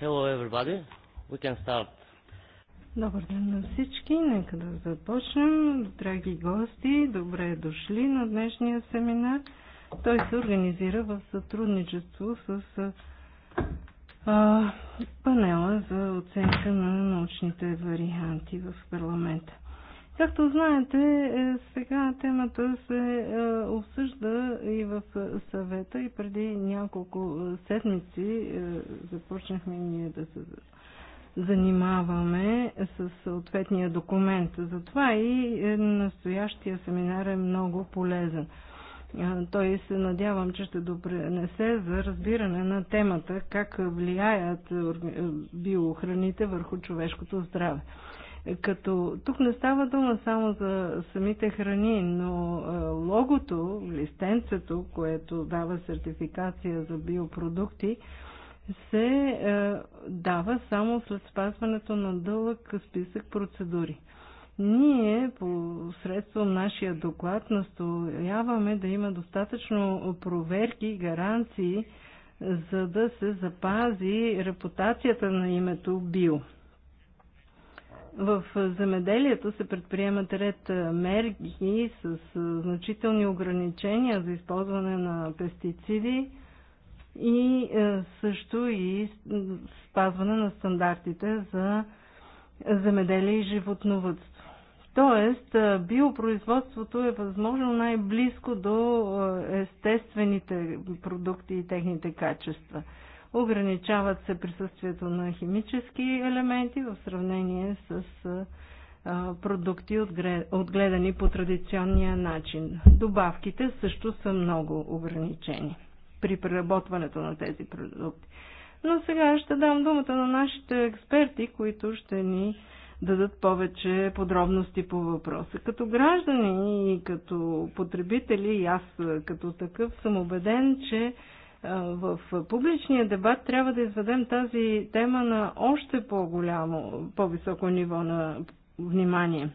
Hello everybody. We can start. Добър ден на всички. Нека да започнем. Драги гости, добре дошли на днешния семинар. Той се организира в сътрудничество с а, панела за оценка на научните варианти в парламента. Както знаете, е, сега темата се е, обсъжда и в съвета и преди няколко е, седмици започнахме ние да се занимаваме с съответния документ. Затова и настоящия семинар е много полезен. Той се надявам, че ще допренесе за разбиране на темата как влияят биохраните върху човешкото здраве. Като тук не става дума само за самите храни, но е, логото, листенцето, което дава сертификация за биопродукти, се е, дава само след спазването на дълъг списък процедури. Ние посредством нашия доклад настояваме да има достатъчно проверки и гаранции, за да се запази репутацията на името био. В земеделието се предприемат ред мерки с значителни ограничения за използване на пестициди и също и спазване на стандартите за земеделие и животновътство. Тоест, биопроизводството е възможно най-близко до естествените продукти и техните качества – ограничават се присъствието на химически елементи в сравнение с продукти, отгледани по традиционния начин. Добавките също са много ограничени при преработването на тези продукти. Но сега ще дам думата на нашите експерти, които ще ни дадат повече подробности по въпроса. Като граждани и като потребители, и аз като такъв съм убеден, че в публичния дебат трябва да изведем тази тема на още по-голямо, по-високо ниво на внимание.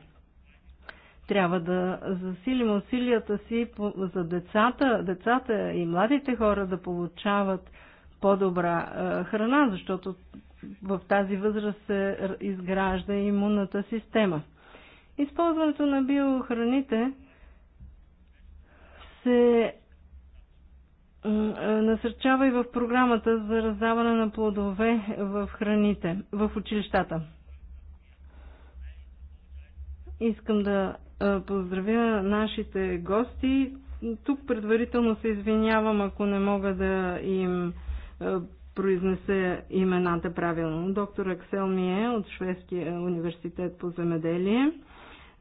Трябва да засилим усилията си за децата, децата и младите хора да получават по-добра храна, защото в тази възраст се изгражда имунната система. Използването на биохраните се е, насърчава и в програмата за раздаване на плодове в храните, в училищата. Искам да е, поздравя нашите гости. Тук предварително се извинявам, ако не мога да им е, произнесе имената правилно. Доктор Аксел Мие от Шведския университет по земеделие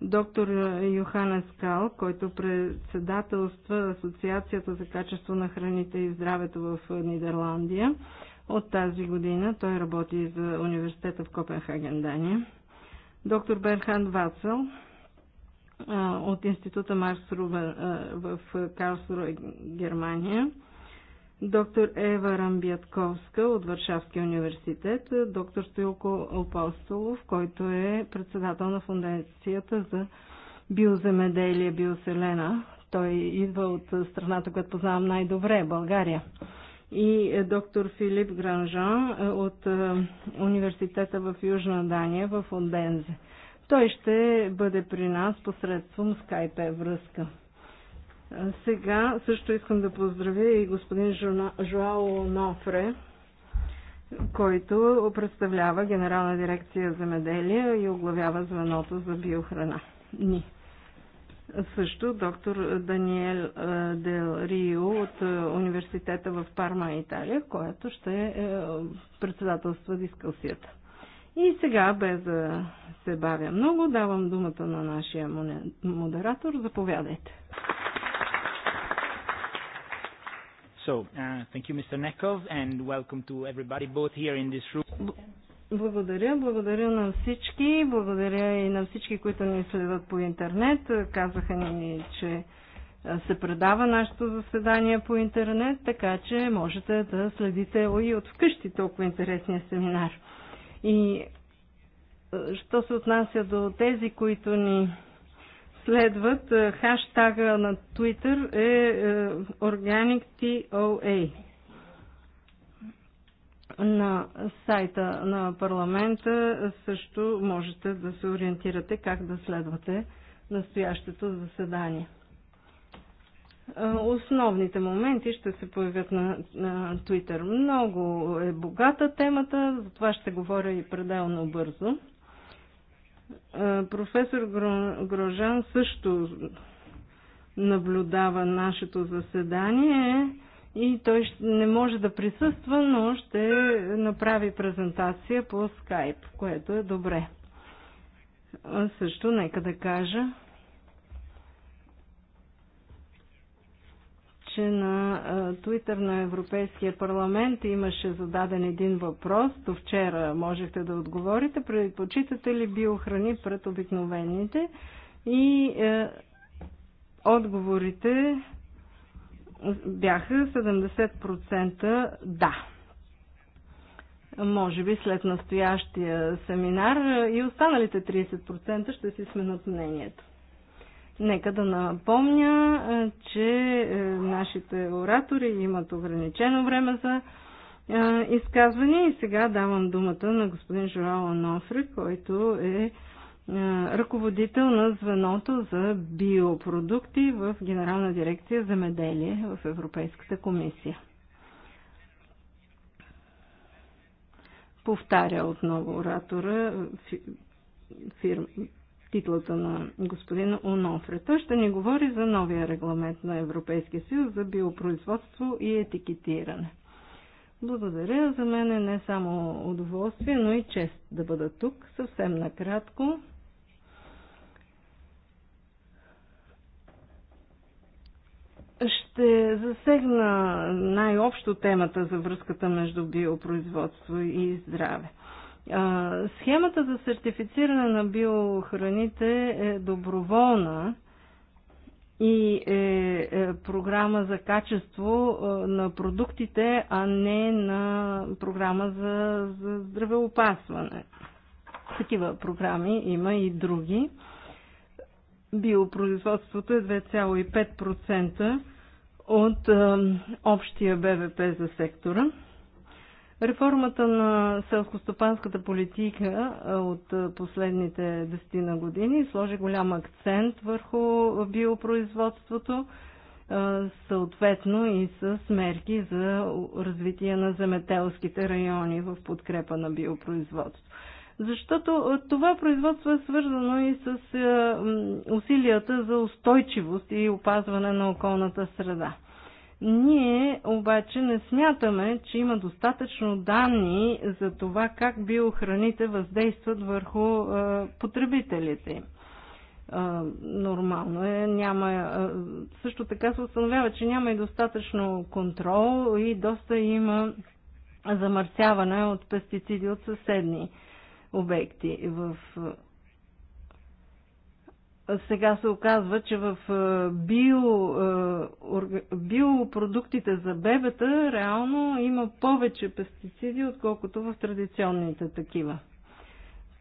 доктор Йохана Скал, който председателства Асоциацията за качество на храните и здравето в Нидерландия. От тази година той работи за университета в Копенхаген, Дания. Доктор Берхан Вацел от Института Марс Рубен в Карлсруе, Германия доктор Ева Рамбятковска от Варшавския университет, доктор Стоилко Опостолов, който е председател на Фундацията за биоземеделие Биоселена. Той идва от страната, която познавам най-добре, България. И доктор Филип Гранжан е, от е, университета в Южна Дания в Одензе. Той ще бъде при нас посредством скайпе връзка. Сега също искам да поздравя и господин Жоао Нофре, който представлява Генерална дирекция за меделие и оглавява звеното за биохрана. Ни. Също доктор Даниел Дел Рио от университета в Парма, Италия, който ще е, председателства дискусията. И сега, без да се бавя много, давам думата на нашия модератор. Заповядайте. Uh, thank you, Mr. Nekov, and welcome to everybody, both here in this room. Благодаря, благодаря на всички, благодаря и на всички, които ни следват по интернет. Казаха ни, че се предава нашето заседание по интернет, така че можете да следите и от вкъщи толкова интересния семинар. И що се отнася до тези, които ни следват. Е, хаштага на Twitter е, е OrganicTOA. На сайта на парламента също можете да се ориентирате как да следвате настоящето заседание. Е, основните моменти ще се появят на, на Twitter. Много е богата темата, затова ще говоря и пределно бързо. Е, професор Грожан също наблюдава нашето заседание и той не може да присъства, но ще направи презентация по скайп, което е добре. Също нека да кажа, че на Твитър на Европейския парламент имаше зададен един въпрос. До вчера можехте да отговорите. Предпочитате ли биохрани пред обикновените? И е, отговорите бяха 70% да може би след настоящия семинар е, и останалите 30% ще си сменят мнението. Нека да напомня, е, че е, нашите оратори имат ограничено време за е, изказване и сега давам думата на господин Жоал Анофри, който е ръководител на звеното за биопродукти в Генерална дирекция за меделие в Европейската комисия. Повтаря отново оратора фирма титлата на господин Унофре. Той ще ни говори за новия регламент на Европейския съюз за биопроизводство и етикетиране. Благодаря. За мен е не само удоволствие, но и чест да бъда тук. Съвсем накратко. Ще засегна най-общо темата за връзката между биопроизводство и здраве. Схемата за сертифициране на биохраните е доброволна и е, е програма за качество е, на продуктите, а не на програма за, за здравеопасване. Такива програми има и други. Биопроизводството е 2,5% от е, общия БВП за сектора. Реформата на селскостопанската политика от последните 10 на години сложи голям акцент върху биопроизводството, съответно и с мерки за развитие на земетелските райони в подкрепа на биопроизводство. Защото това производство е свързано и с усилията за устойчивост и опазване на околната среда. Ние обаче не смятаме, че има достатъчно данни за това как биохраните въздействат върху а, е, потребителите е, нормално е, няма. Е, също така се установява, че няма и достатъчно контрол и доста има замърсяване от пестициди от съседни обекти. В сега се оказва, че в е, био, е, биопродуктите за бебета реално има повече пестициди, отколкото в традиционните такива.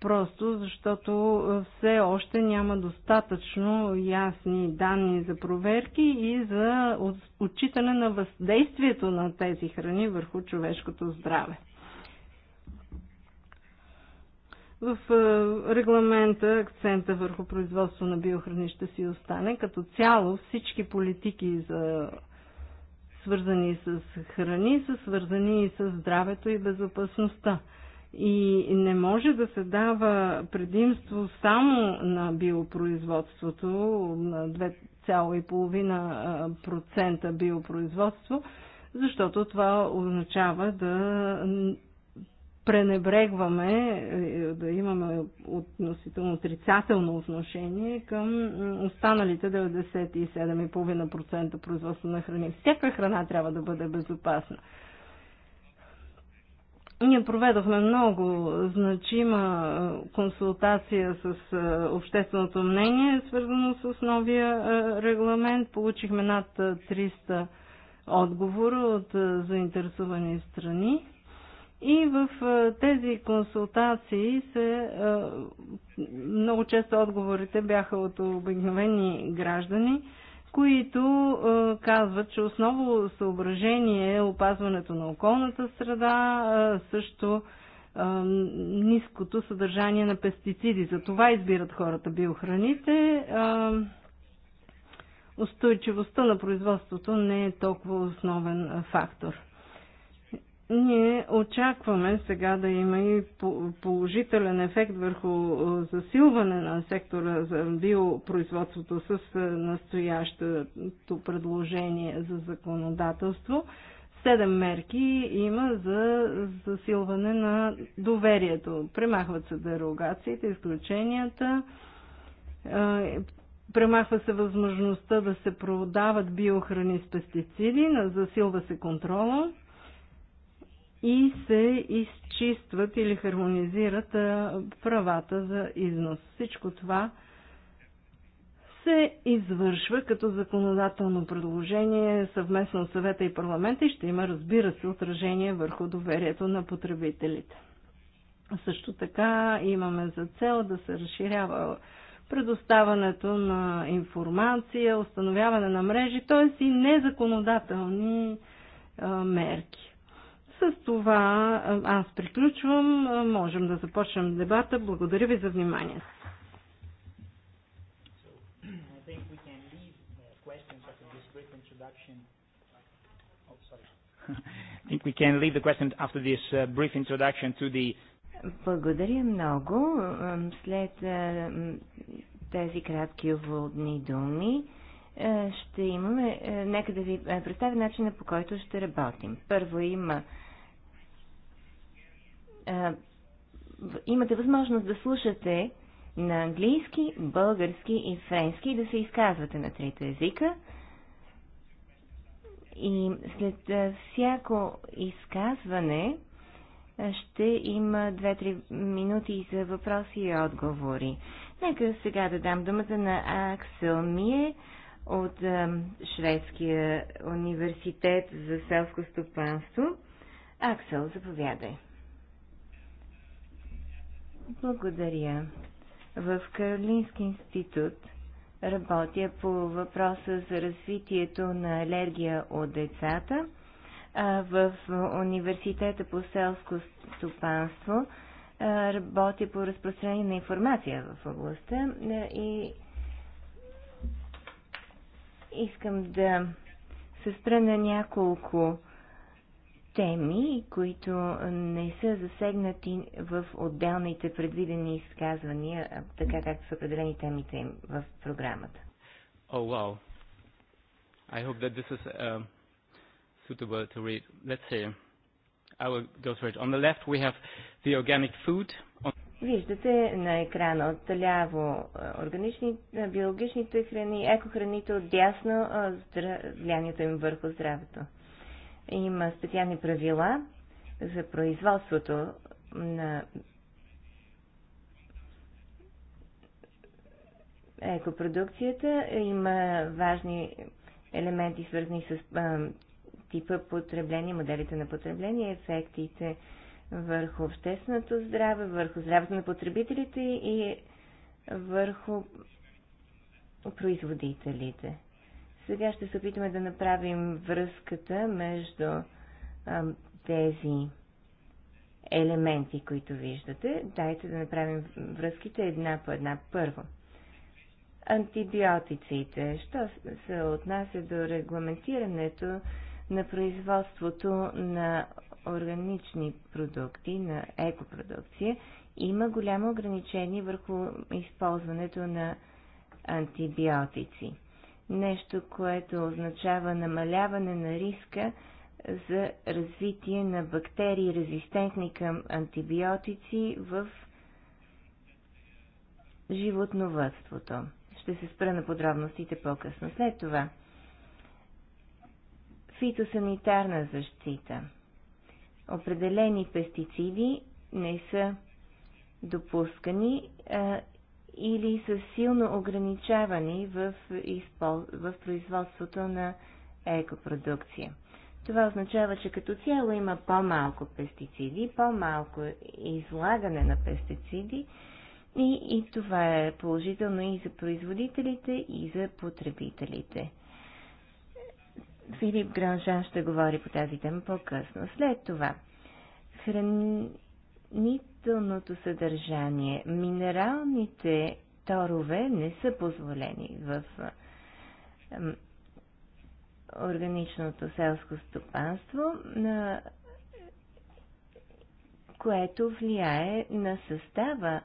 Просто защото е, все още няма достатъчно ясни данни за проверки и за отчитане на въздействието на тези храни върху човешкото здраве. В е, регламента акцента върху производство на биохрани ще си остане. Като цяло всички политики за свързани с храни са свързани и с здравето и безопасността. И не може да се дава предимство само на биопроизводството, на 2,5% е, биопроизводство, защото това означава да пренебрегваме, е, да имаме относително отрицателно отношение към останалите 97,5% производство на храни. Всяка храна трябва да бъде безопасна. Ние проведохме много значима е, консултация с е, общественото мнение, свързано с новия регламент. Получихме над 300 отговора от заинтересовани страни. И в тези консултации се, много често отговорите бяха от обикновени граждани, които казват, че основно съображение е опазването на околната среда, също ниското съдържание на пестициди. За това избират хората биохраните. Устойчивостта на производството не е толкова основен фактор. Ние очакваме сега да има и положителен ефект върху засилване на сектора за биопроизводството с е, настоящото предложение за законодателство. Седем мерки има за засилване на доверието. Премахват се дерогациите, изключенията, е, премахва се възможността да се продават биохрани с пестициди, засилва се контрола и се изчистват или хармонизират правата за износ. Всичко това се извършва като законодателно предложение съвместно от съвета и парламента и ще има, разбира се, отражение върху доверието на потребителите. Също така имаме за цел да се разширява предоставането на информация, установяване на мрежи, т.е. и незаконодателни мерки. С това аз приключвам. Можем да започнем дебата. Благодаря ви за вниманието. Uh, благодаря много. След тези кратки уводни думи ще имаме... Нека да ви представя начина по който ще работим. Първо има а, е, имате възможност да слушате на английски, български и френски и да се изказвате на трите езика. И след е, всяко изказване е, ще има 2-3 минути за въпроси и отговори. Нека сега да дам думата на Аксел Мие от Шведския университет за селско стопанство. Аксел, заповядай. Благодаря. В Каролински институт работя по въпроса за развитието на алергия от децата. А в университета по селско стопанство работя по разпространение на информация в областта и искам да се спра на няколко теми, които не са засегнати в отделните предвидени изказвания, така както са определени темите им в програмата. Oh, wow. I hope that this is uh, suitable to read. Let's see. I will go through it. On the left we have the organic food. On... Виждате на екрана отляво uh, органични, uh, биологичните храни, екохраните, от дясно, uh, влиянието им върху здравето. Има специални правила за производството на екопродукцията. Има важни елементи, свързани с а, типа потребление, моделите на потребление, ефектите върху общественото здраве, върху здравето на потребителите и върху производителите. Сега ще се опитаме да направим връзката между а, тези елементи, които виждате. Дайте да направим връзките една по една. Първо, антибиотиците. Що се отнася до регламентирането на производството на органични продукти, на екопродукция, има голямо ограничение върху използването на антибиотици нещо, което означава намаляване на риска за развитие на бактерии, резистентни към антибиотици в животновътството. Ще се спра на подробностите по-късно. След това фитосанитарна защита. Определени пестициди не са допускани а, или са силно ограничавани в, изпол... в производството на екопродукция. Това означава, че като цяло има по-малко пестициди, по-малко излагане на пестициди и, и това е положително и за производителите, и за потребителите. Филип Гранжан ще говори по тази тема по-късно. След това, хран хранителното съдържание. Минералните торове не са позволени в органичното селско стопанство, което влияе на състава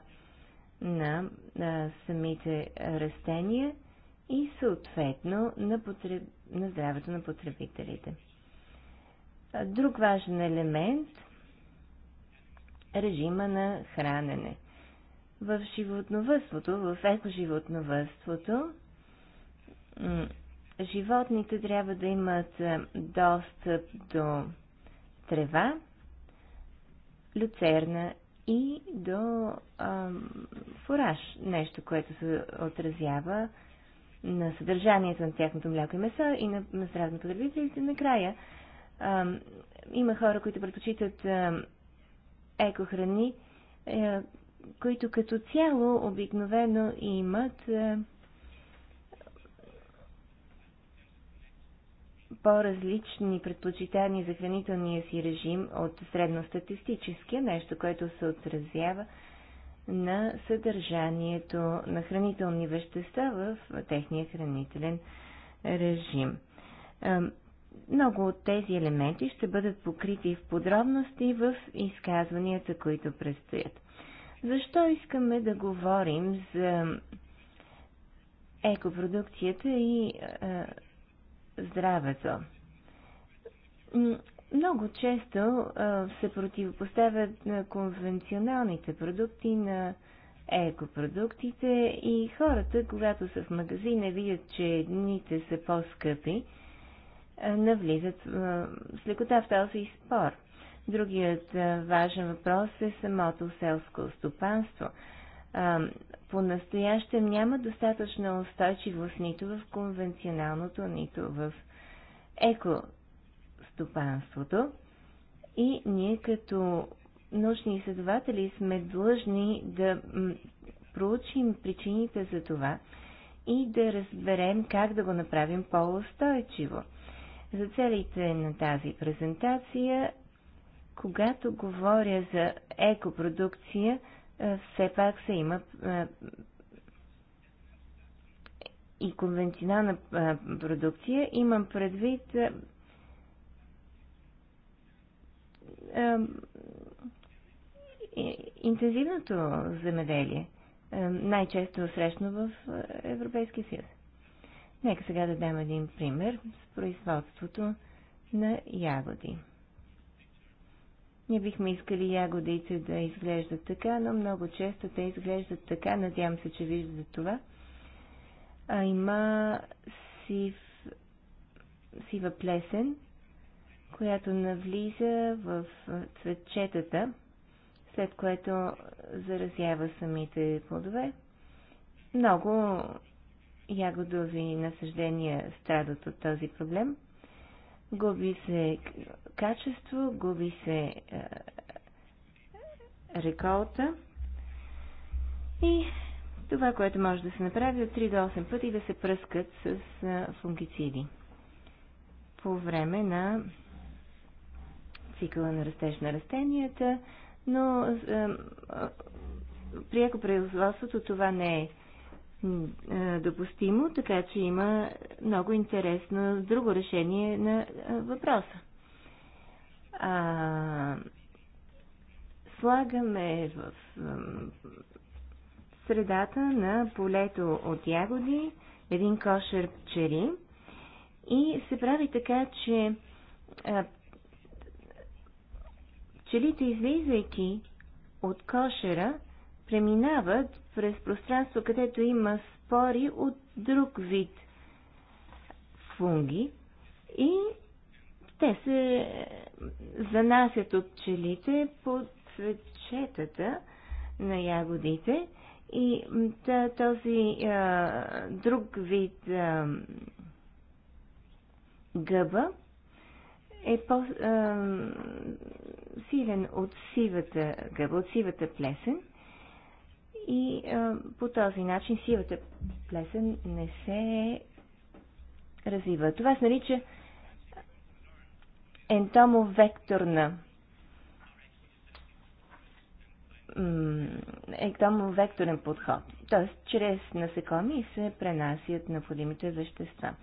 на, на самите растения и съответно на, потреб... на здравето на потребителите. Друг важен елемент – режима на хранене. В животновътството, в екоживотновътството, животните трябва да имат достъп до трева, люцерна и до а, фураж, нещо, което се отразява на съдържанието на тяхното мляко и месо и на, на здравно потребителите. Накрая а, има хора, които предпочитат екохрани, е, които като цяло обикновено имат е, по-различни предпочитания за хранителния си режим от средностатистическия, нещо, което се отразява на съдържанието на хранителни вещества в техния хранителен режим. Много от тези елементи ще бъдат покрити в подробности в изказванията, които предстоят. Защо искаме да говорим за екопродукцията и е, здравето? Много често е, се противопоставят на конвенционалните продукти на екопродуктите и хората, когато са в магазина, видят, че едните са по-скъпи, е, навлизат е, с лекота в този спор. Другият е, важен въпрос е самото селско стопанство. По-настоящем няма достатъчна устойчивост нито в конвенционалното, нито в екостопанството. И ние като научни изследователи сме длъжни да проучим причините за това и да разберем как да го направим по-устойчиво. За целите на тази презентация, когато говоря за екопродукция, все пак се има и конвенционална продукция. Имам предвид интензивното земеделие, най-често срещно в Европейския съюз. Нека сега да дам един пример с производството на ягоди. Ние бихме искали ягодите да изглеждат така, но много често те изглеждат така. Надявам се, че виждате това. А има сив, сива плесен, която навлиза в цветчетата, след което заразява самите плодове. Много ягодови насъждения страдат от този проблем. Губи се качество, губи се е, реколта и това, което може да се направи от 3 до 8 пъти да се пръскат с е, фунгициди по време на цикъла на растеж на растенията, но е, е, при екопроизводството това не е е, допустимо, така че има много интересно друго решение на е, въпроса. А, слагаме в средата на полето от ягоди един кошер пчери и се прави така, че а, е, пчелите излизайки от кошера преминават през пространство, където има спори от друг вид фунги и те се занасят от пчелите под цветчетата на ягодите и този а, друг вид а, гъба е по-силен от сивата гъба, от сивата плесен и а, е, по този начин сивата плесен не се развива. Това се нарича ентомовекторна ектомовекторен подход. Т.е. чрез насекоми се пренасят необходимите вещества.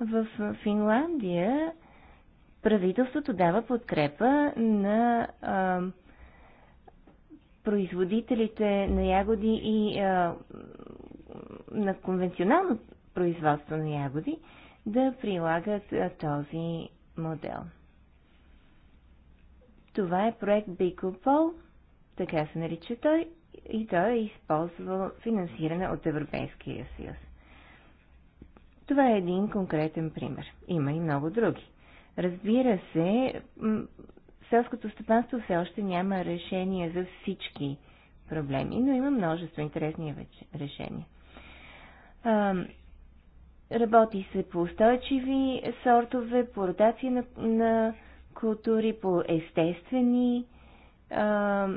В Финландия правителството дава подкрепа на а, производителите на ягоди и а, на конвенционално производство на ягоди да прилагат а, този модел. Това е проект Бикопол, така се нарича той, и той е използвал финансиране от Европейския съюз. Това е един конкретен пример. Има и много други. Разбира се, селското стопанство все още няма решение за всички проблеми, но има множество интересни решения. Работи се по устойчиви сортове, по ротация на, на култури, по естествени а,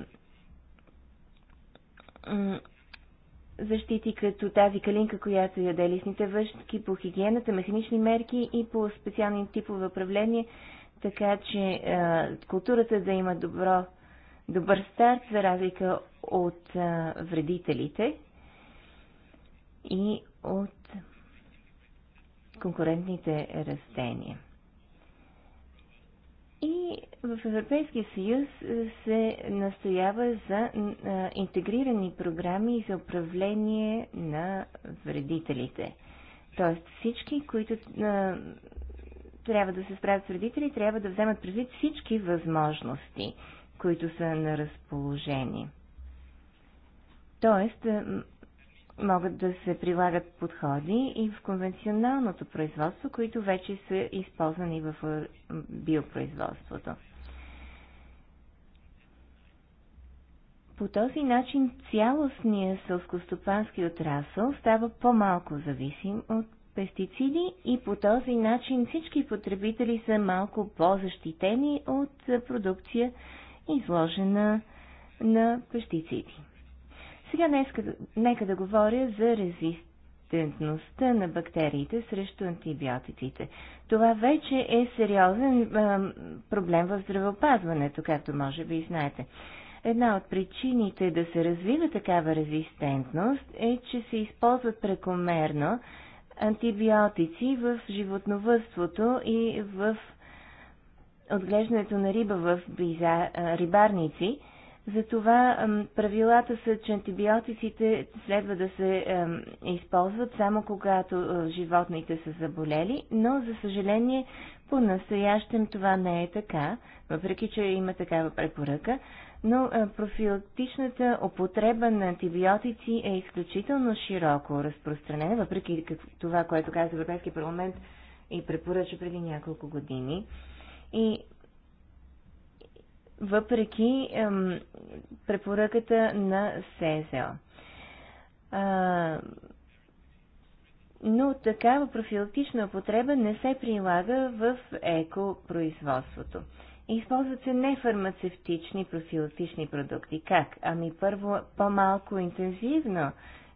защити, като тази калинка, която яде лисните въщки, по хигиената, механични мерки и по специални типове управление така че а, е, културата да има добро, добър старт, за разлика от а, е, вредителите и от конкурентните растения. И в Европейския съюз се настоява за е, интегрирани програми за управление на вредителите. Тоест всички, които трябва да се справят с родители, трябва да вземат предвид всички възможности, които са на разположение. Тоест, могат да се прилагат подходи и в конвенционалното производство, които вече са използвани в биопроизводството. По този начин цялостният селскостопански отрасъл става по-малко зависим от пестициди и по този начин всички потребители са малко по-защитени от продукция, изложена на пестициди. Сега нека, нека да говоря за резистентността на бактериите срещу антибиотиците. Това вече е сериозен а, проблем в здравеопазването, както може би знаете. Една от причините да се развива такава резистентност е, че се използват прекомерно антибиотици в животновътството и в отглеждането на риба в биза, рибарници. Затова правилата са, че антибиотиците следва да се използват само когато животните са заболели, но за съжаление по-настоящем това не е така, въпреки че има такава препоръка но е, профилактичната употреба на антибиотици е изключително широко разпространена, въпреки това, което каза Европейския парламент и препоръча преди няколко години. И въпреки ем, препоръката на СЕЗЕО. Но такава профилактична употреба не се прилага в екопроизводството. Използват се нефармацевтични профилактични продукти. Как? Ами първо, по-малко интензивно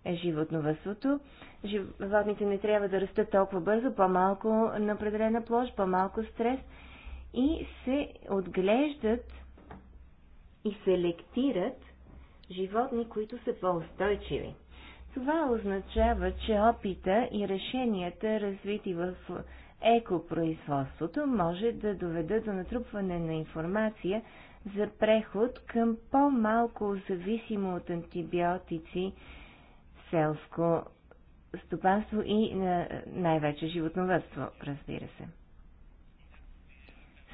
е животновътството. Животните не трябва да растат толкова бързо, по-малко на определена площ, по-малко стрес и се отглеждат и селектират животни, които са по-устойчиви. Това означава, че опита и решенията, развити в екопроизводството може да доведе до натрупване на информация за преход към по-малко зависимо от антибиотици селско стопанство и е, най-вече животновътство, разбира се.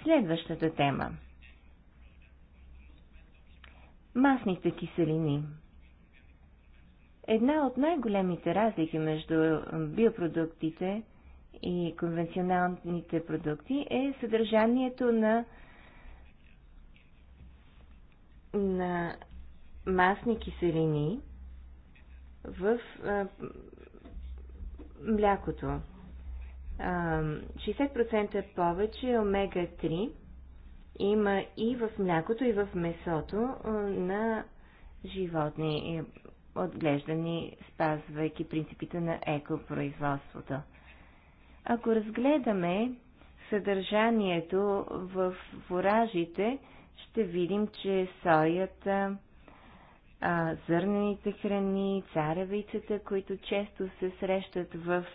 Следващата тема. Масните киселини. Една от най-големите разлики между биопродуктите – и конвенционалните продукти е съдържанието на, на масни киселини в а, млякото. А, 60% е повече омега-3 има и в млякото, и в месото на животни, отглеждани, спазвайки принципите на екопроизводството. Ако разгледаме съдържанието в воражите, ще видим, че соята, а, зърнените храни, царевицата, които често се срещат в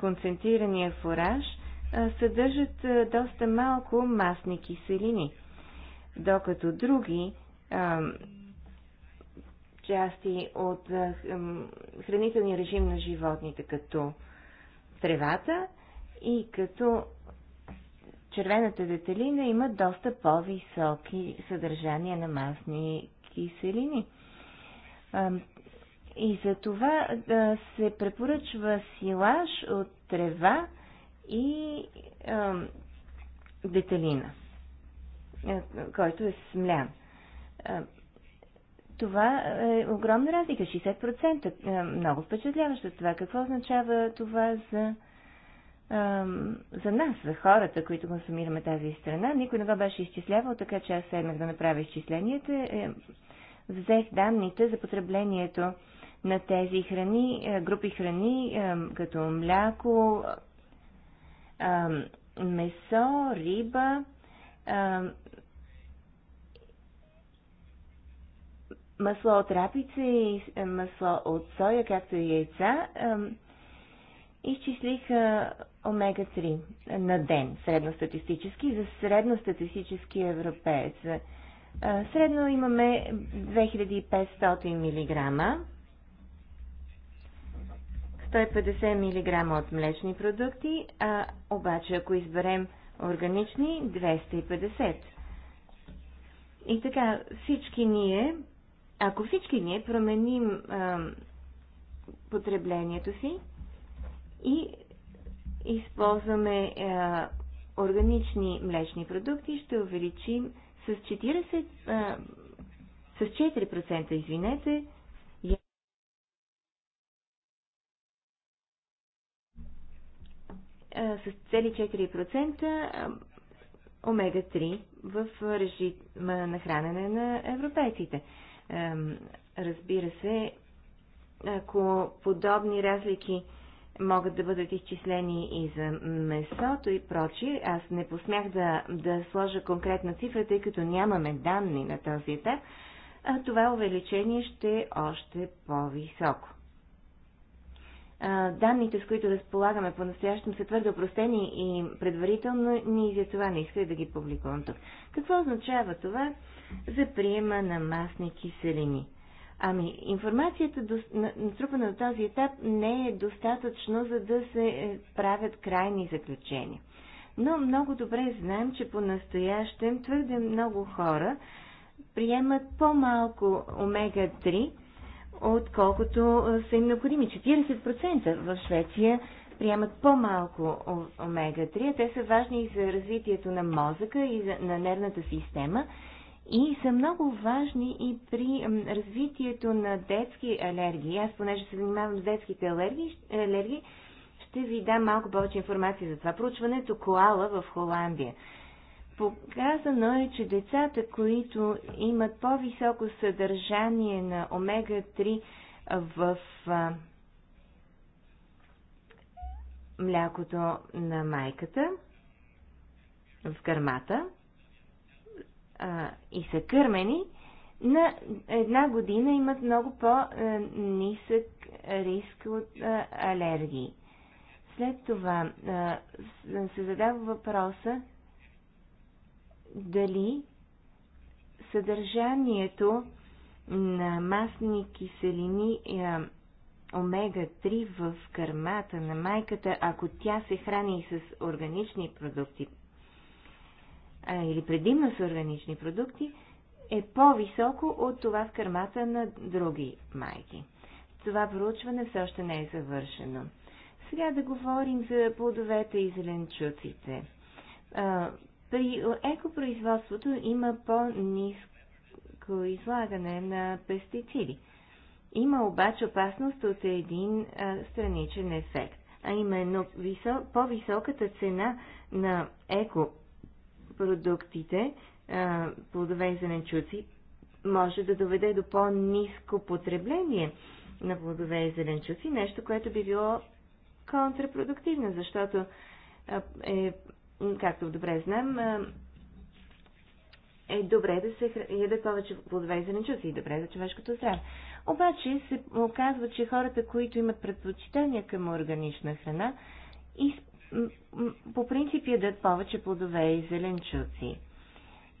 концентрирания фураж, а, съдържат а, доста малко масни киселини, докато други а, части от а, хранителния режим на животните, като тревата, и като червената детелина има доста по-високи съдържания на масни киселини. И за това да се препоръчва силаж от трева и детелина, който е смлян. Това е огромна разлика, 60%. Много впечатляващо това. Какво означава това за за нас, за хората, които консумираме тази страна. Никой не го беше изчислявал, така че аз седнах да направя изчисленията. Е, взех данните за потреблението на тези храни, е, групи храни, е, като мляко, месо, риба, масло от рапица и масло от соя, както и яйца. Изчислих омега-3 на ден, средностатистически, за средностатистически европеец. Средно имаме 2500 мг, 150 мг от млечни продукти, а обаче ако изберем органични, 250. И така, всички ние, ако всички ние променим а, потреблението си и използваме а, е, органични млечни продукти, ще увеличим с 40, а, е, с 4%, извинете, е, с цели 4% омега-3 в режима на хранене на европейците. Разбира се, ако подобни разлики могат да бъдат изчислени и за месото и прочие. Аз не посмях да, да сложа конкретна цифра, тъй като нямаме данни на този етап, а това увеличение ще е още по-високо. Данните, с които разполагаме по-настоящем, са твърдо простени и предварително ни за това не исках да ги публикувам тук. Какво означава това за приема на масни киселини? Ами, информацията, натрупана на този етап, не е достатъчно, за да се е, правят крайни заключения. Но много добре знаем, че по-настоящем твърде много хора приемат по-малко омега-3, отколкото е, са им необходими. 40% в Швеция приемат по-малко омега-3, а те са важни и за развитието на мозъка и на нервната система и са много важни и при развитието на детски алергии. Аз, понеже се занимавам с детските алергии, алергии ще ви дам малко повече информация за това. Проучването Коала в Холандия. Показано е, че децата, които имат по-високо съдържание на омега-3 в а, млякото на майката, в кърмата, а, и са кърмени, на една година имат много по-нисък риск от а, алергии. След това а, се задава въпроса дали съдържанието на масни киселини а, омега-3 в кърмата на майката, ако тя се храни с органични продукти, а, или предимно с органични продукти, е по-високо от това в кърмата на други майки. Това проучване все още не е завършено. Сега да говорим за плодовете и зеленчуците. А, при екопроизводството има по-низко излагане на пестициди. Има обаче опасност от един а, страничен ефект, а именно висок, по-високата цена на еко продуктите, плодове и зеленчуци, може да доведе до по-низко потребление на плодове и зеленчуци, нещо, което би било контрапродуктивно, защото е, както добре знам, е добре да се яде повече плодове и зеленчуци и добре за човешкото здраве. Обаче се оказва, че хората, които имат предпочитания към органична храна, из по принцип ядат повече плодове и зеленчуци.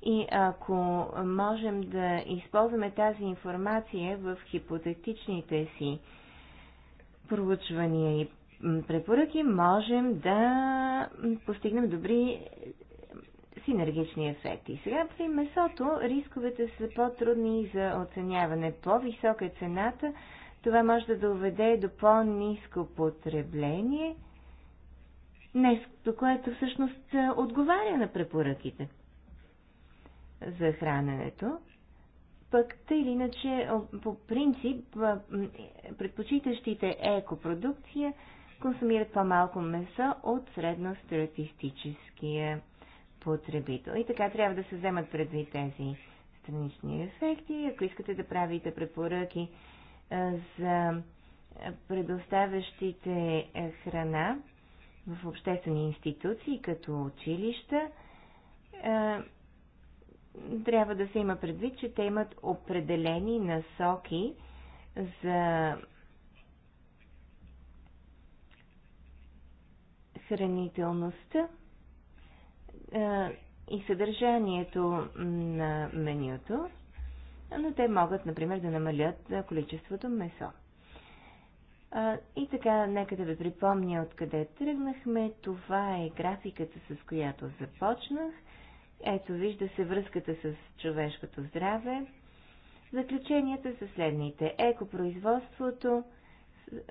И ако можем да използваме тази информация в хипотетичните си проучвания и препоръки, можем да постигнем добри синергични ефекти. Сега при месото рисковете са по-трудни за оценяване. По-висока е цената, това може да доведе до по-низко потребление – нещо, което всъщност е, отговаря на препоръките за храненето. Пък тъй или иначе, по принцип, е, предпочитащите екопродукция консумират по-малко месо от средностатистическия потребител. И така трябва да се вземат предвид тези странични ефекти. Ако искате да правите препоръки е, за предоставящите храна, в обществени институции, като училища, е, трябва да се има предвид, че те имат определени насоки за хранителността е, и съдържанието на менюто, но те могат, например, да намалят количеството месо. А, и така, нека да ви припомня откъде тръгнахме. Това е графиката, с която започнах. Ето, вижда се връзката с човешкото здраве. Заключенията са следните. Екопроизводството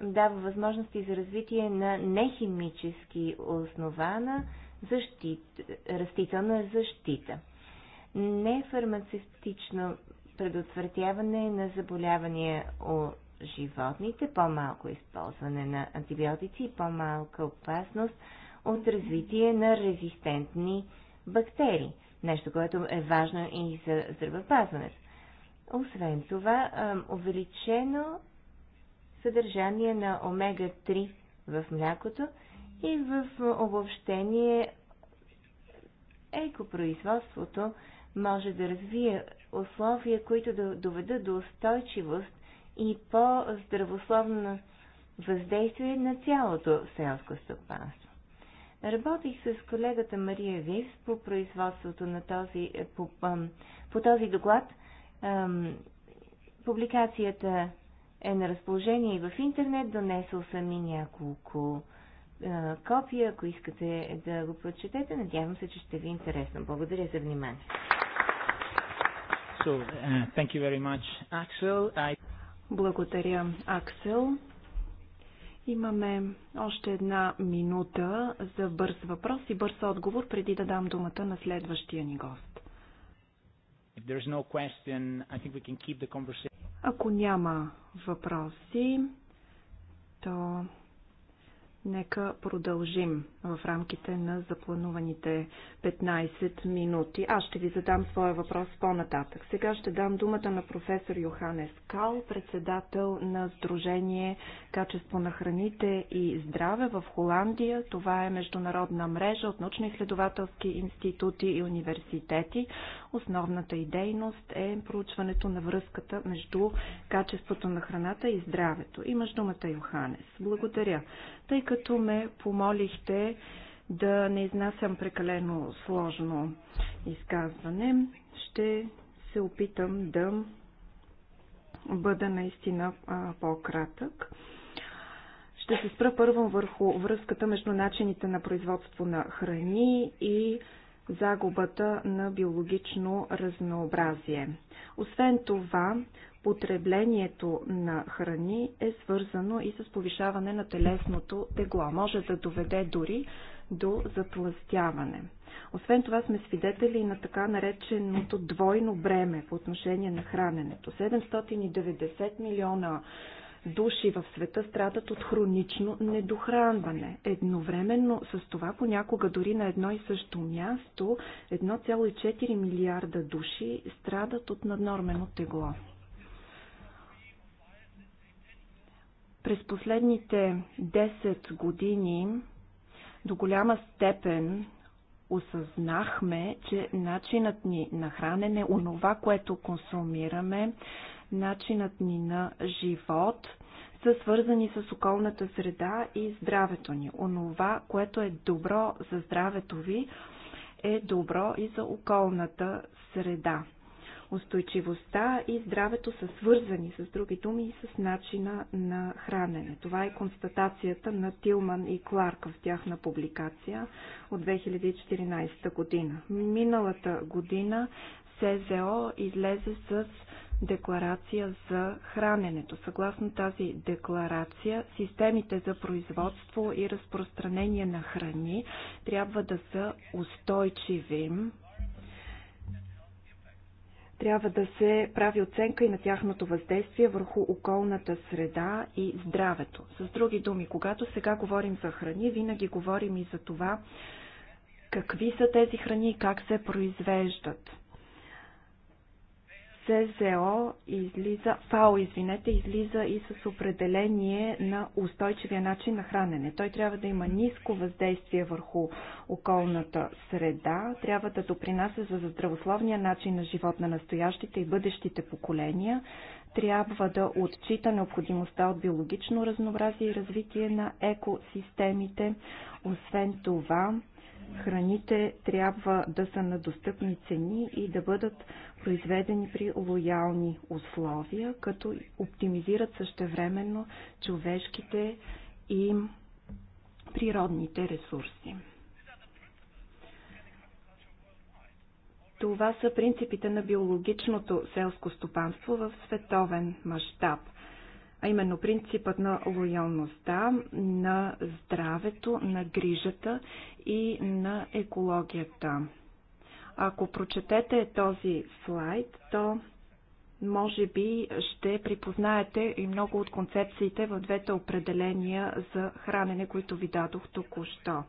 дава възможности за развитие на нехимически основана защит, растителна защита. Нефармацевтично предотвратяване на заболявания от животните, по-малко използване на антибиотици и по-малка опасност от развитие на резистентни бактерии. Нещо, което е важно и за здравеопазването. Освен това, увеличено съдържание на омега-3 в млякото и в обобщение екопроизводството може да развие условия, които да доведат до устойчивост и по-здравословно въздействие на цялото селско стопанство. Работих с колегата Мария Вис по производството на този, по, по този доклад. Публикацията е на разположение и в интернет. Донесъл съм и няколко копия. Ако искате да го прочетете, надявам се, че ще ви е интересно. Благодаря за внимание. So, uh, thank you very much, Axel. I... Благодаря, Аксел. Имаме още една минута за бърз въпрос и бърз отговор, преди да дам думата на следващия ни гост. No question, Ако няма въпроси, то нека продължим в рамките на заплануваните 15 минути. Аз ще ви задам своя въпрос по-нататък. Сега ще дам думата на професор Йоханес Кал, председател на Сдружение Качество на храните и здраве в Холандия. Това е международна мрежа от научно-изследователски институти и университети. Основната и дейност е проучването на връзката между качеството на храната и здравето. Имаш думата, Йоханес. Благодаря. Тъй като ме помолихте да не изнасям прекалено сложно изказване. Ще се опитам да бъда наистина по-кратък. Ще се спра първо върху връзката между начините на производство на храни и загубата на биологично разнообразие. Освен това, потреблението на храни е свързано и с повишаване на телесното тегло. Може да доведе дори до затластяване. Освен това сме свидетели на така нареченото двойно бреме по отношение на храненето. 790 милиона души в света страдат от хронично недохранване. Едновременно с това понякога дори на едно и също място 1,4 милиарда души страдат от наднормено тегло. През последните 10 години до голяма степен осъзнахме, че начинът ни на хранене, онова, което консумираме, начинът ни на живот са свързани с околната среда и здравето ни. Онова, което е добро за здравето ви, е добро и за околната среда. Устойчивостта и здравето са свързани с други думи и с начина на хранене. Това е констатацията на Тилман и Кларк в тяхна публикация от 2014 година. Миналата година СЗО излезе с декларация за храненето. Съгласно тази декларация, системите за производство и разпространение на храни трябва да са устойчиви, трябва да се прави оценка и на тяхното въздействие върху околната среда и здравето. С други думи, когато сега говорим за храни, винаги говорим и за това какви са тези храни и как се произвеждат. СЗО излиза, ФАО, извинете, излиза и с определение на устойчивия начин на хранене. Той трябва да има ниско въздействие върху околната среда, трябва да допринася за здравословния начин на живот на настоящите и бъдещите поколения, трябва да отчита необходимостта от биологично разнообразие и развитие на екосистемите. Освен това, храните трябва да са на достъпни цени и да бъдат произведени при лоялни условия, като оптимизират същевременно човешките и природните ресурси. Това са принципите на биологичното селско стопанство в световен мащаб, а именно принципът на лоялността, на здравето, на грижата и на екологията. Ако прочетете този слайд, то може би ще припознаете и много от концепциите в двете определения за хранене, които ви дадох току-що.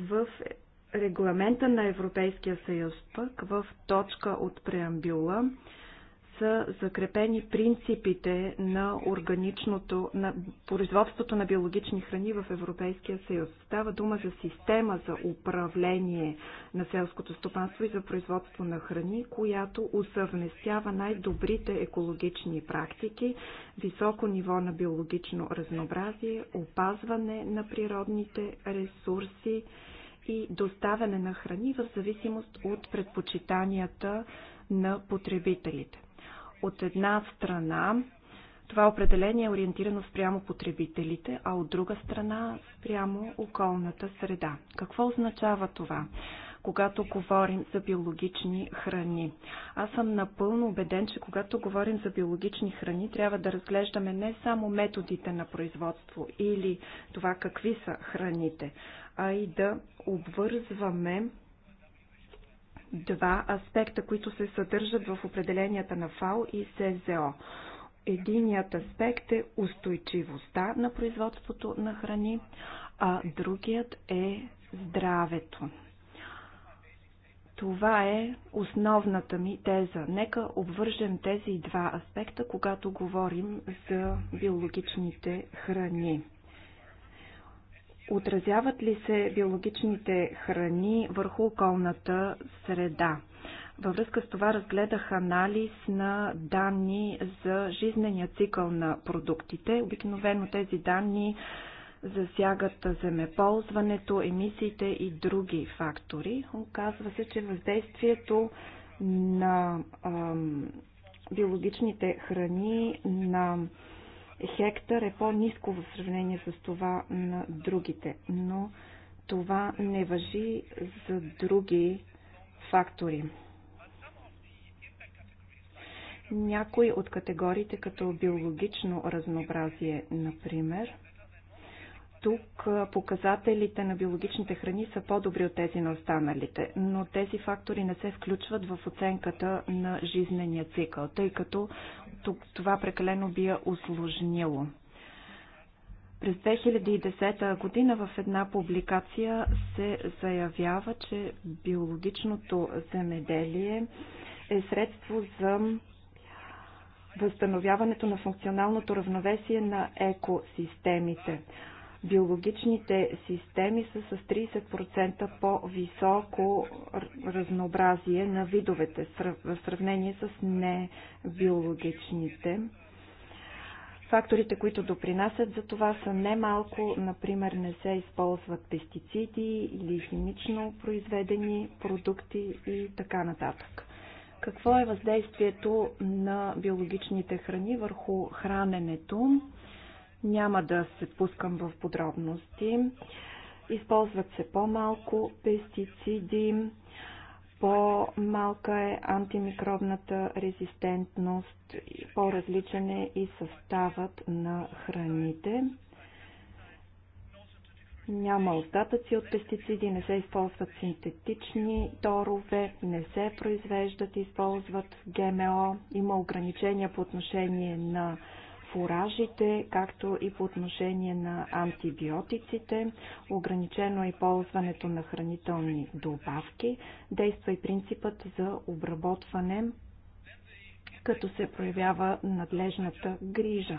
В регламента на Европейския съюз пък в точка от преамбюла са закрепени принципите на органичното, на производството на биологични храни в Европейския съюз. Става дума за система за управление на селското стопанство и за производство на храни, която усъвместява най-добрите екологични практики, високо ниво на биологично разнообразие, опазване на природните ресурси и доставяне на храни в зависимост от предпочитанията на потребителите. От една страна, това определение е ориентирано спрямо потребителите, а от друга страна спрямо околната среда. Какво означава това? когато говорим за биологични храни. Аз съм напълно убеден, че когато говорим за биологични храни, трябва да разглеждаме не само методите на производство или това какви са храните, а и да обвързваме два аспекта, които се съдържат в определенията на ФАО и СЗО. Единият аспект е устойчивостта на производството на храни, а другият е здравето. Това е основната ми теза. Нека обвържем тези два аспекта, когато говорим за биологичните храни. Отразяват ли се биологичните храни върху околната среда? Във връзка с това разгледах анализ на данни за жизнения цикъл на продуктите. Обикновено тези данни засягат земеползването, емисиите и други фактори. Оказва се, че въздействието на ам, биологичните храни на хектар е по-низко в сравнение с това на другите, но това не въжи за други фактори. Някои от категориите, като биологично разнообразие, например, тук показателите на биологичните храни са по-добри от тези на останалите, но тези фактори не се включват в оценката на жизнения цикъл, тъй като това прекалено би я осложнило. През 2010 година в една публикация се заявява, че биологичното земеделие е средство за възстановяването на функционалното равновесие на екосистемите биологичните системи са с 30% по-високо разнообразие на видовете в сравнение с небиологичните. Факторите, които допринасят за това са немалко, например не се използват пестициди или химично произведени продукти и така нататък. Какво е въздействието на биологичните храни върху храненето? Няма да се пускам в подробности. Използват се по-малко пестициди, по-малка е антимикробната резистентност, по-различен е и съставът на храните. Няма остатъци от пестициди, не се използват синтетични торове, не се произвеждат, използват ГМО. Има ограничения по отношение на фуражите, както и по отношение на антибиотиците. Ограничено е и ползването на хранителни добавки. Действа и принципът за обработване, като се проявява надлежната грижа.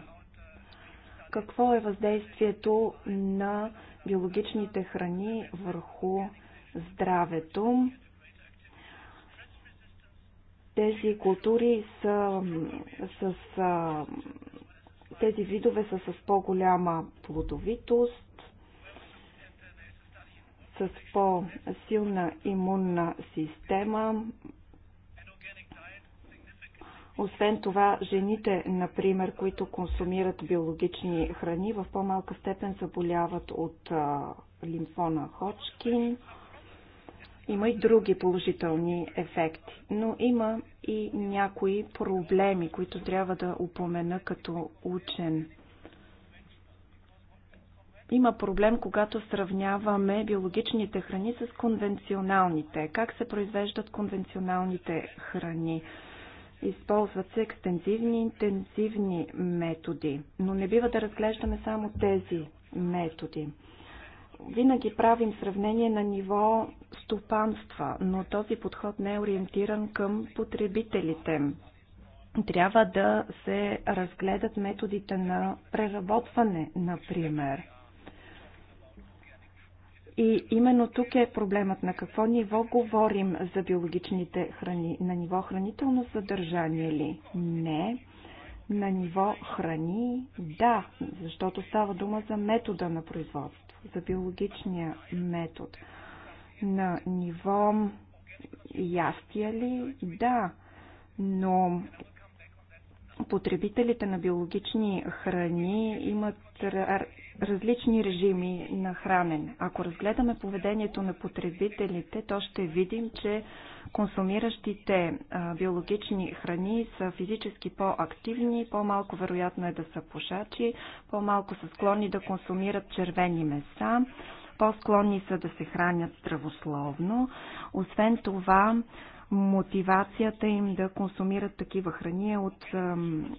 Какво е въздействието на биологичните храни върху здравето? тези култури са с тези видове са с по-голяма плодовитост, с по-силна имунна система. Освен това, жените, например, които консумират биологични храни, в по-малка степен заболяват от лимфона Ходжкин. Има и други положителни ефекти, но има и някои проблеми, които трябва да упомена като учен. Има проблем, когато сравняваме биологичните храни с конвенционалните. Как се произвеждат конвенционалните храни? Използват се екстензивни и интензивни методи, но не бива да разглеждаме само тези методи. Винаги правим сравнение на ниво стопанства, но този подход не е ориентиран към потребителите. Трябва да се разгледат методите на преработване, например. И именно тук е проблемът на какво ниво говорим за биологичните храни. На ниво хранително съдържание ли? Не. На ниво храни? Да, защото става дума за метода на производство за биологичния метод. На ниво ястия ли? Да, но потребителите на биологични храни имат различни режими на хранене. Ако разгледаме поведението на потребителите, то ще видим, че консумиращите биологични храни са физически по-активни, по-малко вероятно е да са пушачи, по-малко са склонни да консумират червени меса, по-склонни са да се хранят здравословно. Освен това, мотивацията им да консумират такива храни е от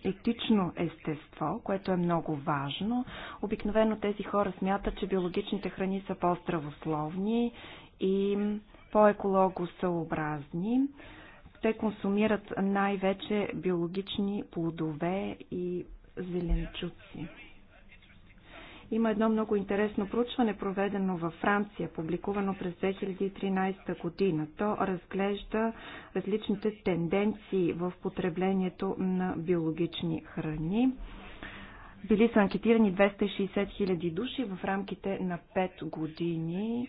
етично естество, което е много важно. Обикновено тези хора смятат, че биологичните храни са по-здравословни и по-екологосъобразни. Те консумират най-вече биологични плодове и зеленчуци. Има едно много интересно проучване, проведено във Франция, публикувано през 2013 година. То разглежда различните тенденции в потреблението на биологични храни. Били са анкетирани 260 000 души в рамките на 5 години.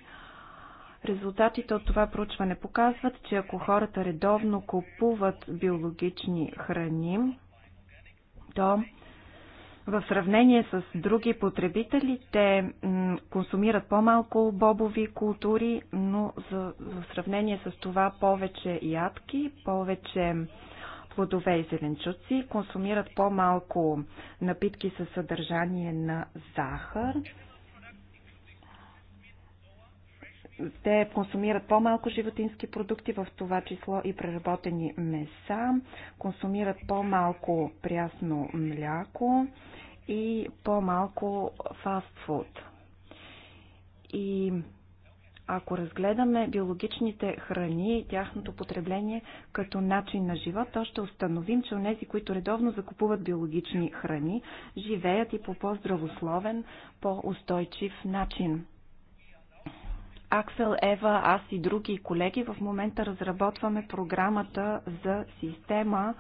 Резултатите от това проучване показват, че ако хората редовно купуват биологични храни, то в сравнение с други потребители, те консумират по-малко бобови култури, но за, в сравнение с това повече ядки, повече плодове и зеленчуци, консумират по-малко напитки със съдържание на захар, те консумират по-малко животински продукти, в това число и преработени меса, консумират по-малко прясно мляко и по-малко фастфуд. И ако разгледаме биологичните храни и тяхното потребление като начин на живот, то ще установим, че онези, които редовно закупуват биологични храни, живеят и по по-здравословен, по-устойчив начин. Аксел, Ева, аз и други колеги в момента разработваме програмата за система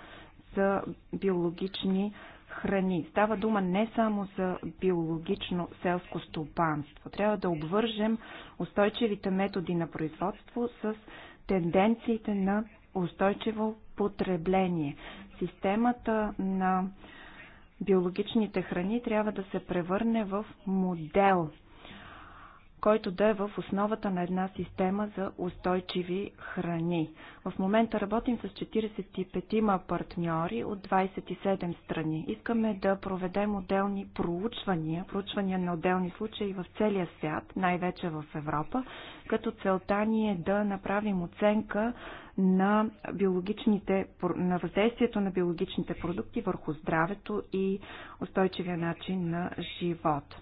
за биологични храни. Става дума не само за биологично селско стопанство. Трябва да обвържем устойчивите методи на производство с тенденциите на устойчиво потребление. Системата на биологичните храни трябва да се превърне в модел който да е в основата на една система за устойчиви храни. В момента работим с 45 партньори от 27 страни. Искаме да проведем отделни проучвания, проучвания на отделни случаи в целия свят, най-вече в Европа, като целта ни е да направим оценка на, биологичните, на въздействието на биологичните продукти върху здравето и устойчивия начин на живот.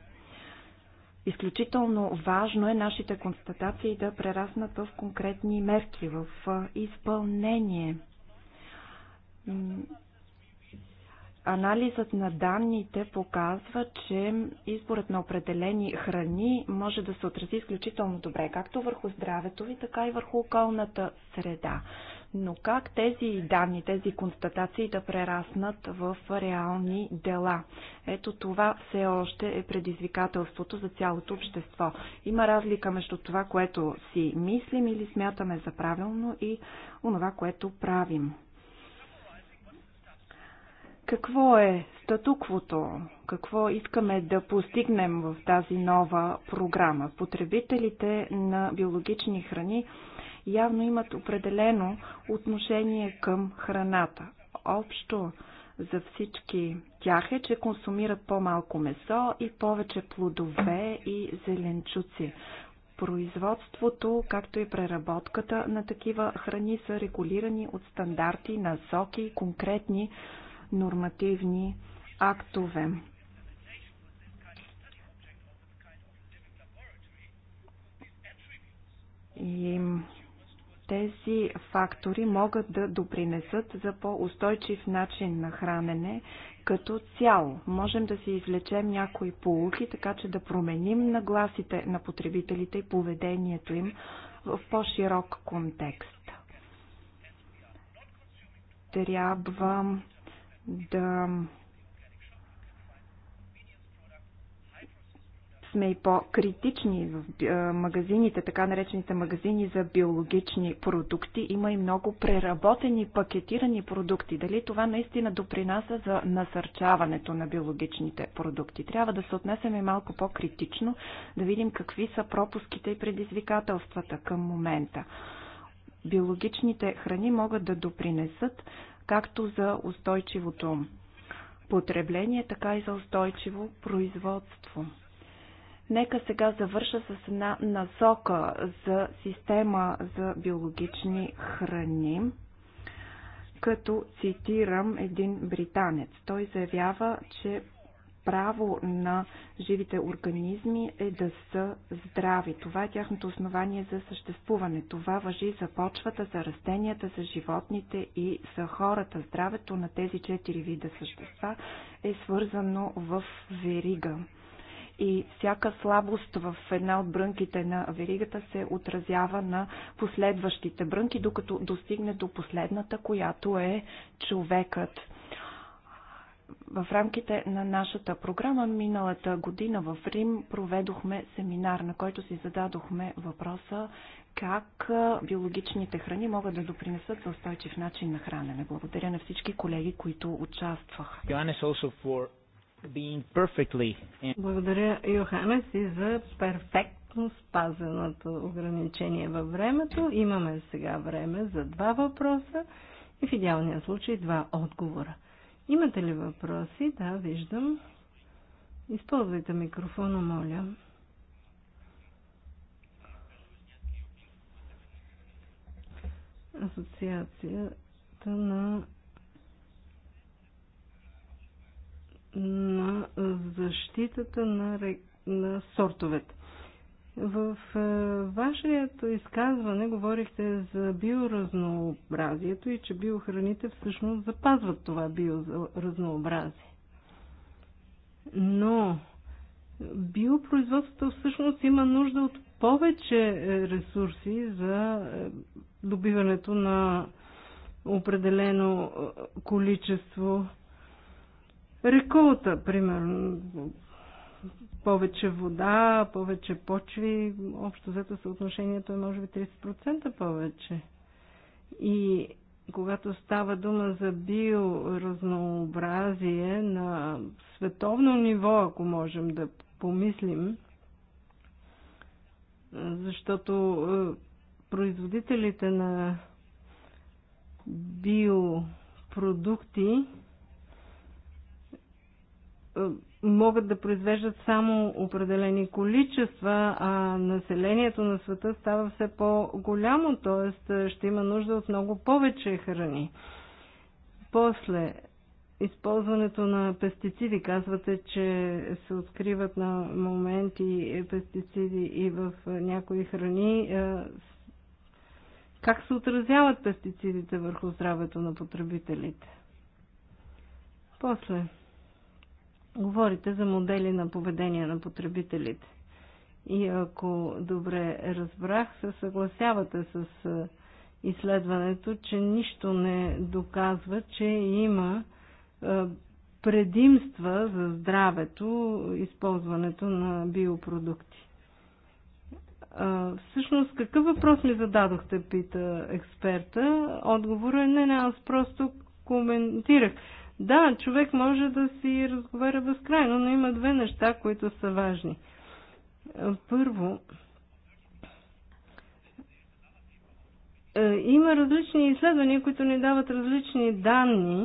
Изключително важно е нашите констатации да прераснат в конкретни мерки, в изпълнение. Анализът на данните показва, че изборът на определени храни може да се отрази изключително добре, както върху здравето ви, така и върху околната среда. Но как тези данни, тези констатации да прераснат в реални дела? Ето това все още е предизвикателството за цялото общество. Има разлика между това, което си мислим или смятаме за правилно и онова, което правим. Какво е статуквото? Какво искаме да постигнем в тази нова програма? Потребителите на биологични храни явно имат определено отношение към храната. Общо за всички тях е, че консумират по-малко месо и повече плодове и зеленчуци. Производството, както и преработката на такива храни са регулирани от стандарти, насоки и конкретни нормативни актове. И тези фактори могат да допринесат за по-устойчив начин на хранене като цяло. Можем да си извлечем някои полуки, така че да променим нагласите на потребителите и поведението им в по-широк контекст. Трябва да сме и по-критични в магазините, така наречените магазини за биологични продукти. Има и много преработени, пакетирани продукти. Дали това наистина допринася за насърчаването на биологичните продукти? Трябва да се отнесем и малко по-критично, да видим какви са пропуските и предизвикателствата към момента. Биологичните храни могат да допринесат както за устойчивото потребление, така и за устойчиво производство. Нека сега завърша с една насока за система за биологични храни, като цитирам един британец. Той заявява, че право на живите организми е да са здрави. Това е тяхното основание за съществуване. Това въжи за почвата, за растенията, за животните и за хората. Здравето на тези четири вида същества е свързано в верига и всяка слабост в една от брънките на веригата се отразява на последващите брънки, докато достигне до последната, която е човекът в рамките на нашата програма миналата година в Рим проведохме семинар, на който си зададохме въпроса как биологичните храни могат да допринесат за устойчив начин на хранене. Благодаря на всички колеги, които участваха. Благодаря, Йоханес, и за перфектно спазеното ограничение във времето. Имаме сега време за два въпроса и в идеалния случай два отговора. Имате ли въпроси? Да, виждам. Използвайте микрофона, моля. Асоциацията на на защитата на, ре... на сортовете. В е, вашето изказване говорихте за биоразнообразието и че биохраните всъщност запазват това биоразнообразие. Но биопроизводството всъщност има нужда от повече е, ресурси за е, добиването на определено количество реколта, примерно. Повече вода, повече почви, общо взето съотношението е може би 30% повече. И когато става дума за биоразнообразие на световно ниво, ако можем да помислим, защото е, производителите на биопродукти е, могат да произвеждат само определени количества, а населението на света става все по-голямо, т.е. ще има нужда от много повече храни. После, използването на пестициди, казвате, че се откриват на моменти пестициди и в е, някои храни. Е, как се отразяват пестицидите върху здравето на потребителите? После, Говорите за модели на поведение на потребителите. И ако добре разбрах, се съгласявате с изследването, че нищо не доказва, че има предимства за здравето използването на биопродукти. Всъщност, какъв въпрос ми зададохте, пита експерта. Отговорът е не, не, аз просто коментирах. Да, човек може да си разговаря безкрайно, но има две неща, които са важни. Първо, е, има различни изследвания, които ни дават различни данни,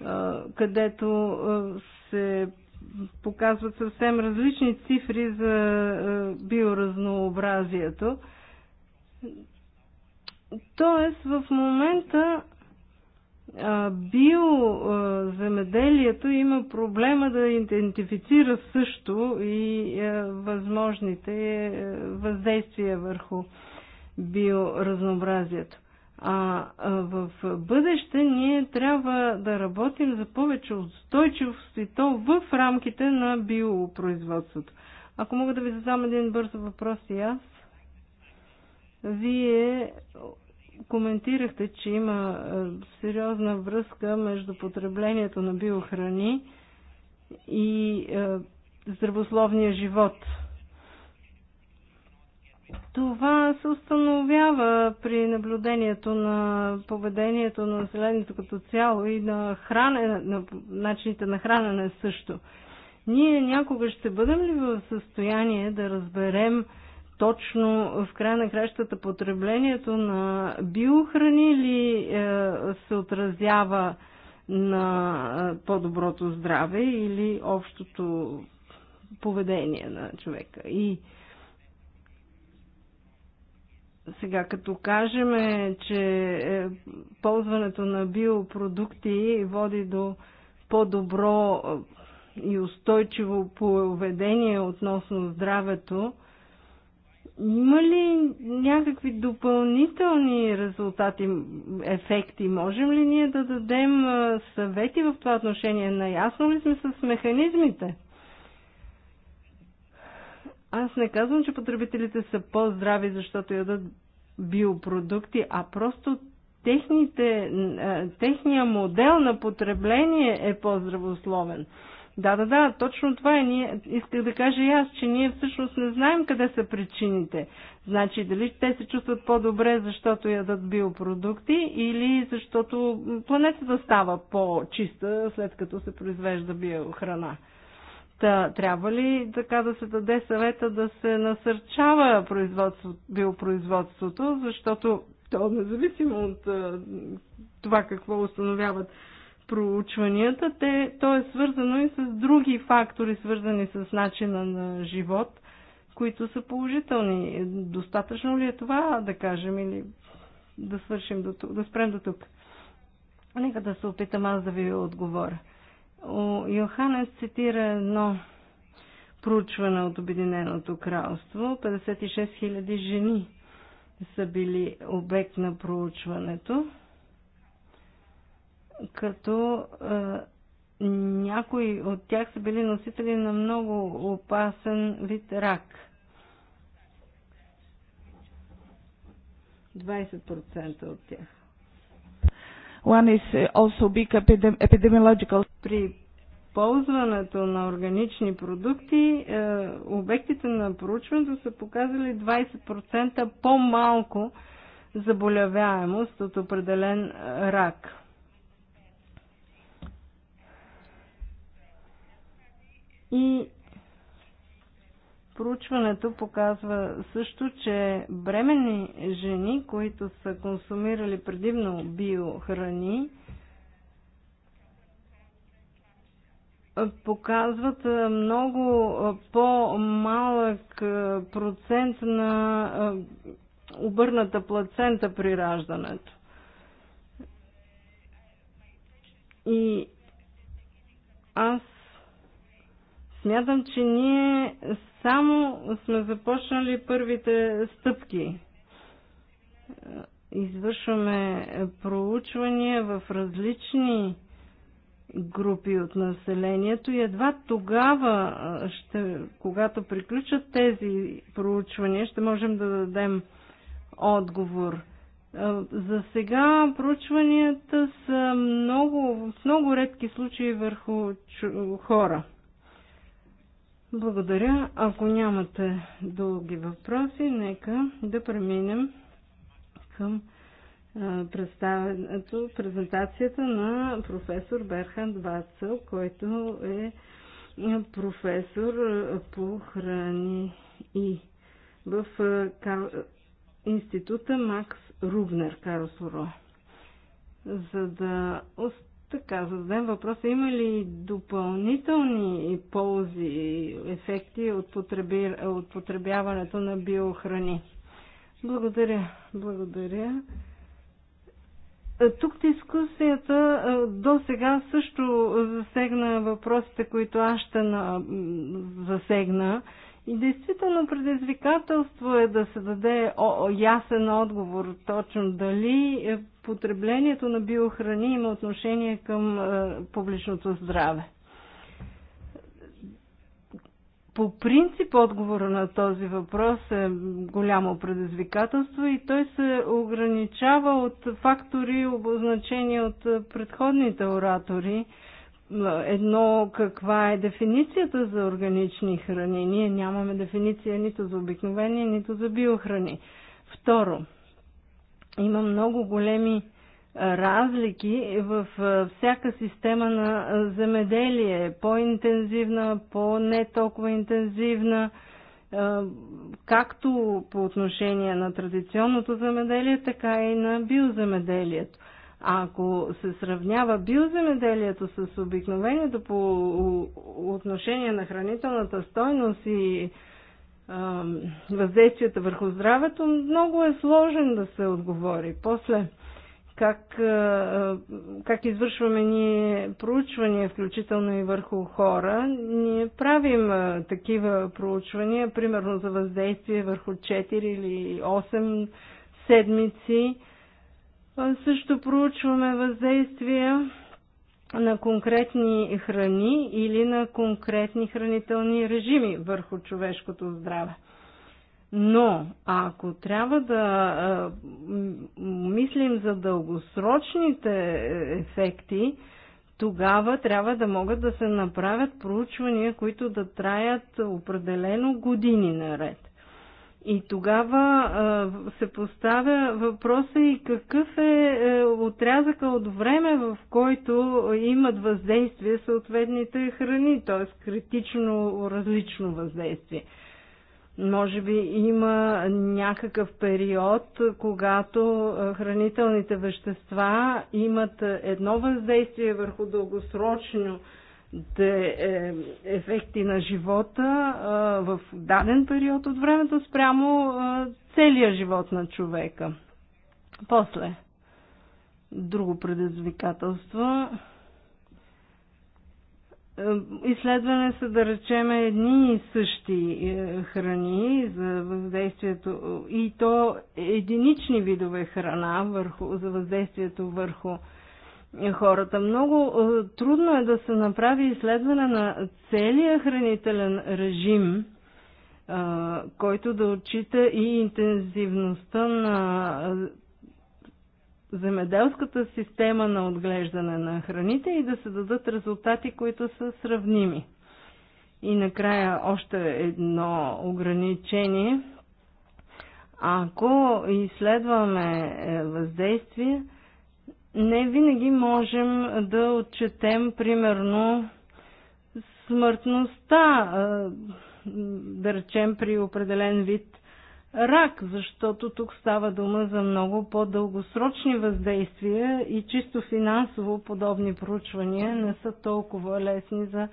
е, където е, се показват съвсем различни цифри за биоразнообразието. Тоест, в момента биоземеделието има проблема да идентифицира също и възможните е, въздействия върху биоразнообразието. А в бъдеще ние трябва да работим за повече устойчивост и то в рамките на биопроизводството. Ако мога да ви задам един бърз въпрос и аз. Вие коментирахте, че има е, сериозна връзка между потреблението на биохрани и е, здравословния живот. Това се установява при наблюдението на поведението на населението като цяло и на, хране, на начините на хранене също. Ние някога ще бъдем ли в състояние да разберем, точно в края на кращата потреблението на биохрани ли е, се отразява на е, по-доброто здраве или общото поведение на човека. И сега, като кажем, че е, ползването на биопродукти води до по-добро и устойчиво поведение относно здравето, има ли някакви допълнителни резултати, ефекти? Можем ли ние да дадем съвети в това отношение? Наясно ли сме с механизмите? Аз не казвам, че потребителите са по-здрави, защото ядат биопродукти, а просто техните, техния модел на потребление е по-здравословен. Да, да, да, точно това е. Ние, исках да кажа и аз, че ние всъщност не знаем къде са причините. Значи, дали те се чувстват по-добре, защото ядат биопродукти или защото планетата става по-чиста, след като се произвежда биохрана. Та, трябва ли така да се даде съвета да се насърчава биопроизводството, защото то независимо от това какво установяват проучванията, те, то е свързано и с други фактори, свързани с начина на живот, които са положителни. Достатъчно ли е това да кажем или да, свършим до, тук, да спрем до тук? Нека да се опитам аз да ви отговоря. Йоханес цитира едно проучване от Обединеното кралство. 56 000 жени са били обект на проучването като е, някои от тях са били носители на много опасен вид рак. 20% от тях. One is also big epidemiological. При ползването на органични продукти, е, обектите на проучването са показали 20% по-малко заболяваемост от определен е, рак. И проучването показва също, че бременни жени, които са консумирали предимно биохрани, показват много по-малък процент на обърната плацента при раждането. И аз Смятам, че ние само сме започнали първите стъпки. Извършваме проучвания в различни групи от населението и едва тогава, ще, когато приключат тези проучвания, ще можем да дадем отговор. За сега проучванията са много, в много редки случаи върху хора. Благодаря. Ако нямате дълги въпроси, нека да преминем към презентацията на професор Берхан Вацъл, който е професор по храни и в института Макс Рубнер, Карлсоро. За да така, зададем въпроса, има ли допълнителни ползи, ефекти от, потреби, от потребяването на биохрани? Благодаря, благодаря. Тук дискусията до сега също засегна въпросите, които аз ще на... засегна. И действително предизвикателство е да се даде ясен отговор точно дали е, потреблението на биохрани има отношение към е, публичното здраве. По принцип отговора на този въпрос е голямо предизвикателство и той се ограничава от фактори, обозначени от предходните оратори. Едно каква е дефиницията за органични храни. Ние нямаме дефиниция нито за обикновени, нито за биохрани. Второ, има много големи разлики в всяка система на земеделие. По-интензивна, по-не толкова интензивна, както по отношение на традиционното земеделие, така и на биоземеделието. Ако се сравнява биоземеделието с обикновението по отношение на хранителната стойност и въздействията върху здравето, много е сложен да се отговори. После, как, как извършваме ние проучвания, включително и върху хора, ние правим такива проучвания, примерно за въздействие върху 4 или 8 седмици. Също проучваме въздействия на конкретни храни или на конкретни хранителни режими върху човешкото здраве. Но ако трябва да мислим за дългосрочните е, ефекти, тогава трябва да могат да се направят проучвания, които да траят определено години наред. И тогава се поставя въпроса и какъв е, е отрязъка от време, в който имат въздействие съответните храни, т.е. критично различно въздействие. Може би има някакъв период, когато хранителните вещества имат едно въздействие върху дългосрочно е, е, ефекти на живота в даден период от времето спрямо целия живот на човека. После, друго предизвикателство. Е, изследване са да речем едни и същи храни за въздействието и то единични видове храна върху, за въздействието върху хората. Много е, трудно е да се направи изследване на целия хранителен режим, е, който да отчита и интензивността на е, земеделската система на отглеждане на храните и да се дадат резултати, които са сравними. И накрая още едно ограничение. Ако изследваме въздействие, не винаги можем да отчетем, примерно, смъртността, да речем, при определен вид рак, защото тук става дума за много по-дългосрочни въздействия и чисто финансово подобни проучвания не са толкова лесни за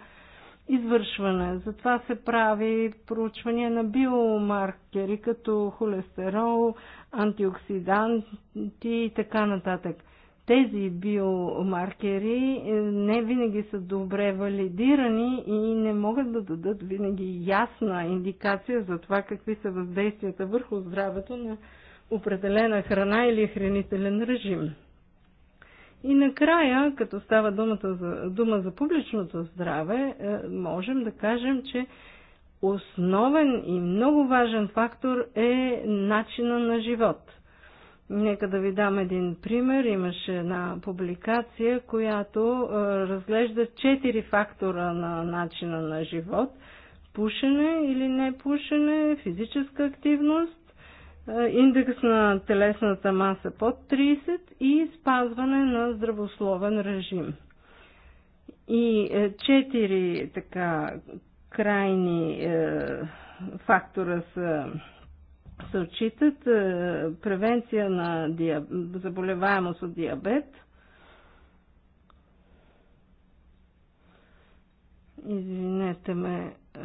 извършване. Затова се прави проучване на биомаркери, като холестерол, антиоксиданти и така нататък тези биомаркери не винаги са добре валидирани и не могат да дадат винаги ясна индикация за това какви са въздействията върху здравето на определена храна или хранителен режим. И накрая, като става думата за, дума за публичното здраве, е, можем да кажем, че основен и много важен фактор е начина на живот – Нека да ви дам един пример. Имаше една публикация, която е, разглежда четири фактора на начина на живот. Пушене или не пушене, физическа активност, е, индекс на телесната маса под 30 и спазване на здравословен режим. И е, четири така крайни е, фактора са се отчитат е, превенция на диаб... заболеваемост от диабет. Извинете ме, е,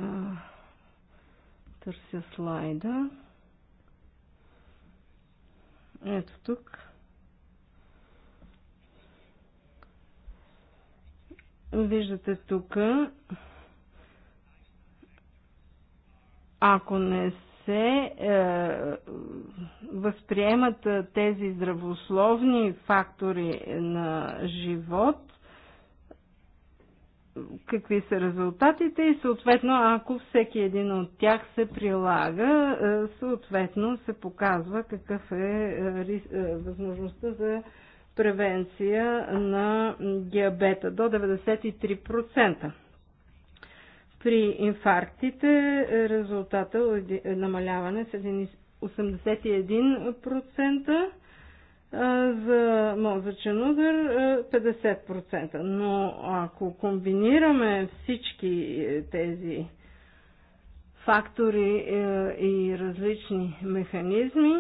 търся слайда. Ето тук. Виждате тук, ако не се е, възприемат е, тези здравословни фактори на живот, какви са резултатите и съответно, ако всеки един от тях се прилага, е, съответно се показва какъв е, е възможността за превенция на диабета до 93%. При инфарктите резултата е, е намаляване с 81%, за мозъчен удар 50%. Но ако комбинираме всички е, тези фактори е, и различни механизми,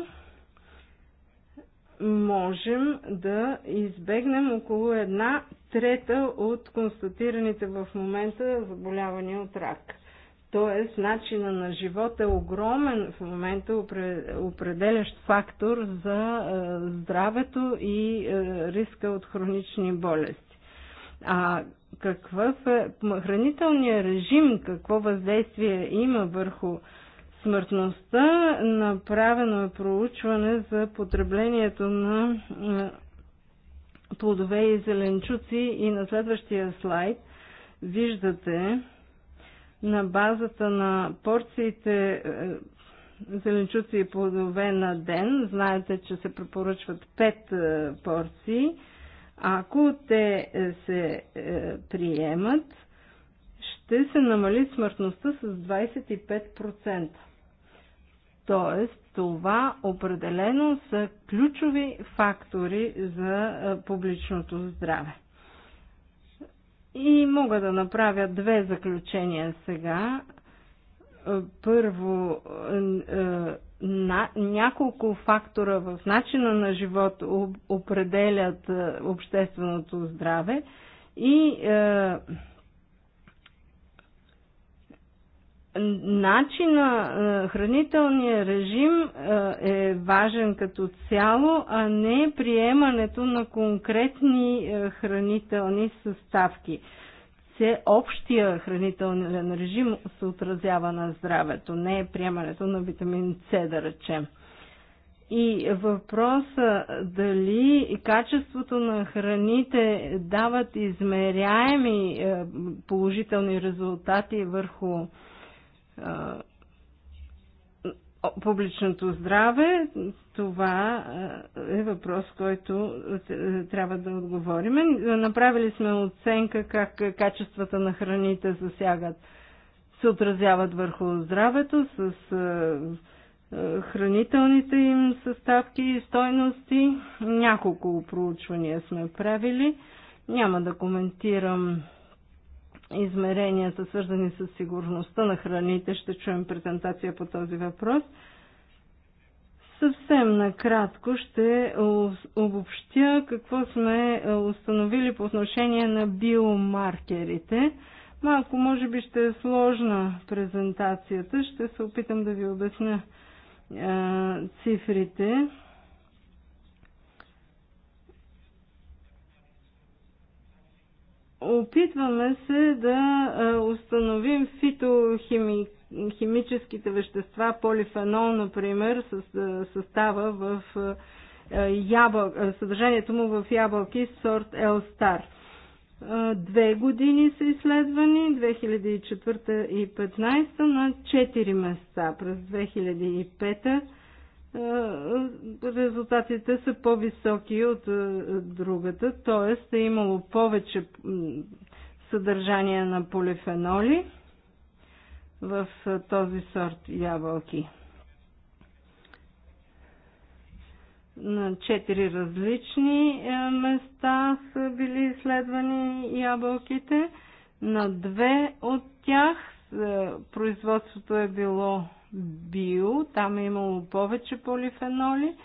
можем да избегнем около една трета от констатираните в момента заболявания от рак. Тоест, начина на живота е огромен в момента определящ фактор за е, здравето и е, риска от хронични болести. А какъв е хранителният режим, какво въздействие има върху смъртността, направено е проучване за потреблението на е, плодове и зеленчуци и на следващия слайд виждате на базата на порциите е, зеленчуци и плодове на ден. Знаете, че се препоръчват 5 е, порции. Ако те е, се приемат, ще се намали смъртността с 25%. Тоест, това определено са ключови фактори за публичното здраве. И мога да направя две заключения сега. Първо, няколко фактора в начина на живот определят общественото здраве и начина, е, хранителния режим е, е важен като цяло, а не приемането на конкретни е, хранителни съставки. Все общия хранителен режим се отразява на здравето, не е приемането на витамин С, да речем. И въпроса дали качеството на храните дават измеряеми положителни резултати върху публичното здраве, това е въпрос, който е, трябва да отговорим. Направили сме оценка как качествата на храните засягат, се отразяват върху здравето с хранителните им съставки и стойности. Няколко проучвания сме правили. Няма да коментирам измеренията, свързани с сигурността на храните. Ще чуем презентация по този въпрос. Съвсем накратко ще обобщя какво сме е, установили по отношение на биомаркерите. Малко, може би, ще е сложна презентацията. Ще се опитам да ви обясня е, цифрите. Опитваме се да установим фитохимическите вещества, полифенол, например, с състава в ябъл, съдържанието му в ябълки сорт Елстар. Две години са изследвани, 2004 и 2015 на четири места. През 2005 резултатите са по-високи от другата, т.е. е имало повече съдържание на полифеноли в този сорт ябълки. На четири различни места са били изследвани ябълките. На две от тях производството е било био, там е имало повече полифеноли.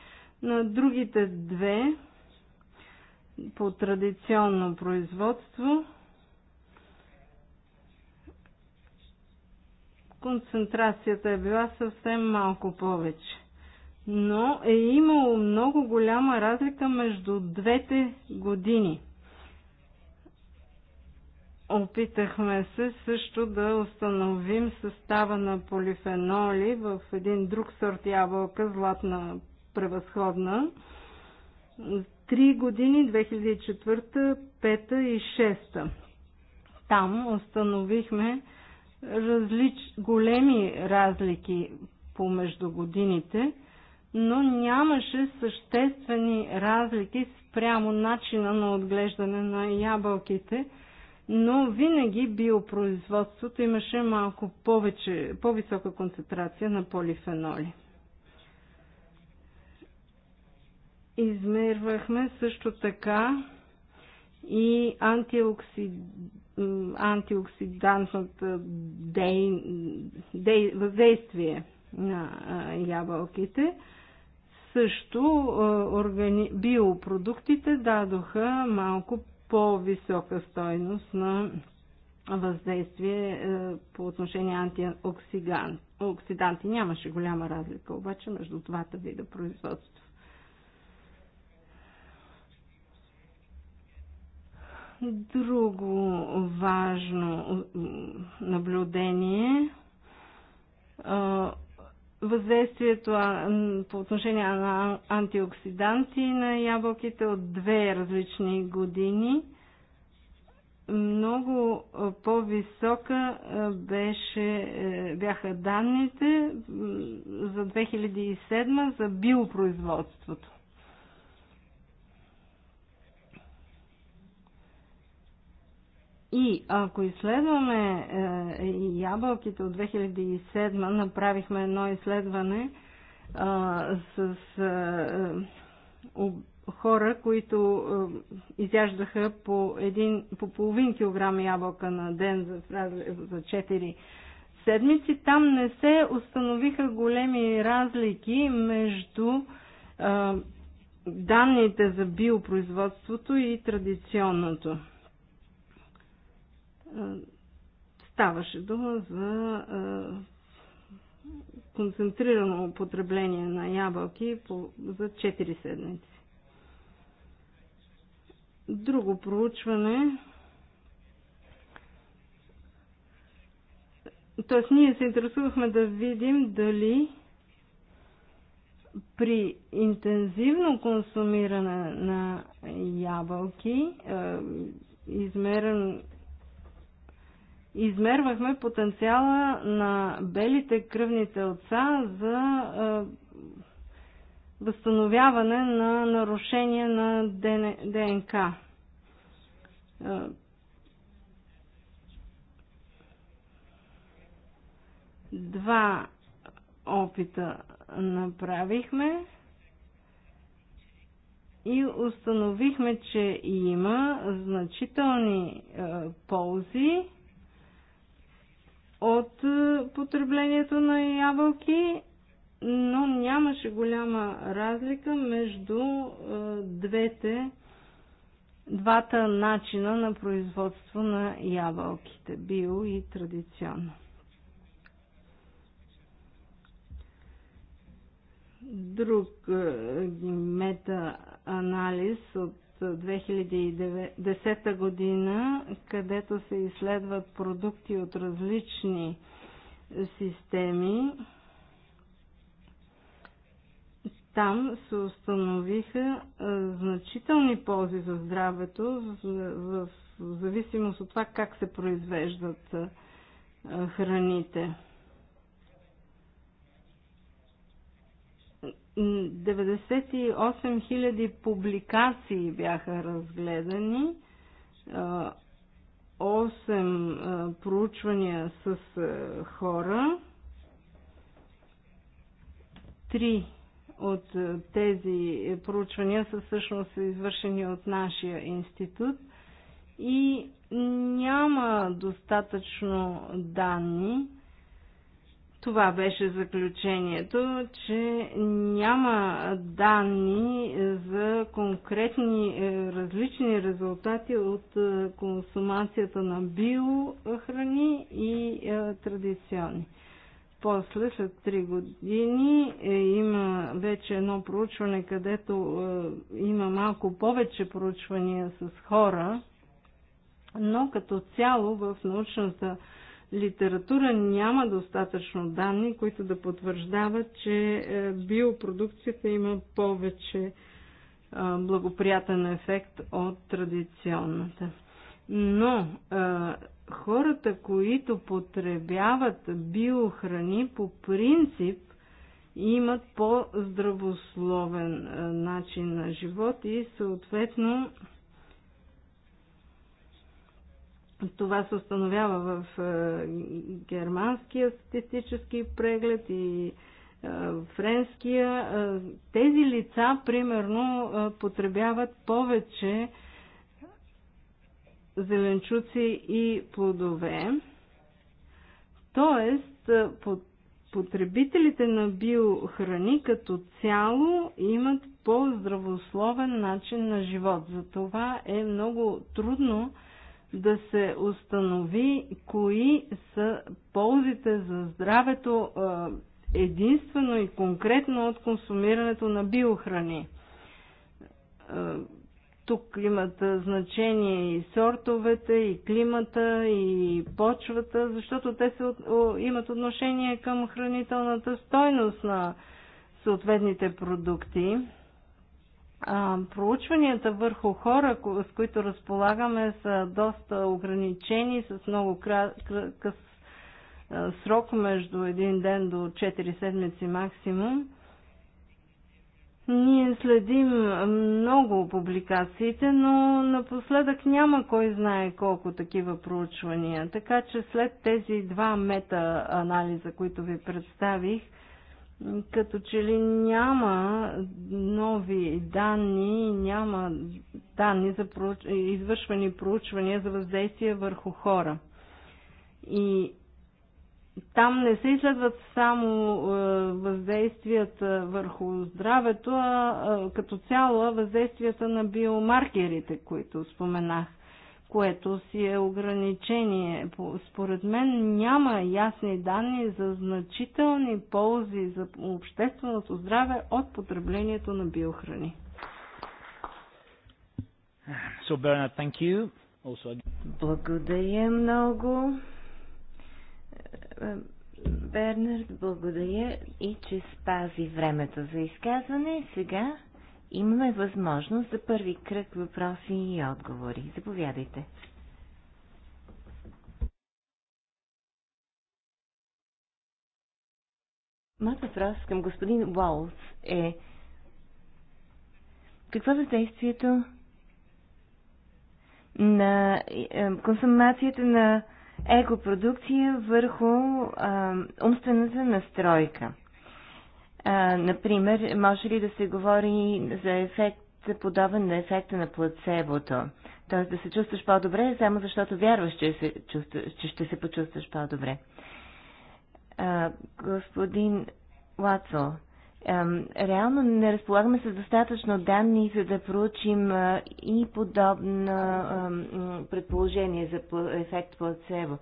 На другите две по традиционно производство концентрацията е била съвсем малко повече. Но е имало много голяма разлика между двете години – Опитахме се също да установим състава на полифеноли в един друг сорт ябълка, златна превъзходна. Три години, 2004, 5 и 6. Там установихме различ... големи разлики помежду годините, но нямаше съществени разлики спрямо начина на отглеждане на ябълките – но винаги биопроизводството имаше малко повече, по-висока концентрация на полифеноли. Измервахме също така и антиоксид, антиоксидантното дей, дей, въздействие на ябълките. Също органи, биопродуктите дадоха малко по-висока стойност на въздействие е, по отношение антиоксиданти. Нямаше голяма разлика обаче между двата вида производство. Друго важно наблюдение е, въздействието по отношение на антиоксиданти на ябълките от две различни години. Много по-висока беше, е, бяха данните за 2007 за биопроизводството. И ако изследваме е, ябълките от 2007, направихме едно изследване е, с е, е, об, хора, които е, изяждаха по, един, по половин килограм ябълка на ден за, за 4 седмици. Там не се установиха големи разлики между е, данните за биопроизводството и традиционното. Ставаше дума за концентрирано употребление на ябълки за 4 седмици. Друго проучване Тоест, ние се интересувахме да видим дали при интензивно консумиране на ябълки, измерен измервахме потенциала на белите кръвни телца за възстановяване на нарушение на ДНК. Два опита направихме и установихме, че има значителни ползи от е, потреблението на ябълки, но нямаше голяма разлика между е, двете, двата начина на производство на ябълките, био и традиционно. Друг е, мета анализ от 2010 година, където се изследват продукти от различни системи. Там се установиха значителни ползи за здравето в зависимост от това как се произвеждат храните. 98 000 публикации бяха разгледани, 8 проучвания с хора, 3 от тези проучвания са всъщност извършени от нашия институт и няма достатъчно данни това беше заключението, че няма данни за конкретни е, различни резултати от е, консумацията на биохрани и е, традиционни. После, след 3 години, има вече едно проучване, където има малко повече проучвания с хора, но като цяло в научната литература няма достатъчно данни, които да потвърждават, че е, биопродукцията има повече е, благоприятен ефект от традиционната. Но е, хората, които потребяват биохрани, по принцип имат по-здравословен начин на живот и съответно това се установява в е, германския статистически преглед и е, френския. Е, тези лица, примерно, потребяват повече зеленчуци и плодове. Тоест, потребителите на биохрани като цяло имат по-здравословен начин на живот. Затова е много трудно да да се установи кои са ползите за здравето единствено и конкретно от консумирането на биохрани. Тук имат значение и сортовете, и климата, и почвата, защото те се, имат отношение към хранителната стойност на съответните продукти проучванията върху хора, с които разполагаме, са доста ограничени, с много къс срок между един ден до 4 седмици максимум. Ние следим много публикациите, но напоследък няма кой знае колко такива проучвания. Така че след тези два мета-анализа, които ви представих, като че ли няма нови данни, няма данни за проуч... извършвани проучвания за въздействие върху хора. И там не се изследват само е, въздействията върху здравето, а е, като цяло въздействията на биомаркерите, които споменах което си е ограничение. Според мен няма ясни данни за значителни ползи за общественото здраве от потреблението на биохрани. So, Bernard, thank you. Also... Благодаря много. Бернард, благодаря и че спази времето за изказване. Сега Имаме възможност за първи кръг въпроси и отговори. Заповядайте. Моят въпрос към господин Уолс е какво е въздействието на консумацията на екопродукция върху а, е, умствената настройка? А, например, може ли да се говори за ефект, подобен на ефекта на плацебото? Т.е. да се чувстваш по-добре, само защото вярваш, че, се чувстваш, че ще се почувстваш по-добре. господин Лацо, реално не разполагаме с достатъчно данни, за да проучим и подобно предположение за ефект плацебо.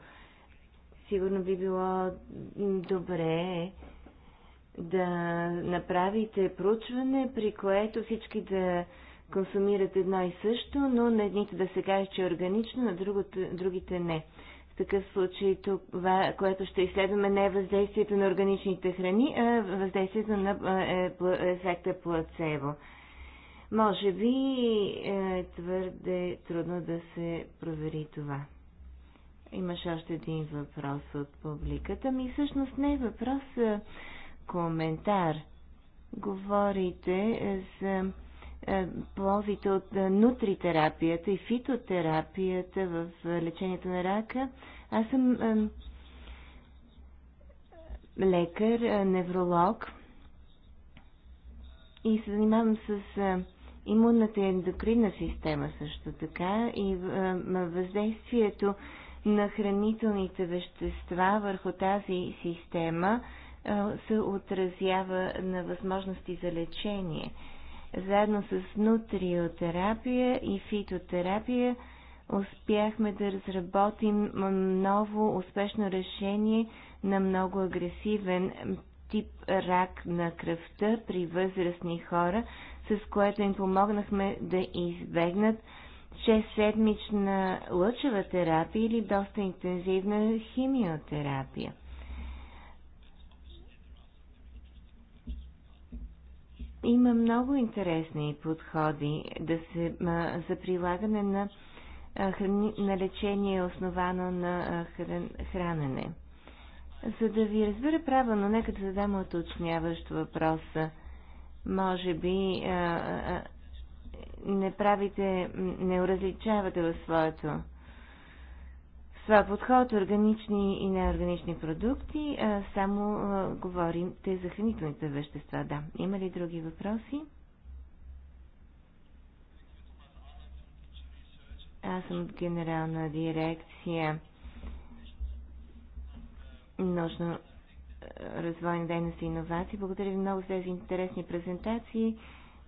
Сигурно би било добре да направите проучване, при което всички да консумират едно и също, но на едните да се каже, че е органично, на другото, другите не. В такъв случай това, което ще изследваме, не е въздействието на органичните храни, а въздействието на е, ефекта плацебо. Може би е твърде трудно да се провери това. Имаш още един въпрос от публиката. Ми всъщност не е въпрос. Е коментар. Говорите за е, ползите от е, нутритерапията и фитотерапията в е, лечението на рака. Аз съм лекар, невролог и се занимавам с имунната и ендокринна система също така и въздействието на хранителните вещества върху тази система – се отразява на възможности за лечение. Заедно с нутриотерапия и фитотерапия успяхме да разработим ново успешно решение на много агресивен тип рак на кръвта при възрастни хора, с което им помогнахме да избегнат 6-седмична лъчева терапия или доста интензивна химиотерапия. Има много интересни подходи да се, а, за прилагане на, а, храни, на лечение, основано на а, хран, хранене. За да ви разбера правилно, нека да задам оточняващ въпрос, Може би а, а, не правите, не различавате в своето това е подход, органични и неорганични продукти, а, само а, говорим те за хранителните вещества, да. Има ли други въпроси? Аз съм от генерална дирекция Нощно развойна дейност и иновации. Благодаря ви много за тези интересни презентации.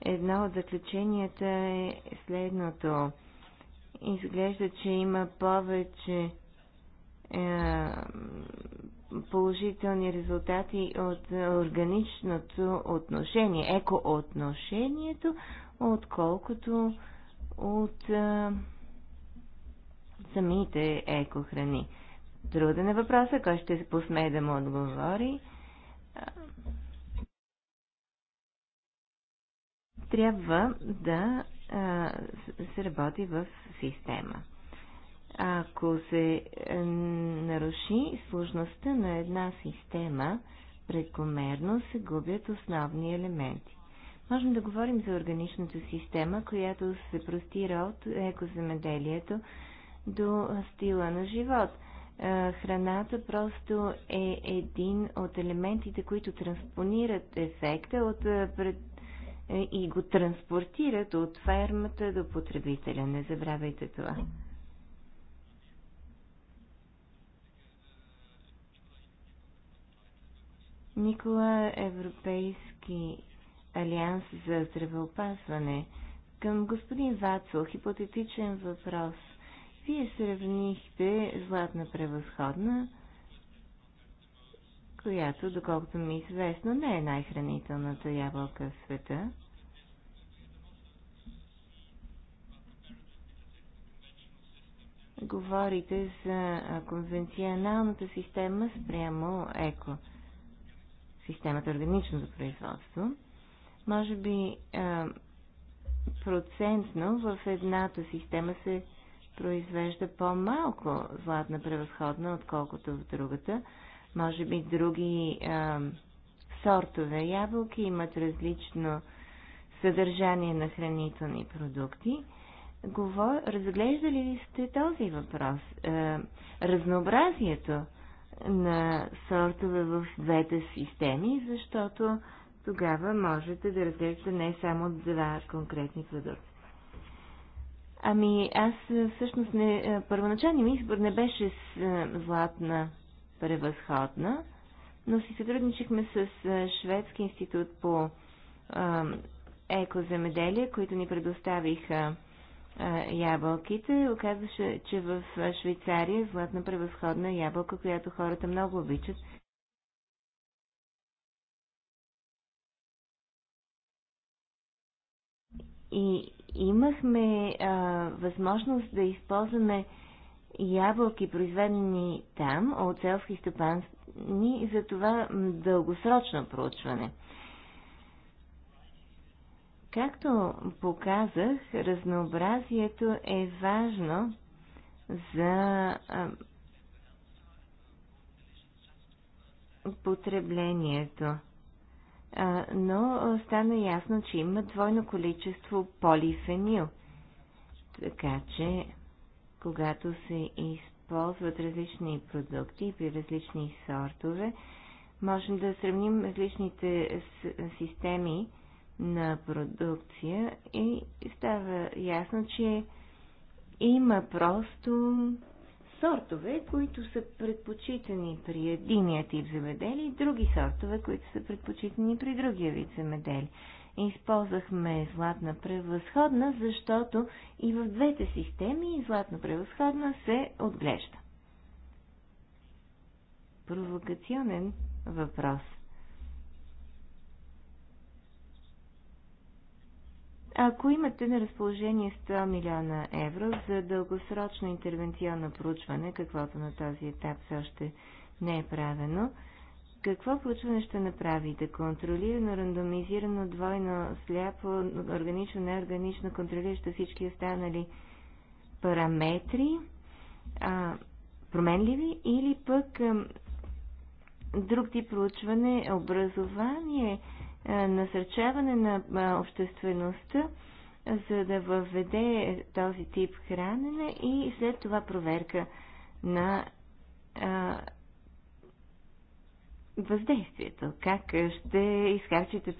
Едно от заключенията е следното. Изглежда, че има повече е, положителни резултати от органичното отношение, екоотношението, отколкото от а, е, самите екохрани. Труден е въпросът, кой ще се посмее да му отговори. Трябва да а, е, се работи в система. Ако се е, наруши сложността на една система, прекомерно се губят основни елементи. Можем да говорим за органичната система, която се простира от екоземеделието до стила на живот. Е, храната просто е един от елементите, които транспонират ефекта от е, пред... и го транспортират от фермата до потребителя. Не забравяйте това. Никола Европейски алианс за здравеопазване. Към господин Вацел, хипотетичен въпрос. Вие сравнихте златна превъзходна, която, доколкото ми е известно, не е най-хранителната ябълка в света. Говорите за конвенционалната система спрямо еко системата органичното производство. Може би а, процентно в едната система се произвежда по-малко златна превъзходна, отколкото в другата. Може би други а, сортове ябълки имат различно съдържание на хранителни продукти. Говор... Разглеждали ли сте този въпрос? А, разнообразието на сортове в двете системи, защото тогава можете да разглеждате не само два конкретни продукта. Ами аз всъщност не, първоначалният ми избор не беше с златна превъзходна, но си сътрудничихме с Шведски институт по екоземеделие, които ни предоставиха ябълките. Оказваше, че в Швейцария е златна превъзходна ябълка, която хората много обичат. И имахме а, възможност да използваме ябълки, произведени там от селски стопанни, за това дългосрочно проучване. Както показах, разнообразието е важно за потреблението. Но стана ясно, че има двойно количество полифенил. Така че, когато се използват различни продукти при различни сортове, можем да сравним различните системи на продукция и става ясно, че има просто сортове, които са предпочитани при единия тип земедели, и други сортове, които са предпочитани при другия вид земедели. Използвахме златна превъзходна, защото и в двете системи златна превъзходна се отглежда. Провокационен въпрос – Ако имате на разположение 100 милиона евро за дългосрочно интервенционно проучване, каквото на този етап все още не е правено, какво проучване ще направите? Контролирано, рандомизирано, двойно, сляпо, органично, неорганично, контролиращо всички останали параметри, а, променливи или пък а, друг тип проучване, образование, а, е, насърчаване на обществеността, за да въведе този тип хранене и след това проверка на въздействието. Как ще изхарчите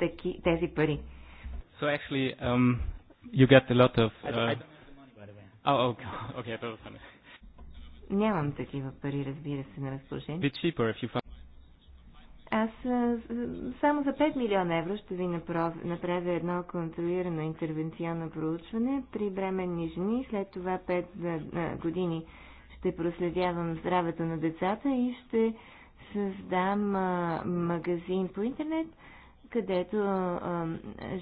тези пари? So actually, um, you get a lot of... Uh... oh, okay, okay, Нямам такива пари, разбира се, на разположение. Аз само за 5 милиона евро ще ви направя едно контролирано интервенционно проучване при бременни жени. След това 5 години ще проследявам здравето на децата и ще създам магазин по интернет, където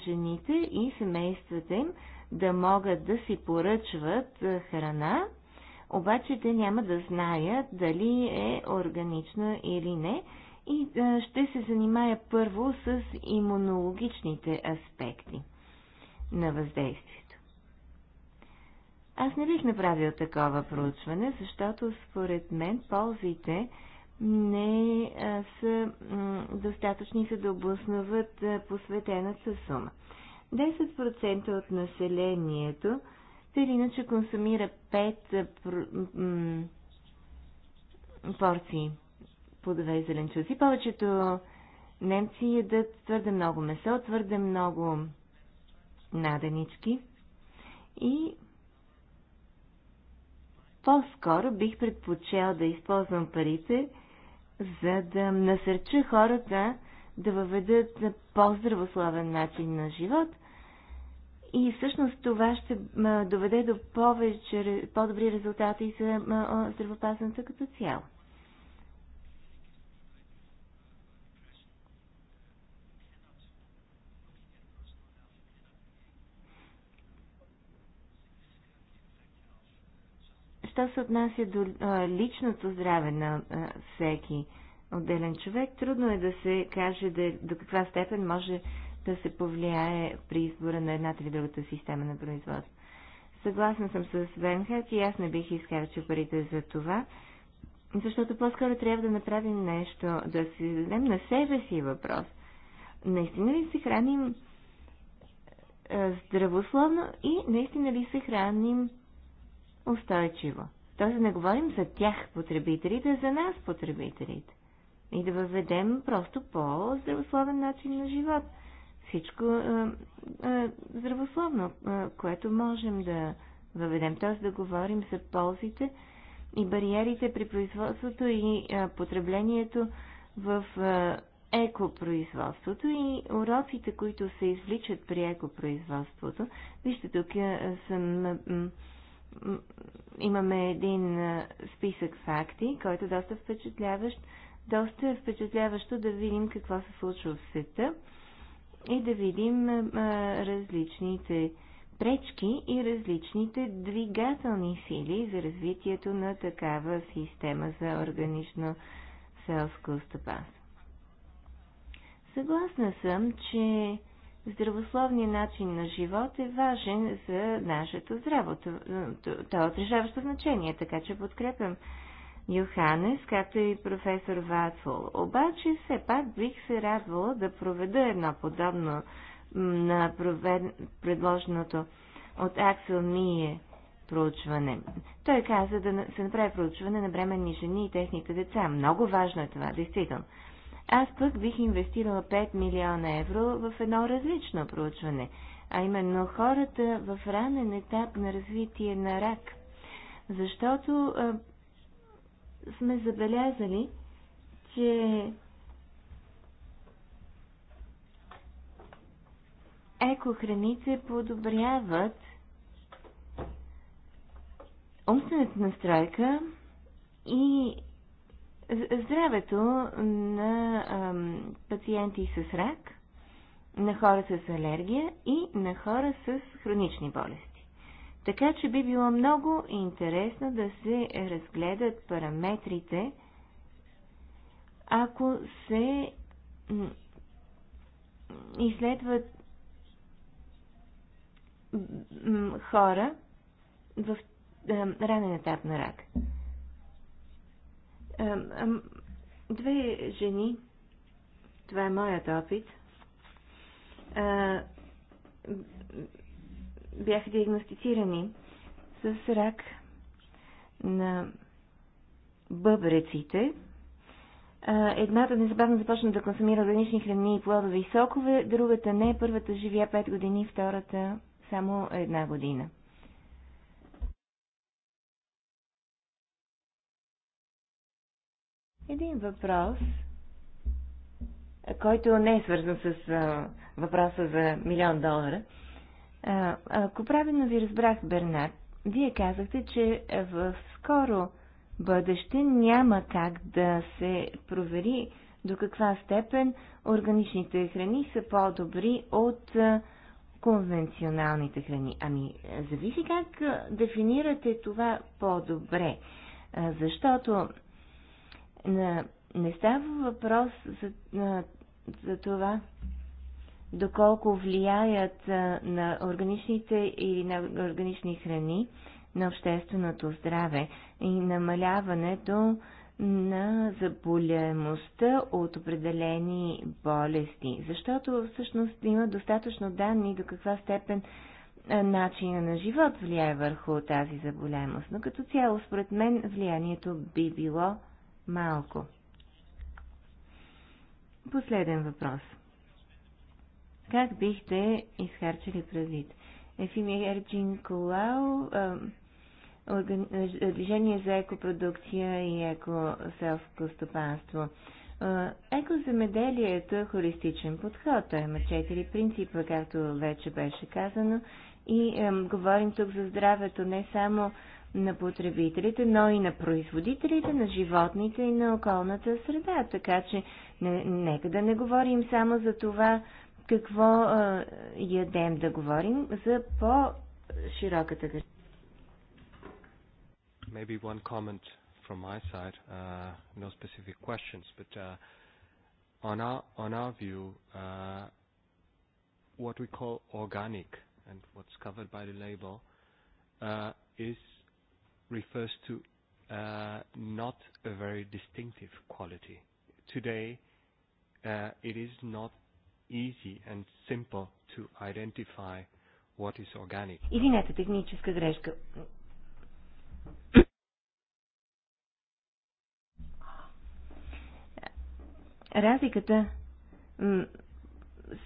жените и семействата им да могат да си поръчват храна, обаче те няма да знаят дали е органична или не и е, ще се занимая първо с имунологичните аспекти на въздействието. Аз не бих направил такова проучване, защото според мен ползите не са достатъчни за да обосноват посветената сума. 10% от населението тъй или иначе консумира 5 порции плодове и зеленчуци. Повечето немци ядат твърде много месо, твърде много наденички и по-скоро бих предпочел да използвам парите, за да насърча хората да въведат по-здравословен начин на живот. И всъщност това ще доведе до повече, по-добри резултати за здравопазването като цяло. Що се отнася до личното здраве на всеки отделен човек, трудно е да се каже да, до каква степен може да се повлияе при избора на едната или другата система на производство. Съгласна съм с Венхарт и аз не бих изхарчил парите за това, защото по-скоро трябва да направим нещо, да си зададем на себе си въпрос. Наистина ли се храним здравословно и наистина ли се храним устойчиво. Тоест да не говорим за тях потребителите, а за нас потребителите. И да въведем просто по-здравословен начин на живот. Всичко е, е, здравословно, е, което можем да въведем. Тоест да говорим за ползите и бариерите при производството и е, потреблението в е, екопроизводството и уроците, които се извличат при екопроизводството. Вижте, тук е, съм. Е, имаме един списък факти, който е доста впечатляващ. Доста е впечатляващо да видим какво се случва в света и да видим различните пречки и различните двигателни сили за развитието на такава система за органично селско стопанство. Съгласна съм, че здравословният начин на живот е важен за нашето здраво. Това е отрежаващо значение, така че подкрепям Йоханес, както и професор Ватфол. Обаче все пак бих се радвала да проведа едно подобно на провед... предложеното от Аксел Мие проучване. Той каза да се направи проучване на бременни жени и техните деца. Много важно е това, действително. Аз пък бих инвестирала 5 милиона евро в едно различно проучване, а именно хората в ранен етап на развитие на рак. Защото а, сме забелязали, че екохраните подобряват умствената настройка и Здравето на ам, пациенти с рак, на хора с алергия и на хора с хронични болести. Така че би било много интересно да се разгледат параметрите, ако се изследват хора в ранен етап на рак. Две жени, това е моят опит, бяха диагностицирани с рак на бъбреците. Едната незабавно започна да консумира органични храни и плодове и сокове, другата не, първата живя 5 години, втората само една година. един въпрос, който не е свързан с а, въпроса за милион долара. А, ако правилно ви разбрах, Бернард, вие казахте, че в скоро бъдеще няма как да се провери до каква степен органичните храни са по-добри от конвенционалните храни. Ами, зависи как дефинирате това по-добре. Защото на... не става въпрос за, на, за това, доколко влияят а, на органичните или на органични храни на общественото здраве и намаляването на заболяемостта от определени болести. Защото всъщност има достатъчно данни до каква степен начина на живот влияе върху тази заболяемост. Но като цяло, според мен, влиянието би било малко. Последен въпрос. Как бихте изхарчили правит? Ефимия Ерджин Колао, Движение за екопродукция и екоселско стопанство. Екоземеделието е холистичен подход. Той има четири принципа, както вече беше казано. И е, говорим тук за здравето не само на потребителите, но и на производителите, на животните и на околната среда. Така че не, нека да не говорим само за това какво а, ядем, да говорим за по-широката държава. Maybe one comment from my side, uh, no specific questions, but uh, on, our, on our view, uh, what we call organic and what's covered by the label uh, is refers to uh, not a very distinctive quality. Today, uh, it is not easy and simple to identify what is organic. Извинете, техническа грешка. Разликата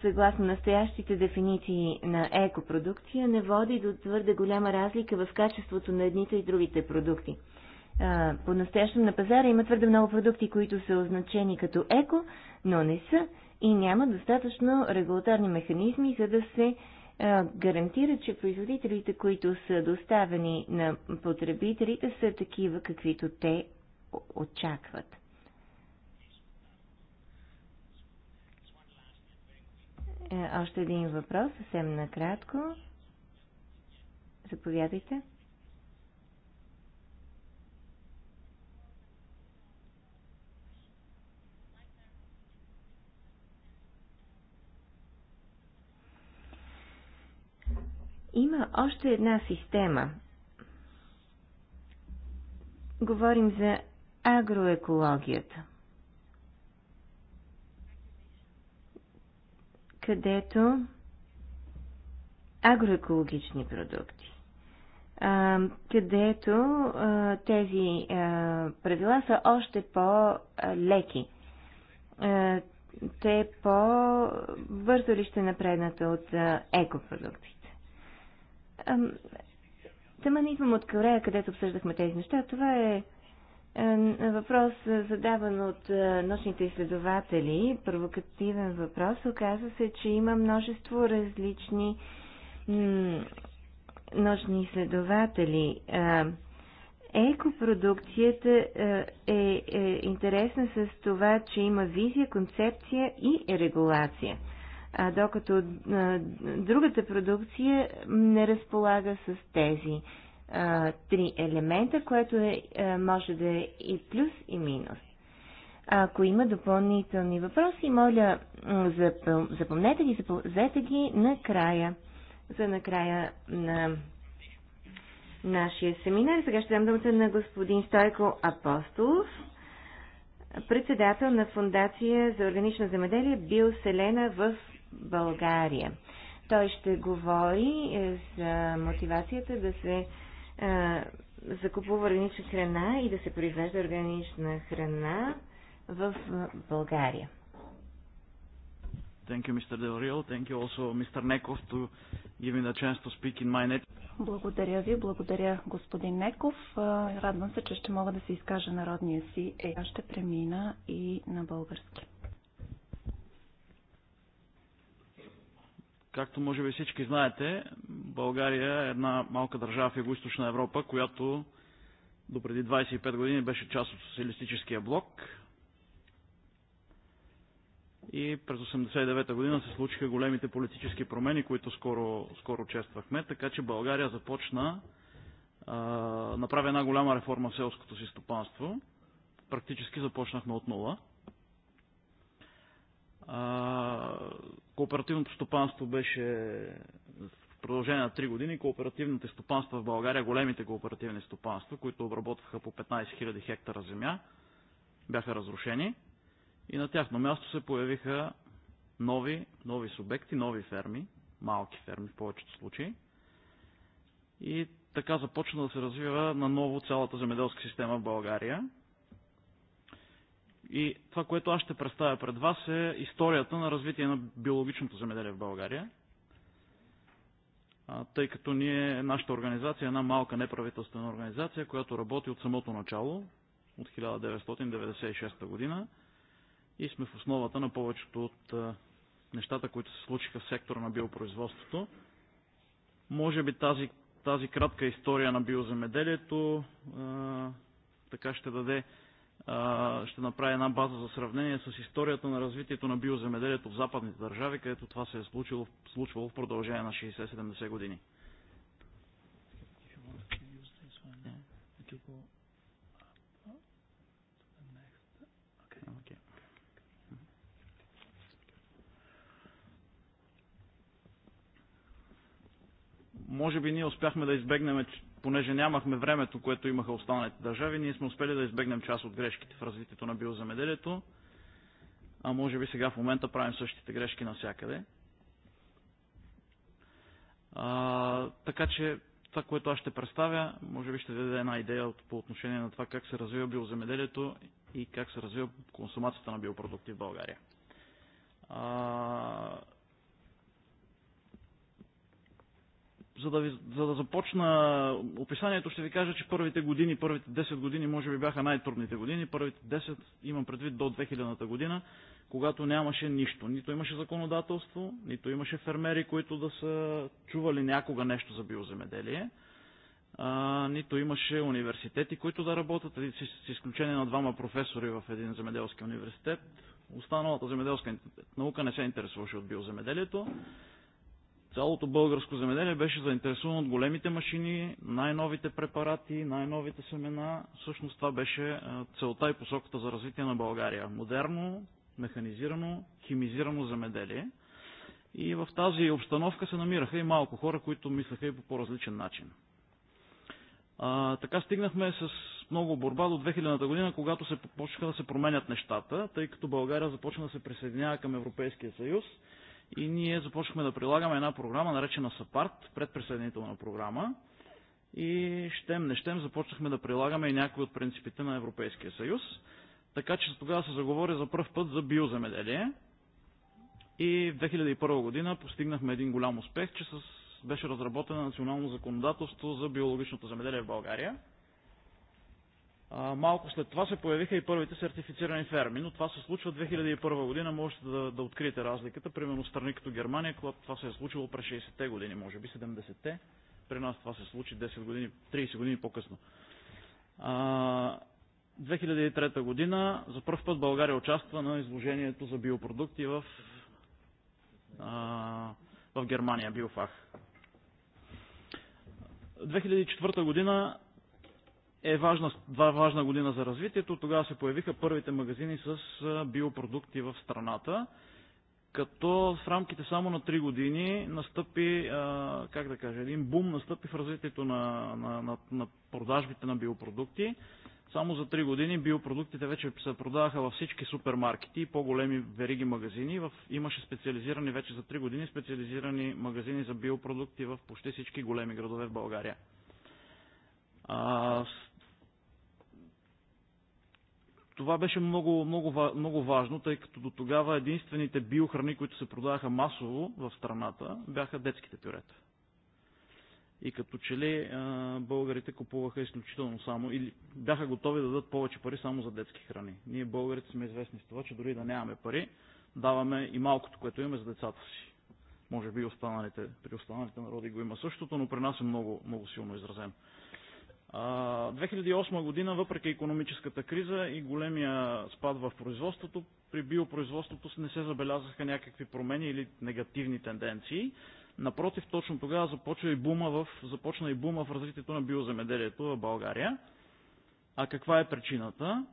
съгласно настоящите дефиниции на екопродукция, не води до твърде голяма разлика в качеството на едните и другите продукти. По-настоящем на пазара има твърде много продукти, които са означени като еко, но не са и няма достатъчно регулаторни механизми, за да се гарантира, че производителите, които са доставени на потребителите, са такива, каквито те очакват. Е, още един въпрос, съвсем накратко. Заповядайте. Има още една система. Говорим за агроекологията. където агроекологични продукти, където тези правила са още по-леки. Те по-бързо ли ще напреднат от екопродуктите? Тама не идвам от Корея, където обсъждахме тези неща. Това е е, въпрос е, задаван от е, нощните изследователи, провокативен въпрос, оказва се, че има множество различни нощни изследователи. Екопродукцията е интересна с това, че има визия, концепция и регулация. А докато другата продукция не разполага с тези а, три елемента, което е, а, може да е и плюс и минус. Ако има допълнителни въпроси, моля, запомнете ги, запомнете ги накрая, за накрая на нашия семинар. Сега ще дам думата на господин Стойко Апостолов, председател на Фундация за органично земеделие Биоселена в България. Той ще говори е, за мотивацията да се е, закупува органична храна и да се произвежда органична храна в е, България. Thank you, Mr. Del Rio. Thank you also, Mr. Неков, to give me the chance to speak in my net. Благодаря ви, благодаря господин Неков. Е, радвам се, че ще мога да се изкажа народния си. Е, ще премина и на български. Както може би всички знаете, България е една малка държава в Юго-Источна Европа, която до преди 25 години беше част от социалистическия блок. И през 1989 година се случиха големите политически промени, които скоро, скоро чествахме. Така че България започна, направи една голяма реформа в селското си стопанство. Практически започнахме от нула. Кооперативното стопанство беше в продължение на 3 години. Кооперативните стопанства в България, големите кооперативни стопанства, които обработваха по 15 000 хектара земя, бяха разрушени. И на тяхно място се появиха нови, нови субекти, нови ферми, малки ферми в повечето случаи. И така започна да се развива наново цялата земеделска система в България. И това, което аз ще представя пред вас е историята на развитие на биологичното земеделие в България. Тъй като ние, нашата организация е една малка неправителствена организация, която работи от самото начало, от 1996 година и сме в основата на повечето от нещата, които се случиха в сектора на биопроизводството. Може би тази, тази кратка история на биоземеделието а, така ще даде ще направя една база за сравнение с историята на развитието на биоземеделието в западните държави, където това се е случило, случвало в продължение на 60-70 години. Може би ние успяхме да избегнем понеже нямахме времето, което имаха останалите държави, ние сме успели да избегнем част от грешките в развитието на биоземеделието, а може би сега в момента правим същите грешки навсякъде. А, така че това, което аз ще представя, може би ще даде една идея по отношение на това как се развива биоземеделието и как се развива консумацията на биопродукти в България. А, за да, ви, за да започна описанието, ще ви кажа, че първите години, първите 10 години, може би бяха най-трудните години. Първите 10, имам предвид до 2000-та година, когато нямаше нищо. Нито имаше законодателство, нито имаше фермери, които да са чували някога нещо за биоземеделие. А, нито имаше университети, които да работят, с изключение на двама професори в един земеделски университет. Останалата земеделска наука не се интересуваше от биоземеделието цялото българско земеделие беше заинтересувано от големите машини, най-новите препарати, най-новите семена. Всъщност това беше е, целта и посоката за развитие на България. Модерно, механизирано, химизирано земеделие. И в тази обстановка се намираха и малко хора, които мислеха и по по-различен начин. А, така стигнахме с много борба до 2000-та година, когато се почнаха да се променят нещата, тъй като България започна да се присъединява към Европейския съюз и ние започнахме да прилагаме една програма, наречена САПАРТ, предприсъединителна програма. И щем не щем започнахме да прилагаме и някои от принципите на Европейския съюз. Така че тогава се заговори за първ път за биоземеделие. И в 2001 година постигнахме един голям успех, че с, беше разработено национално законодателство за биологичното земеделие в България – малко след това се появиха и първите сертифицирани ферми, но това се случва 2001 година, можете да, да откриете разликата. Примерно страни като Германия, когато това се е случило през 60-те години, може би 70-те, при нас това се случи 10 години, 30 години по-късно. 2003 година за първ път България участва на изложението за биопродукти в, а, в Германия, Биофах. 2004 година е важна, два важна година за развитието. Тогава се появиха първите магазини с биопродукти в страната, като в рамките само на 3 години настъпи, как да кажа, един бум настъпи в развитието на, на, на, на продажбите на биопродукти. Само за 3 години биопродуктите вече се продаваха във всички супермаркети и по-големи вериги магазини. В, имаше специализирани вече за 3 години специализирани магазини за биопродукти в почти всички големи градове в България. А, това беше много, много, много важно, тъй като до тогава единствените биохрани, които се продаваха масово в страната, бяха детските пюрета. И като че ли българите купуваха изключително само или бяха готови да дадат повече пари само за детски храни. Ние българите сме известни с това, че дори да нямаме пари, даваме и малкото, което имаме за децата си. Може би останалите, при останалите народи го има същото, но при нас е много, много силно изразено. 2008 година, въпреки економическата криза и големия спад в производството, при биопроизводството не се забелязаха някакви промени или негативни тенденции. Напротив, точно тогава започва и бума в, започна и бума в развитието на биоземеделието в България. А каква е причината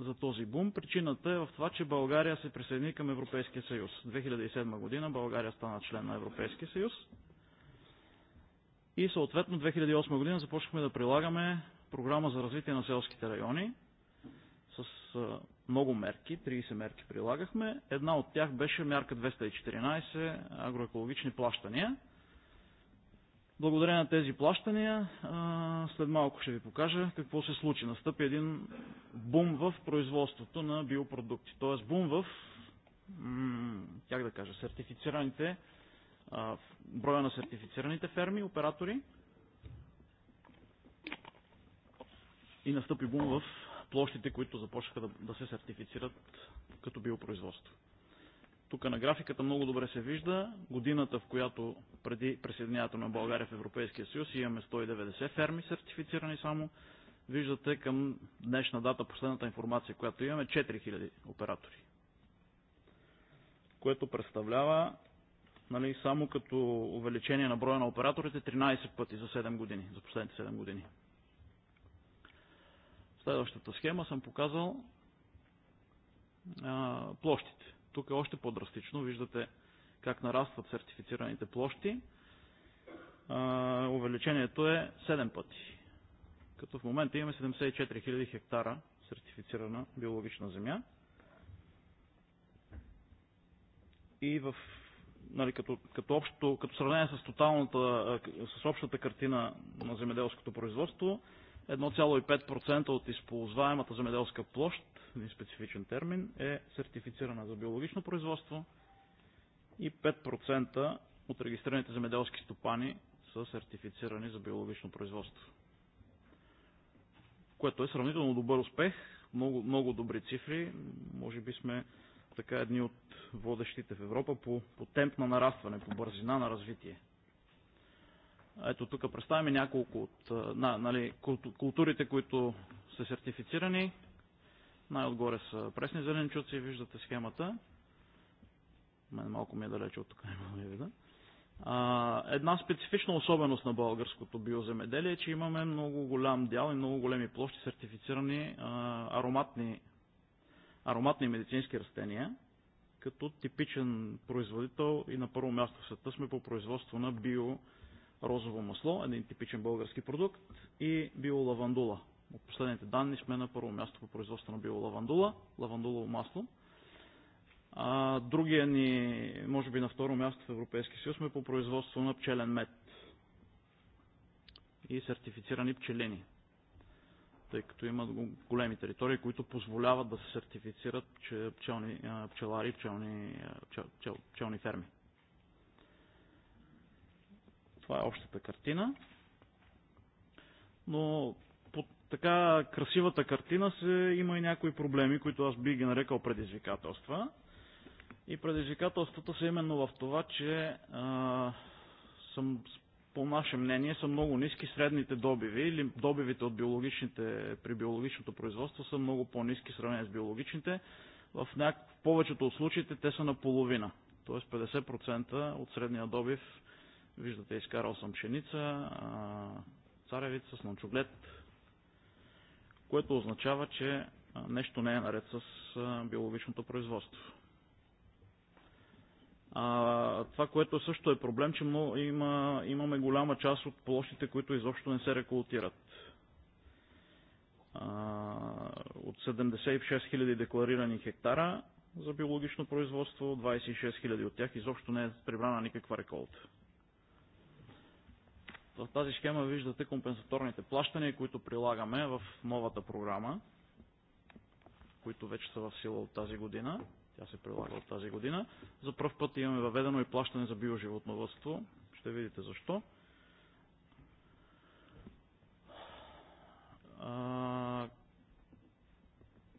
за този бум? Причината е в това, че България се присъедини към Европейския съюз. 2007 година България стана член на Европейския съюз. И съответно 2008 година започнахме да прилагаме програма за развитие на селските райони с много мерки, 30 мерки прилагахме. Една от тях беше мярка 214 агроекологични плащания. Благодарение на тези плащания, след малко ще ви покажа какво се случи. Настъпи един бум в производството на биопродукти, т.е. бум в, как да кажа, сертифицираните броя на сертифицираните ферми, оператори и настъпи бум в площите, които започнаха да, да се сертифицират като биопроизводство. Тук на графиката много добре се вижда годината, в която преди присъединяването на България в Европейския съюз имаме 190 ферми сертифицирани само. Виждате към днешна дата последната информация, която имаме 4000 оператори, което представлява нали, само като увеличение на броя на операторите 13 пъти за 7 години, за последните 7 години. В следващата схема съм показал а, площите. Тук е още по-драстично. Виждате как нарастват сертифицираните площи. А, увеличението е 7 пъти. Като в момента имаме 74 000 хектара сертифицирана биологична земя. И в нали, като, като, общото, като сравнение с, тоталната, с общата картина на земеделското производство, 1,5% от използваемата земеделска площ, един специфичен термин, е сертифицирана за биологично производство и 5% от регистрираните земеделски стопани са сертифицирани за биологично производство. Което е сравнително добър успех, много, много добри цифри. Може би сме така едни от водещите в Европа по, по темп на нарастване, по бързина на развитие. Ето тук представяме няколко от на, нали, културите, които са сертифицирани. Най-отгоре са пресни зеленчуци, виждате схемата. Мен малко ми е далече от тук, не мога да видя. А, една специфична особеност на българското биоземеделие е, че имаме много голям дял и много големи площи сертифицирани а, ароматни ароматни медицински растения, като типичен производител и на първо място в света сме по производство на био розово масло, един типичен български продукт, и биолавандула. От последните данни сме на първо място по производство на биолавандула, лавандулово масло. А, другия ни, може би на второ място в Европейския съюз, сме по производство на пчелен мед и сертифицирани пчелини тъй като има големи територии, които позволяват да се сертифицират пчелни, пчелари и пчелни, пчел, пчел, пчелни ферми. Това е общата картина. Но под така красивата картина се има и някои проблеми, които аз би ги нарекал предизвикателства. И предизвикателствата са именно в това, че а, съм по наше мнение, са много ниски средните добиви или добивите от биологичните, при биологичното производство са много по-ниски сравнение с биологичните. В, няк... в повечето от случаите те са наполовина, т.е. 50% от средния добив. Виждате, изкарал съм пшеница, царевица, слънчоглед, което означава, че нещо не е наред с биологичното производство. А, това, което също е проблем, че много, има, имаме голяма част от площите, които изобщо не се рекултират. А, от 76 000 декларирани хектара за биологично производство, 26 000 от тях изобщо не е прибрана никаква реколта. В тази схема виждате компенсаторните плащания, които прилагаме в новата програма, които вече са в сила от тази година. Тя се прилага от тази година. За първ път имаме въведено и плащане за биоживотновътство. Ще видите защо.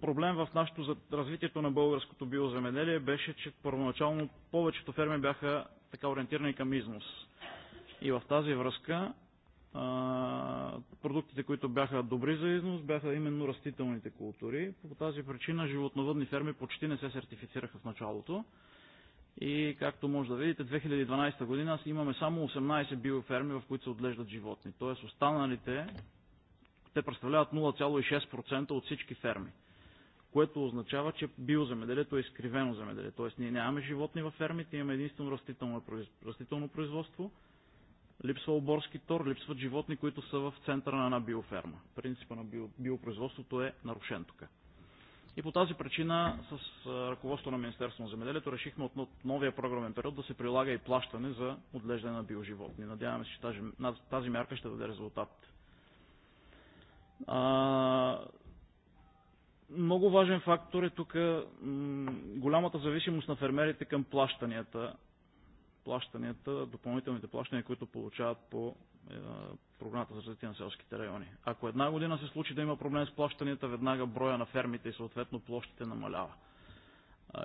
проблем в нашето за развитието на българското биоземеделие беше, че първоначално повечето ферми бяха така ориентирани към износ. И в тази връзка продуктите, които бяха добри за износ, бяха именно растителните култури. По тази причина животновъдни ферми почти не се сертифицираха в началото. И както може да видите, 2012 година имаме само 18 биоферми, в които се отглеждат животни. Тоест останалите, те представляват 0,6% от всички ферми. Което означава, че биоземеделието е изкривено земеделие. Тоест ние нямаме животни във фермите, имаме единствено растително, растително производство – липсва оборски тор, липсват животни, които са в центъра на една биоферма. Принципа на био, биопроизводството е нарушен тук. И по тази причина с ръководство на Министерството на земеделието решихме от новия програмен период да се прилага и плащане за отглеждане на биоживотни. Надяваме се, че тази, тази мярка ще даде резултат. А, много важен фактор е тук голямата зависимост на фермерите към плащанията плащанията, допълнителните плащания, които получават по е, програмата за развитие на селските райони. Ако една година се случи да има проблем с плащанията, веднага броя на фермите и съответно площите намалява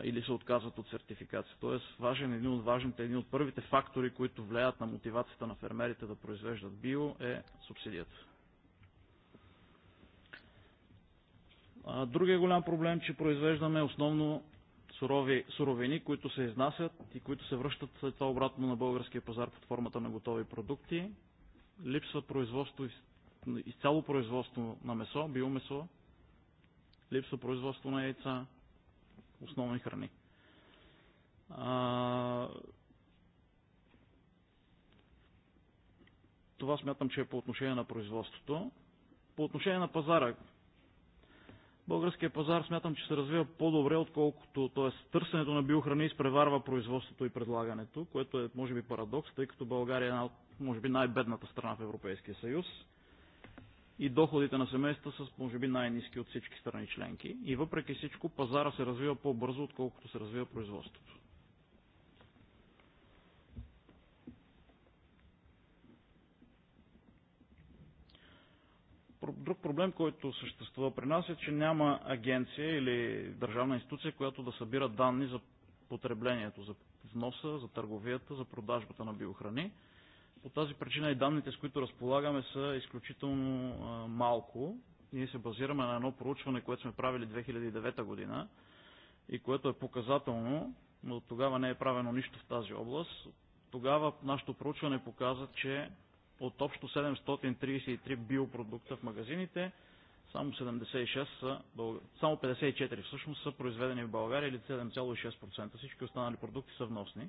или се отказват от сертификация. Тоест, важен, един от важните, един от първите фактори, които влияят на мотивацията на фермерите да произвеждат био е субсидията. Другия голям проблем, че произвеждаме основно сурови, суровини, които се изнасят и които се връщат след това обратно на българския пазар под формата на готови продукти. Липсва производство, изцяло производство на месо, биомесо. Липсва производство на яйца, основни храни. А... Това смятам, че е по отношение на производството. По отношение на пазара, Българският пазар смятам, че се развива по-добре, отколкото, т.е. търсенето на биохрани изпреварва производството и предлагането, което е, може би, парадокс, тъй като България е една от, може би, най-бедната страна в Европейския съюз и доходите на семейства са, може би, най-низки от всички страни членки. И въпреки всичко, пазара се развива по-бързо, отколкото се развива производството. друг проблем, който съществува при нас е, че няма агенция или държавна институция, която да събира данни за потреблението, за вноса, за търговията, за продажбата на биохрани. По тази причина и данните, с които разполагаме, са изключително малко. Ние се базираме на едно проучване, което сме правили 2009 година и което е показателно, но от тогава не е правено нищо в тази област. Тогава нашето проучване показа, че от общо 733 биопродукта в магазините, само 76 са, само 54 всъщност са произведени в България или 7,6%. Всички останали продукти са вносни.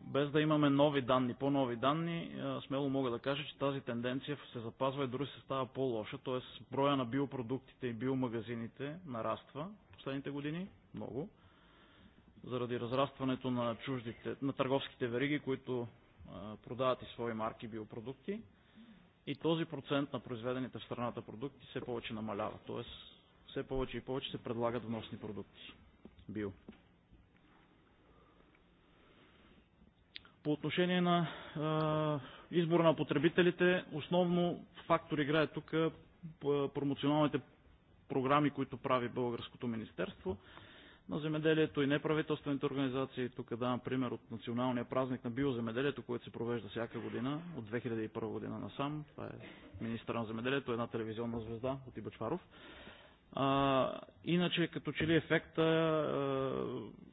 Без да имаме нови данни, по-нови данни, смело мога да кажа, че тази тенденция се запазва и дори се става по-лоша, т.е. броя на биопродуктите и биомагазините нараства в последните години много, заради разрастването на чуждите, на търговските вериги, които продават и свои марки биопродукти и този процент на произведените в страната продукти все повече намалява. Тоест, все повече и повече се предлагат вносни продукти. Био. По отношение на е, избора на потребителите, основно фактор играе тук промоционалните програми, които прави Българското министерство. Е, на земеделието и неправителствените организации. Тук давам пример от националния празник на биоземеделието, което се провежда всяка година от 2001 година насам. Това е министър на земеделието, една телевизионна звезда от Ибачваров. А, иначе, като че ли ефекта,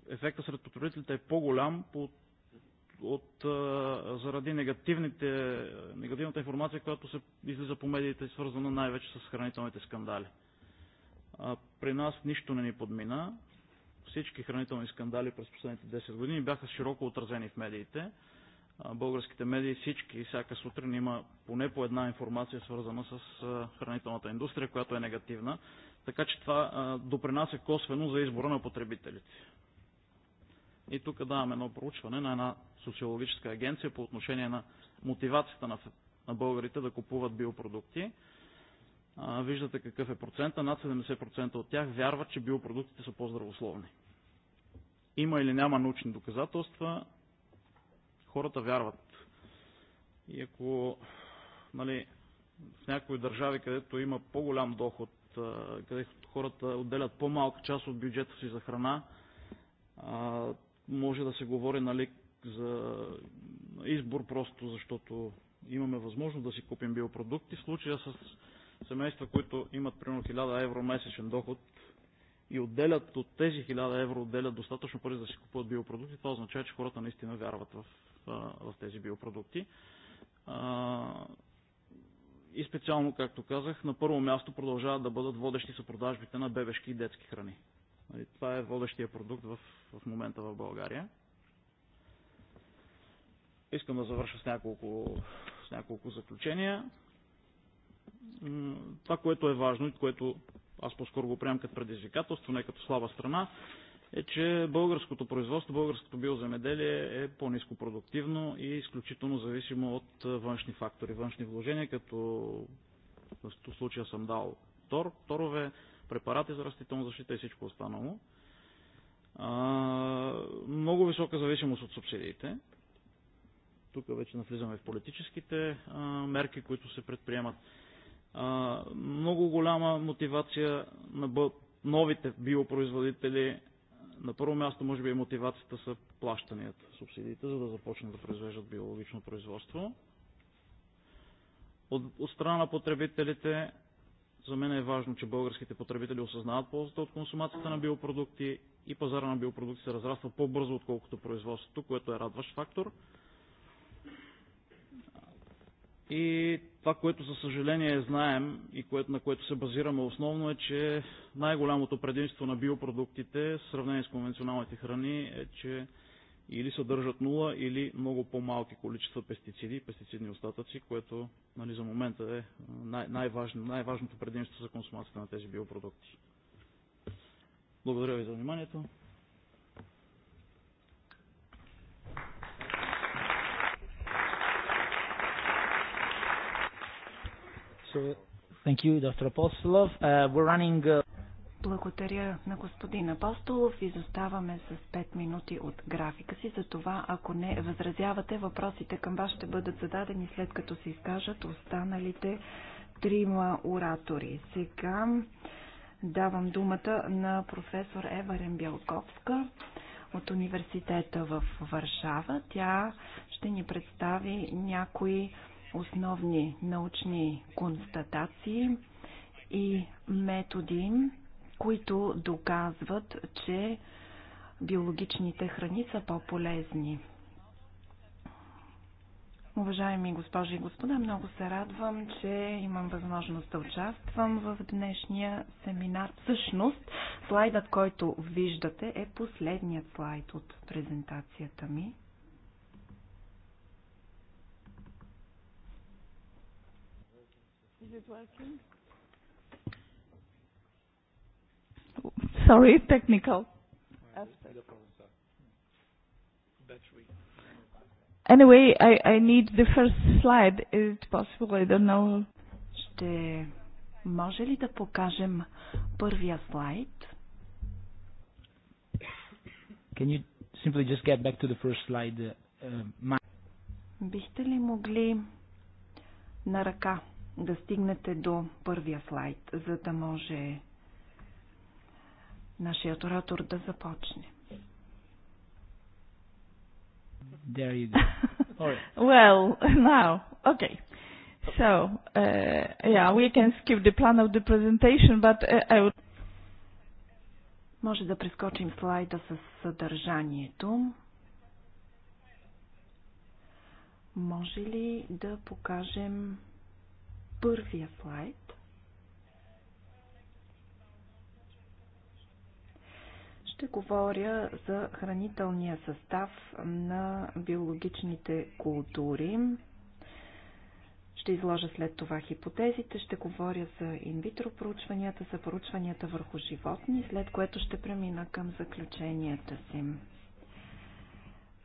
ефекта сред потребителите е по-голям по от, а, заради негативните, негативната информация, която се излиза по медиите, свързана най-вече с хранителните скандали. А, при нас нищо не ни подмина. Всички хранителни скандали през последните 10 години бяха широко отразени в медиите. Българските медии всички, и всяка сутрин има поне по една информация, свързана с хранителната индустрия, която е негативна. Така че това допринася косвено за избора на потребителите. И тук даваме едно проучване на една социологическа агенция по отношение на мотивацията на българите да купуват биопродукти. Виждате какъв е процента. Над 70% от тях вярват, че биопродуктите са по-здравословни. Има или няма научни доказателства, хората вярват. И ако нали, в някои държави, където има по-голям доход, където хората отделят по-малка част от бюджета си за храна, може да се говори нали, за избор просто, защото имаме възможност да си купим биопродукти. В случая с семейства, които имат примерно 1000 евро месечен доход и отделят от тези 1000 евро, отделят достатъчно пари да си купуват биопродукти, това означава, че хората наистина вярват в, в тези биопродукти. И специално, както казах, на първо място продължават да бъдат водещи са продажбите на бебешки и детски храни. Нали, това е водещия продукт в, в момента в България. Искам да завърша с няколко, с няколко заключения това, което е важно и което аз по-скоро го приемам като предизвикателство, не като слаба страна, е, че българското производство, българското биоземеделие е по-низко продуктивно и изключително зависимо от външни фактори, външни вложения, като в случая съм дал тор, торове, препарати за растителна защита и всичко останало. А, много висока зависимост от субсидиите. Тук вече навлизаме в политическите а, мерки, които се предприемат много голяма мотивация на новите биопроизводители. На първо място, може би, мотивацията са плащанията, субсидиите, за да започнат да произвеждат биологично производство. От, от страна на потребителите, за мен е важно, че българските потребители осъзнават ползата от консумацията на биопродукти и пазара на биопродукти се разраства по-бързо, отколкото производството, което е радващ фактор – и това, което за съжаление знаем и което, на което се базираме основно е, че най-голямото предимство на биопродуктите в сравнение с конвенционалните храни е, че или съдържат нула, или много по-малки количества пестициди, пестицидни остатъци, което нали, за момента е най- най-важно, най-важното предимство за консумацията на тези биопродукти. Благодаря ви за вниманието. Thank you, Dr. Apostolov. Uh, we're running... Uh... Благодаря на господин Апостолов. Изоставаме с 5 минути от графика си. Затова, ако не възразявате, въпросите към вас ще бъдат зададени след като се изкажат останалите трима оратори. Сега давам думата на професор Ева Рембялковска от университета в Варшава. Тя ще ни представи някои основни научни констатации и методи, които доказват, че биологичните храни са по-полезни. Уважаеми госпожи и господа, много се радвам, че имам възможност да участвам в днешния семинар. Всъщност, слайдът, който виждате, е последният слайд от презентацията ми. Is it working? Sorry, technical aspect. Anyway, I, I need the first slide. Is it possible? I don't know. Ще може ли да покажем първия слайд? Can you simply just get back to the first slide? Uh, my... Бихте ли могли на ръка да стигнете до първия слайд, за да може нашият оратор да започне. There you go. right. well, now, okay. So, uh, yeah, we can skip the plan of the presentation, but uh, I would... Може да прескочим слайда с съдържанието. Може ли да покажем първия слайд. Ще говоря за хранителния състав на биологичните култури. Ще изложа след това хипотезите, ще говоря за инвитро проучванията, за проучванията върху животни, след което ще премина към заключенията си.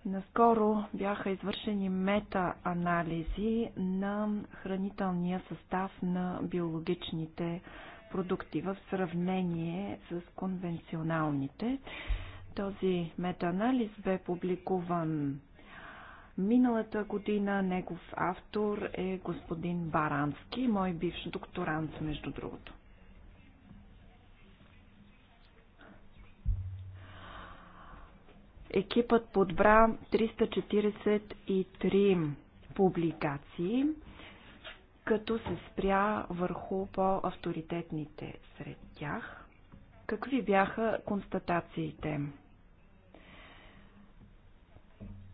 Наскоро бяха извършени мета-анализи на хранителния състав на биологичните продукти в сравнение с конвенционалните. Този мета-анализ бе публикуван миналата година. Негов автор е господин Барански, мой бивш докторант, между другото. Екипът подбра 343 публикации, като се спря върху по-авторитетните сред тях. Какви бяха констатациите?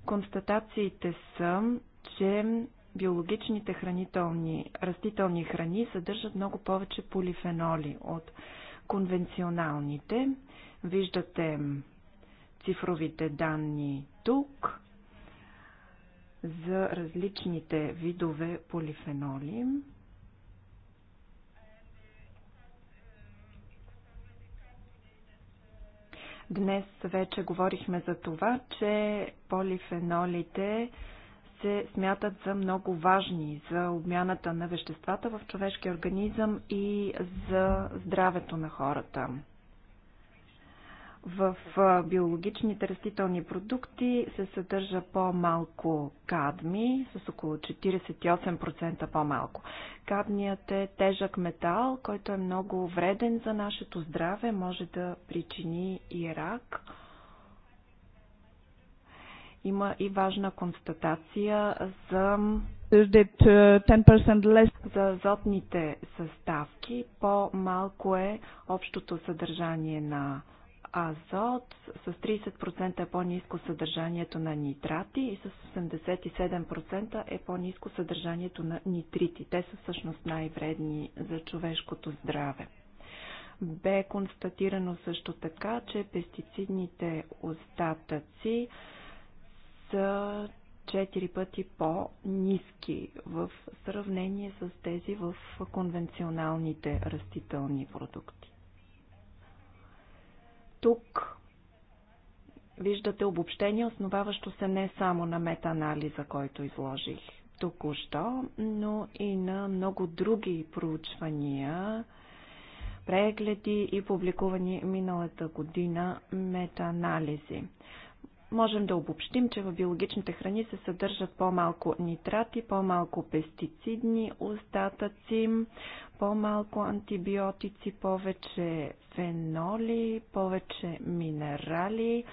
Констатациите са, че биологичните хранителни, растителни храни съдържат много повече полифеноли от конвенционалните. Виждате цифровите данни тук, за различните видове полифеноли. Днес вече говорихме за това, че полифенолите се смятат за много важни за обмяната на веществата в човешкия организъм и за здравето на хората. В биологичните растителни продукти се съдържа по-малко кадми, с около 48% по-малко. Кадмият е тежък метал, който е много вреден за нашето здраве, може да причини и рак. Има и важна констатация за uh, за азотните съставки. По-малко е общото съдържание на азот, с 30% е по-низко съдържанието на нитрати и с 87% е по-низко съдържанието на нитрити. Те са всъщност най-вредни за човешкото здраве. Бе констатирано също така, че пестицидните остатъци са 4 пъти по-низки в сравнение с тези в конвенционалните растителни продукти. Тук виждате обобщение, основаващо се не само на метаанализа, който изложих току-що, но и на много други проучвания, прегледи и публикувани миналата година метаанализи. Можем да обобщим, че в биологичните храни се съдържат по-малко нитрати, по-малко пестицидни остатъци, по-малко антибиотици, повече феноли, повече минерали,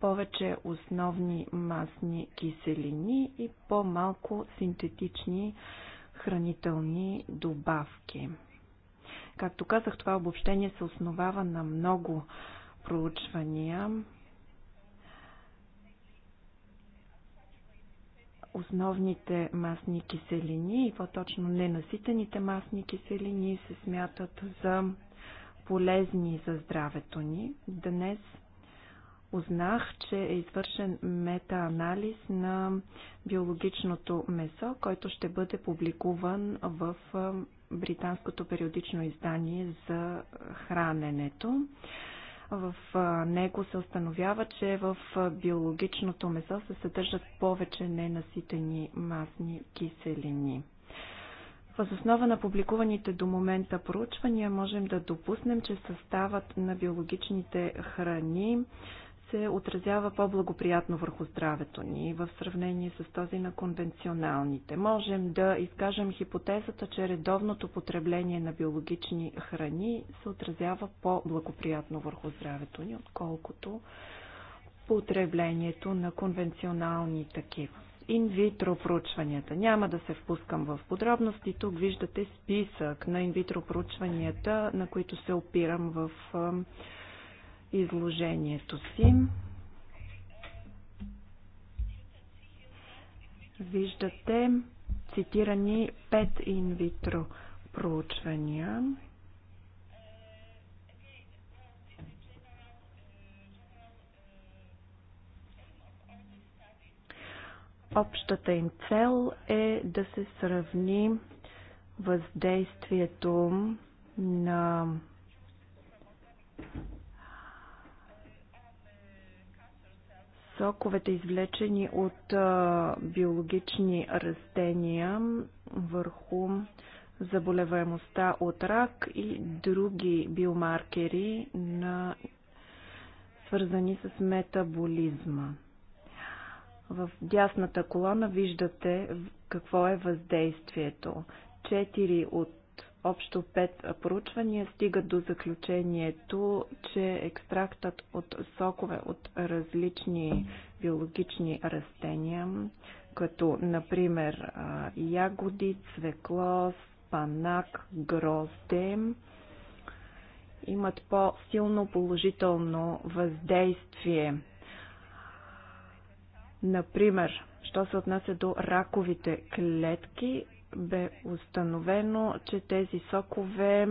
повече основни масни киселини и по-малко синтетични хранителни добавки. Както казах, това обобщение се основава на много проучвания, основните масни киселини и по-точно ненаситените масни киселини се смятат за полезни за здравето ни. Днес узнах, че е извършен метаанализ на биологичното месо, който ще бъде публикуван в британското периодично издание за храненето. В него се установява, че в биологичното месо се съдържат повече ненаситени масни киселини. Въз основа на публикуваните до момента проучвания можем да допуснем, че съставът на биологичните храни се отразява по-благоприятно върху здравето ни в сравнение с този на конвенционалните. Можем да изкажем хипотезата, че редовното потребление на биологични храни се отразява по-благоприятно върху здравето ни, отколкото потреблението на конвенционални такива. Инвитро проучванията. Няма да се впускам в подробности. Тук виждате списък на инвитро проучванията, на които се опирам в изложението си. Виждате цитирани пет инвитро проучвания. Общата им цел е да се сравни въздействието на Соковете, извлечени от биологични растения върху заболеваемостта от рак и други биомаркери, на... свързани с метаболизма. В дясната колона виждате какво е въздействието. Четири от общо пет проучвания стигат до заключението, че екстрактът от сокове от различни биологични растения, като например ягоди, цвекло, спанак, грозде, имат по-силно положително въздействие. Например, що се отнася до раковите клетки, бе установено, че тези сокове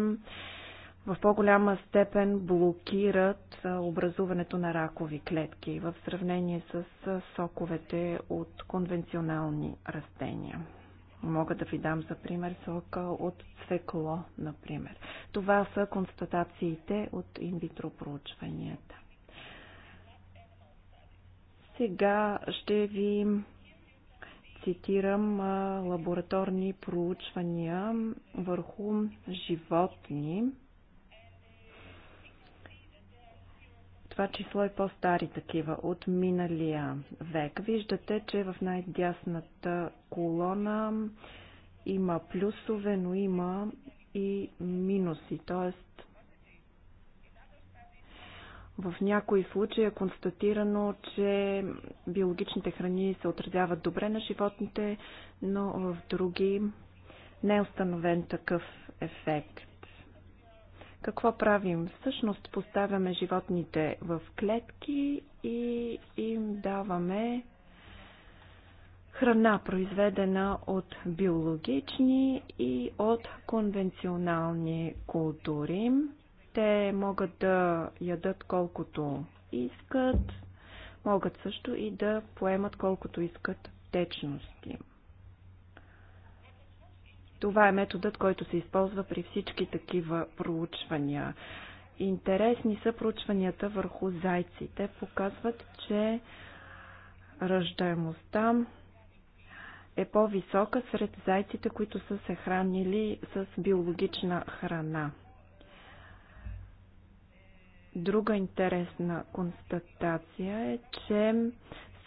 в по-голяма степен блокират образуването на ракови клетки в сравнение с соковете от конвенционални растения. Мога да ви дам за пример сока от цвекло, например. Това са констатациите от инвитро проучванията. Сега ще ви цитирам лабораторни проучвания върху животни. това число е по-стари такива от миналия век. Виждате, че в най-дясната колона има плюсове, но има и минуси, т.е. В някои случаи е констатирано, че биологичните храни се отразяват добре на животните, но в други не е установен такъв ефект. Какво правим? Всъщност поставяме животните в клетки и им даваме храна, произведена от биологични и от конвенционални култури. Те могат да ядат колкото искат, могат също и да поемат колкото искат течности. Това е методът, който се използва при всички такива проучвания. Интересни са проучванията върху зайците. Показват, че ръждаемостта е по-висока сред зайците, които са се хранили с биологична храна. Друга интересна констатация е, че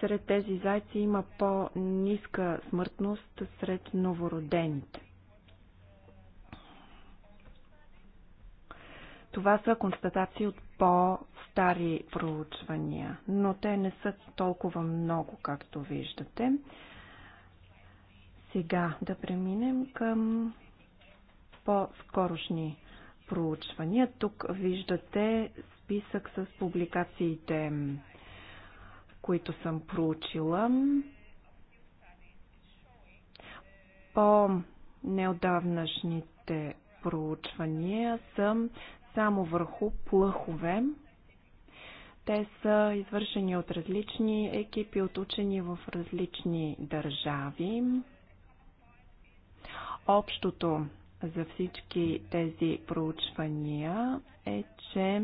сред тези зайци има по-ниска смъртност сред новородените. Това са констатации от по-стари проучвания, но те не са толкова много, както виждате. Сега да преминем към по-скорошни проучвания. Тук виждате списък с публикациите, които съм проучила. По неодавнашните проучвания са само върху плъхове. Те са извършени от различни екипи от учени в различни държави. Общото за всички тези проучвания е, че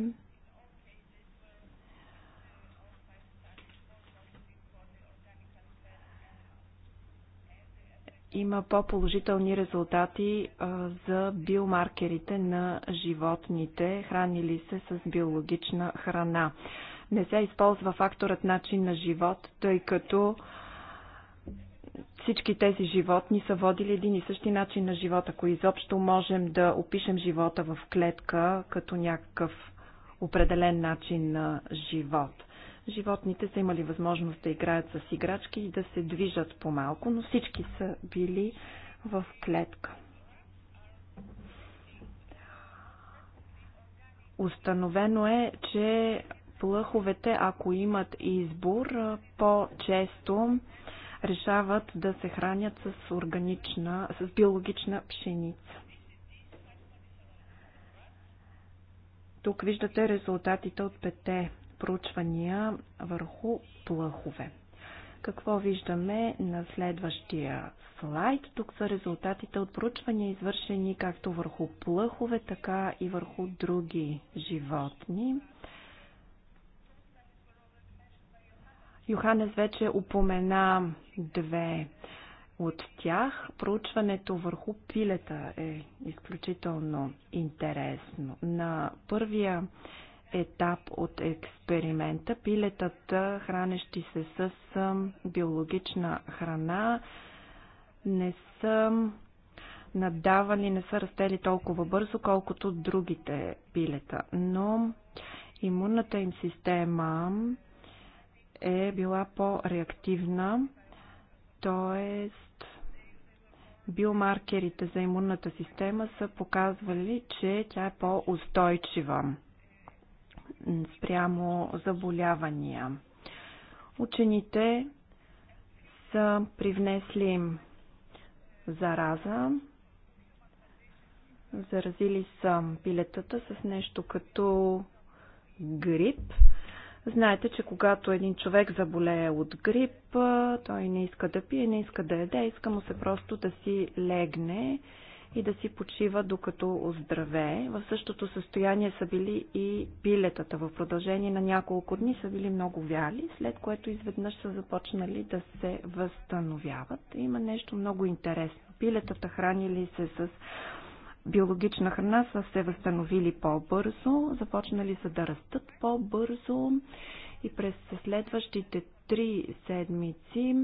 има по-положителни резултати за биомаркерите на животните, хранили се с биологична храна. Не се използва факторът начин на живот, тъй като всички тези животни са водили един и същи начин на живота. Ако изобщо можем да опишем живота в клетка като някакъв определен начин на живот – Животните са имали възможност да играят с играчки и да се движат по-малко, но всички са били в клетка. Установено е, че плъховете, ако имат избор, по-често решават да се хранят с, органична, с биологична пшеница. Тук виждате резултатите от пете проучвания върху плъхове. Какво виждаме на следващия слайд? Тук са резултатите от проучвания, извършени както върху плъхове, така и върху други животни. Йоханес вече упомена две от тях. Проучването върху пилета е изключително интересно. На първия етап от експеримента. Пилетата, хранещи се с биологична храна, не са надавали, не са растели толкова бързо, колкото другите пилета. Но имунната им система е била по-реактивна, т.е. биомаркерите за имунната система са показвали, че тя е по-устойчива спрямо заболявания. Учените са привнесли зараза, заразили са пилетата с нещо като грип. Знаете, че когато един човек заболее от грип, той не иска да пие, не иска да яде, иска му се просто да си легне и да си почива докато оздравее. В същото състояние са били и пилетата. В продължение на няколко дни са били много вяли, след което изведнъж са започнали да се възстановяват. Има нещо много интересно. Пилетата хранили се с биологична храна са се възстановили по-бързо, започнали са да растат по-бързо и през следващите три седмици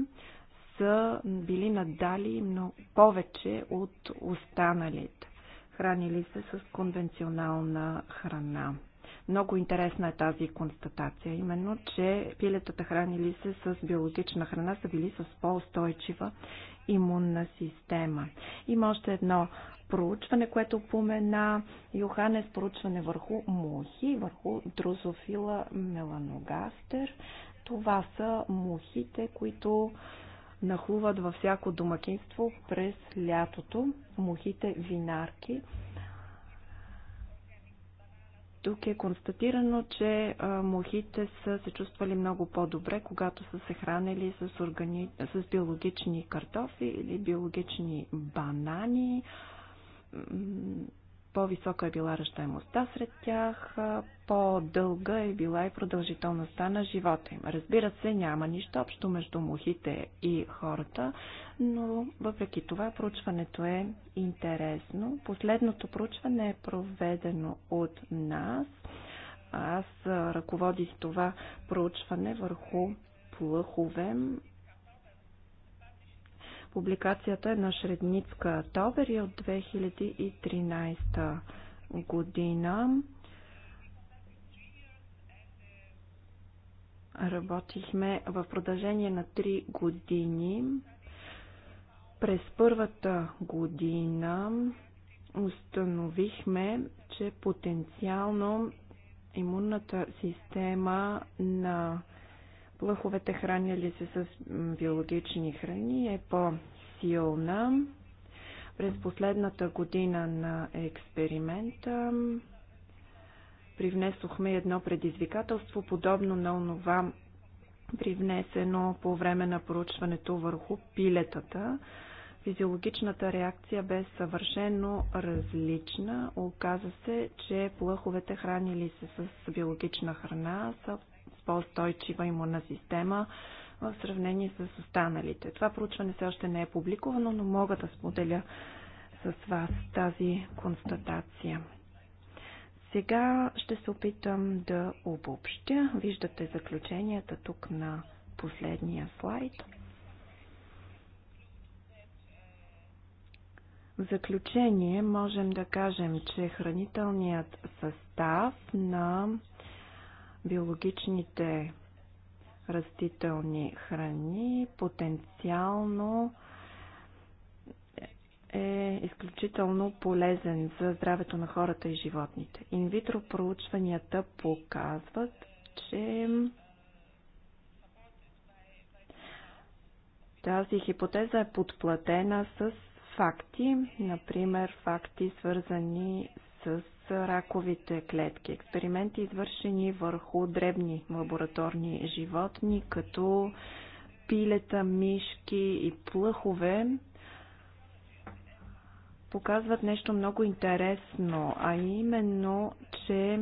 са били надали много повече от останалите. Хранили се с конвенционална храна. Много интересна е тази констатация, именно, че пилетата хранили се с биологична храна са били с по-устойчива имунна система. Има още едно проучване, което помена Йоханес, проучване върху мухи, върху дрозофила меланогастер. Това са мухите, които нахлуват във всяко домакинство през лятото. Мухите винарки. Тук е констатирано, че мухите са се чувствали много по-добре, когато са се хранили с, органи... с биологични картофи или биологични банани по-висока е била ръждаемостта сред тях, по-дълга е била и продължителността на живота им. Разбира се, няма нищо общо между мухите и хората, но въпреки това проучването е интересно. Последното проучване е проведено от нас. Аз ръководих това проучване върху плъхове Публикацията е на Шредницка Тобер и е от 2013 година. Работихме в продължение на 3 години. През първата година установихме, че потенциално имунната система на плъховете, хранили се с биологични храни, е по-силна. През последната година на експеримента привнесохме едно предизвикателство, подобно на онова привнесено по време на проучването върху пилетата. Физиологичната реакция бе съвършено различна. Оказа се, че плъховете хранили се с биологична храна са по-устойчива имунна система в сравнение с останалите. Това проучване все още не е публикувано, но мога да споделя с вас тази констатация. Сега ще се опитам да обобщя. Виждате заключенията тук на последния слайд. В заключение можем да кажем, че хранителният състав на биологичните растителни храни потенциално е изключително полезен за здравето на хората и животните. Инвитро проучванията показват, че тази хипотеза е подплатена с факти, например факти свързани с раковите клетки. Експерименти извършени върху дребни лабораторни животни, като пилета, мишки и плъхове, показват нещо много интересно, а именно, че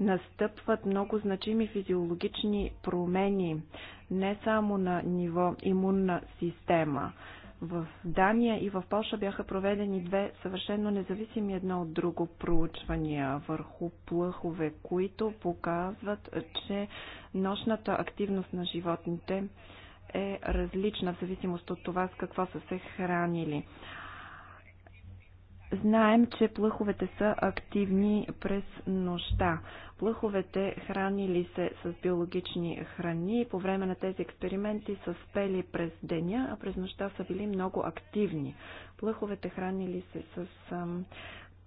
настъпват много значими физиологични промени не само на ниво имунна система, в Дания и в Польша бяха проведени две съвършенно независими едно от друго проучвания върху плъхове, които показват, че нощната активност на животните е различна в зависимост от това с какво са се хранили. Знаем, че плъховете са активни през нощта. Плъховете хранили се с биологични храни. По време на тези експерименти са спели през деня, а през нощта са били много активни. Плъховете хранили се с ам,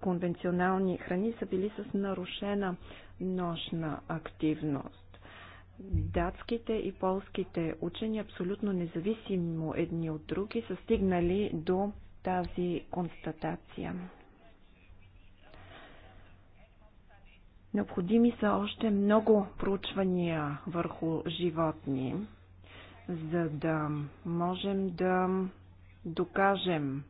конвенционални храни са били с нарушена нощна активност. Датските и полските учени, абсолютно независимо едни от други, са стигнали до тази констатация. Необходими са още много проучвания върху животни, за да можем да докажем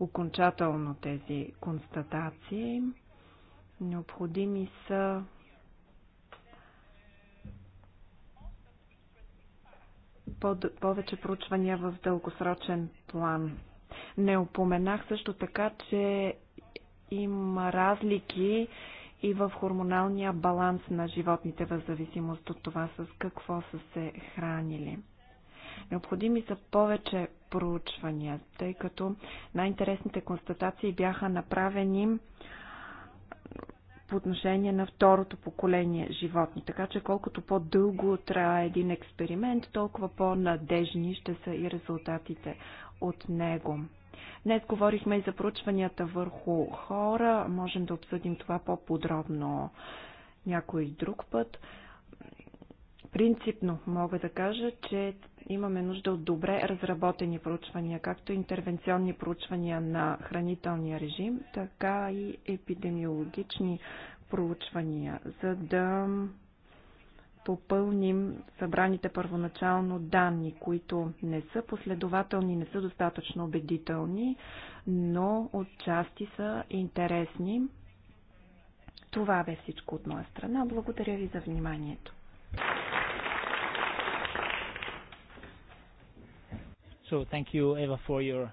окончателно тези констатации. Необходими са повече проучвания в дългосрочен план. Не упоменах също така, че има разлики и в хормоналния баланс на животните в зависимост от това с какво са се хранили. Необходими са повече проучвания, тъй като най-интересните констатации бяха направени по отношение на второто поколение животни. Така че колкото по-дълго трае един експеримент, толкова по-надежни ще са и резултатите от него. Днес говорихме и за проучванията върху хора. Можем да обсъдим това по-подробно някой друг път. Принципно мога да кажа, че имаме нужда от добре разработени проучвания, както интервенционни проучвания на хранителния режим, така и епидемиологични проучвания, за да попълним събраните първоначално данни, които не са последователни, не са достатъчно убедителни, но отчасти са интересни. Това бе всичко от моя страна. Благодаря ви за вниманието. So thank you, Eva, for your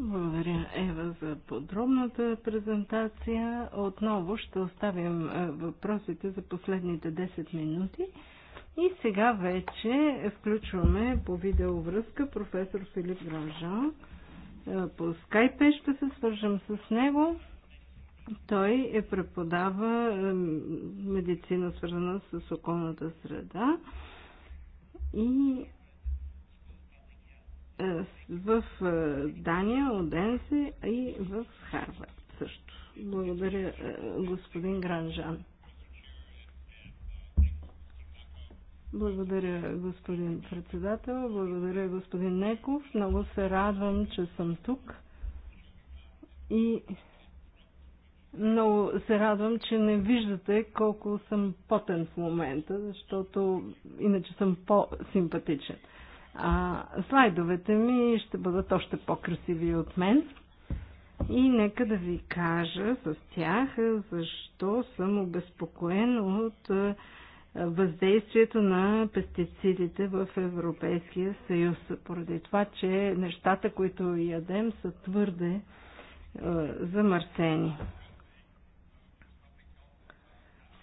благодаря, Ева, за подробната презентация. Отново ще оставим е, въпросите за последните 10 минути. И сега вече включваме по видеовръзка професор Филип Гранжан. Е, по скайпе ще се свържем с него. Той е преподава е, медицина, свързана с околната среда и в е, Дания, Оденсе и в Харвард също. Благодаря, е, господин Гранжан. Благодаря, господин председател. Благодаря, господин Неков. Много се радвам, че съм тук. И много се радвам, че не виждате колко съм потен в момента, защото иначе съм по-симпатичен. А слайдовете ми ще бъдат още по-красиви от мен. И нека да ви кажа с тях защо съм обезпокоен от въздействието на пестицидите в Европейския съюз, поради това, че нещата, които ядем, са твърде е, замърсени.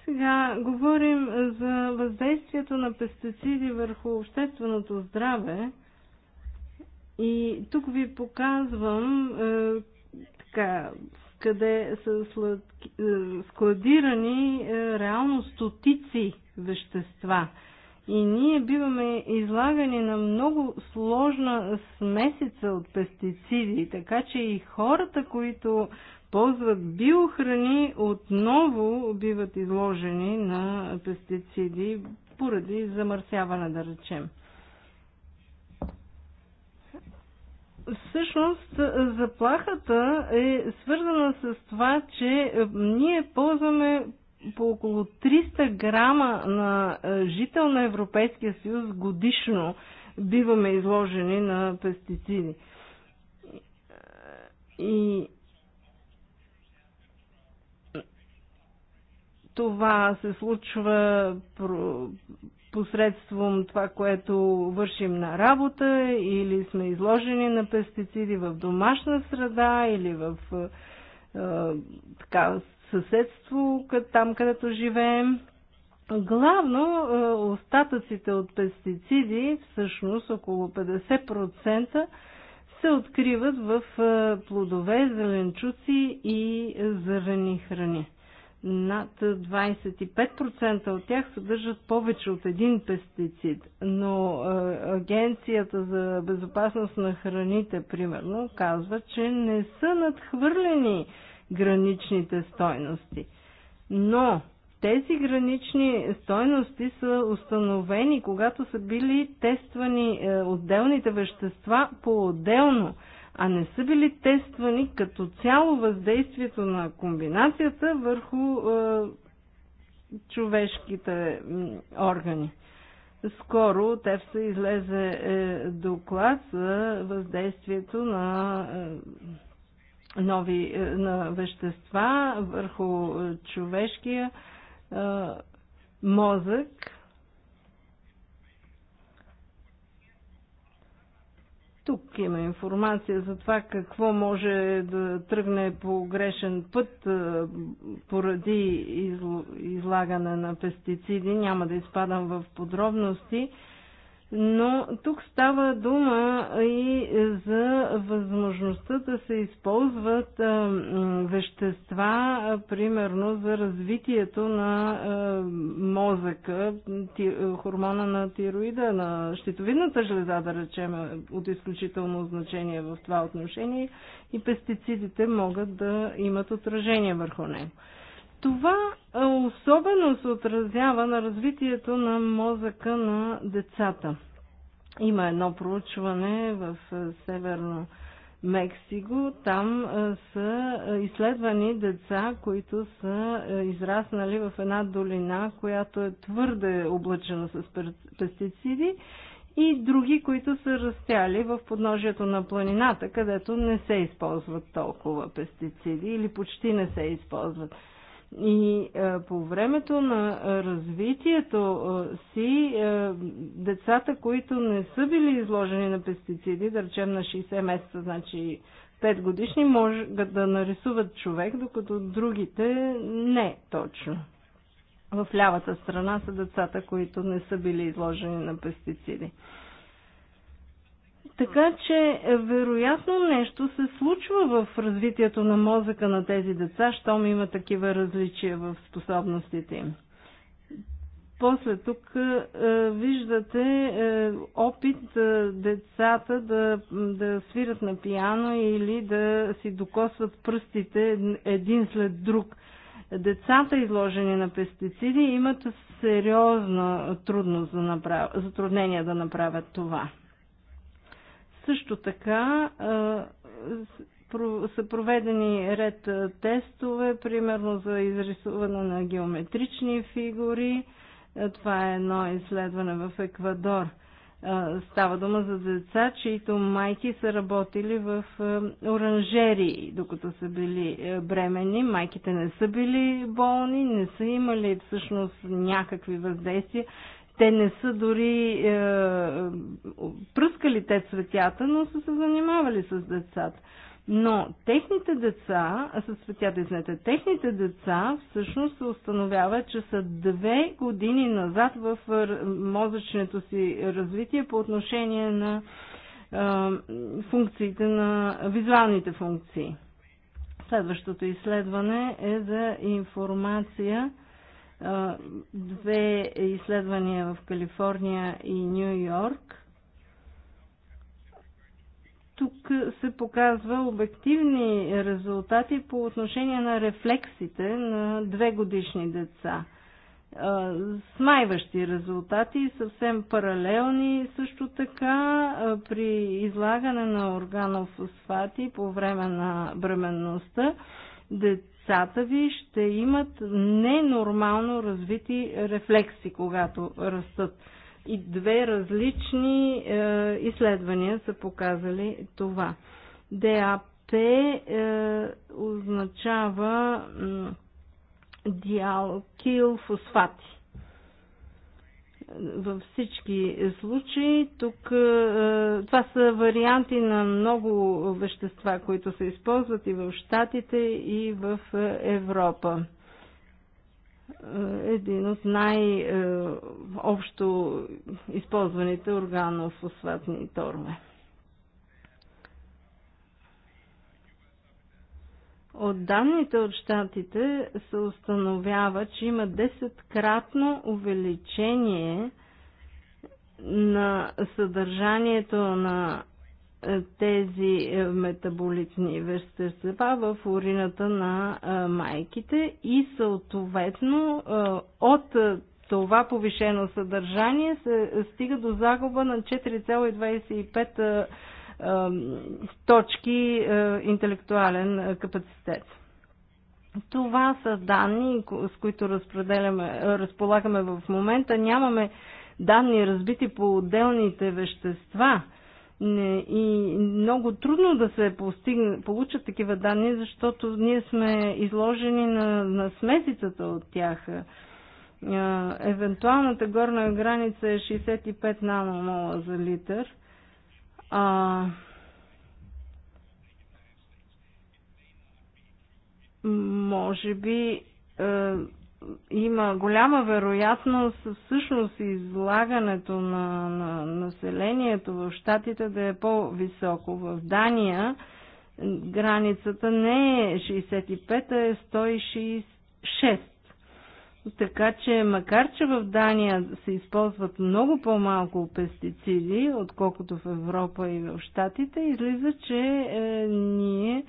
Сега говорим за въздействието на пестициди върху общественото здраве. И тук ви показвам е, така, къде са е, складирани е, реално стотици вещества. И ние биваме излагани на много сложна смесица от пестициди, така че и хората, които ползват биохрани, отново биват изложени на пестициди поради замърсяване, да речем. Всъщност заплахата е свързана с това, че ние ползваме по около 300 грама на е, жител на Европейския съюз годишно биваме изложени на пестициди. И Това се случва посредством това, което вършим на работа или сме изложени на пестициди в домашна среда или в е, така, съседство, там където живеем. Главно е, остатъците от пестициди, всъщност около 50%, се откриват в плодове, зеленчуци и зърнени храни. Над 25% от тях съдържат повече от един пестицид, но е, Агенцията за безопасност на храните, примерно, казва, че не са надхвърлени граничните стойности. Но тези гранични стойности са установени, когато са били тествани е, отделните вещества по-отделно а не са били тествани като цяло въздействието на комбинацията върху е, човешките органи. Скоро от ЕФСА излезе е, доклад за въздействието на е, нови е, на вещества върху е, човешкия е, мозък Тук има информация за това какво може да тръгне по грешен път поради излагане на пестициди. Няма да изпадам в подробности но тук става дума и за възможността да се използват вещества, примерно за развитието на мозъка, хормона на тироида, на щитовидната жлеза, да речем, от изключително значение в това отношение и пестицидите могат да имат отражение върху него. Това особено се отразява на развитието на мозъка на децата. Има едно проучване в Северно Мексико. Там са изследвани деца, които са израснали в една долина, която е твърде облъчена с пестициди и други, които са растяли в подножието на планината, където не се използват толкова пестициди или почти не се използват. И е, по времето на развитието е, си, е, децата, които не са били изложени на пестициди, да речем на 60 месеца, значи 5 годишни, може да нарисуват човек, докато другите не точно. В лявата страна са децата, които не са били изложени на пестициди. Е, така че, е, вероятно, нещо се случва в развитието на мозъка на тези деца, щом има такива различия в способностите им. После тук е, е, виждате е, опит е, децата да, да свират на пиано или да си докосват пръстите един след друг. Децата, изложени на пестициди, имат сериозна трудност за направ... затруднение да направят това. Също така са проведени ред тестове, примерно за изрисуване на геометрични фигури. Това е едно изследване в Еквадор. Става дума за деца, чието майки са работили в оранжери, докато са били бремени. Майките не са били болни, не са имали всъщност някакви въздействия те не са дори е, пръскали те цветята, но са се занимавали с децата. Но техните деца, с цветята, изнете, техните деца всъщност се установява, че са две години назад в е, мозъчното си развитие по отношение на е, функциите на визуалните функции. Следващото изследване е за информация две изследвания в Калифорния и Нью Йорк. Тук се показва обективни резултати по отношение на рефлексите на две годишни деца. Смайващи резултати, съвсем паралелни също така при излагане на органов фосфати по време на бременността. Дет децата ви ще имат ненормално развити рефлекси, когато растат. И две различни е, изследвания са показали това. ДАП е, означава е, диалкилфосфати във всички случаи. Тук е, това са варианти на много вещества, които се използват и в Штатите, и в е, Европа. Е, един от най-общо използваните органофосфатни торме. От данните от щатите се установява, че има 10-кратно увеличение на съдържанието на е, тези е, метаболитни вещества в урината на е, майките и съответно от това повишено съдържание се стига до загуба на 4,25 точки е, интелектуален е, капацитет. Това са данни, с които е, разполагаме в момента. Нямаме данни разбити по отделните вещества и много трудно да се постигне, получат такива данни, защото ние сме изложени на, на смесицата от тях. Евентуалната горна граница е 65 наномола за литър – а, може би е, има голяма вероятност всъщност излагането на, на населението в щатите да е по-високо. В Дания границата не е 65, а е 166. Така че, макар че в Дания се използват много по-малко пестициди, отколкото в Европа и в Штатите, излиза, че е, ние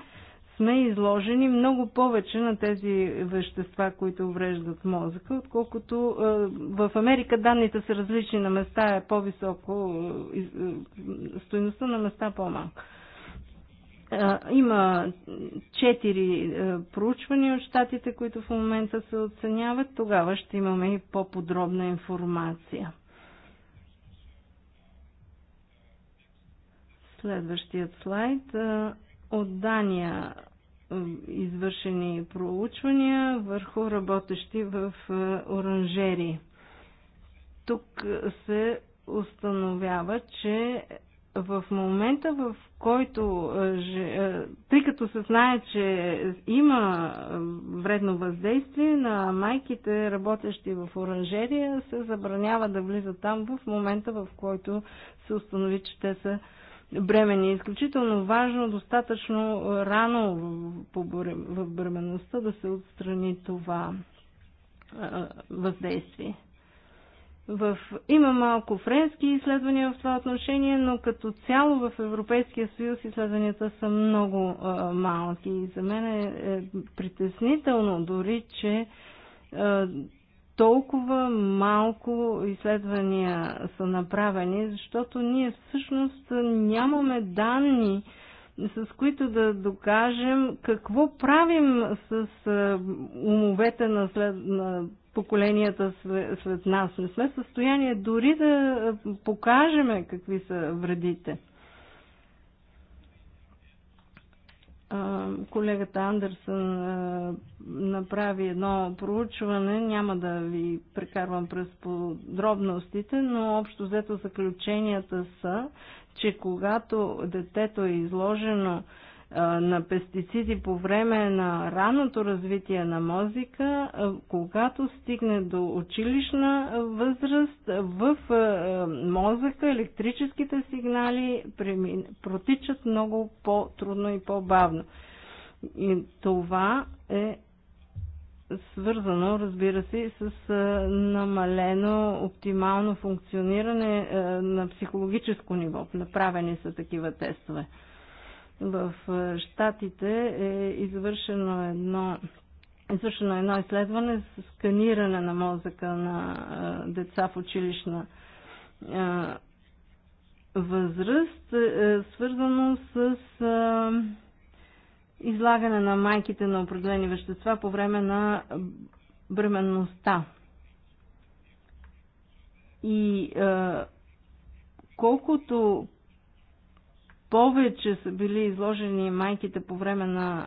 сме изложени много повече на тези вещества, които увреждат мозъка, отколкото е, в Америка данните са различни на места е по-високо, е, е, стоеността на места по-малко. Е, има четири е, проучвания от щатите, които в момента се оценяват. Тогава ще имаме и по-подробна информация. Следващият слайд. Е, от Дания извършени проучвания върху работещи в оранжери. Тук се установява, че в момента, в който, тъй като се знае, че има вредно въздействие на майките, работещи в оранжерия, се забранява да влизат там в момента, в който се установи, че те са бремени. Изключително важно, достатъчно рано в бременността да се отстрани това въздействие. В... Има малко френски изследвания в това отношение, но като цяло в Европейския съюз изследванията са много а, малки. И за мен е, е притеснително дори, че а, толкова малко изследвания са направени, защото ние всъщност нямаме данни, с които да докажем какво правим с умовете на, след, на поколенията след нас. Не сме в състояние дори да покажеме какви са вредите. колегата Андерсън направи едно проучване, няма да ви прекарвам през подробностите, но общо взето заключенията са, че когато детето е изложено на пестициди по време на ранното развитие на мозъка, когато стигне до училищна възраст, в мозъка електрическите сигнали протичат много по-трудно и по-бавно. И това е свързано, разбира се, с намалено оптимално функциониране на психологическо ниво. Направени са такива тестове. В Штатите е извършено едно извършено едно изследване с сканиране на мозъка на деца в училищна възраст, е, е, свързано с излагане на майките на определени вещества по време на бременността. И колкото повече са били изложени майките по време на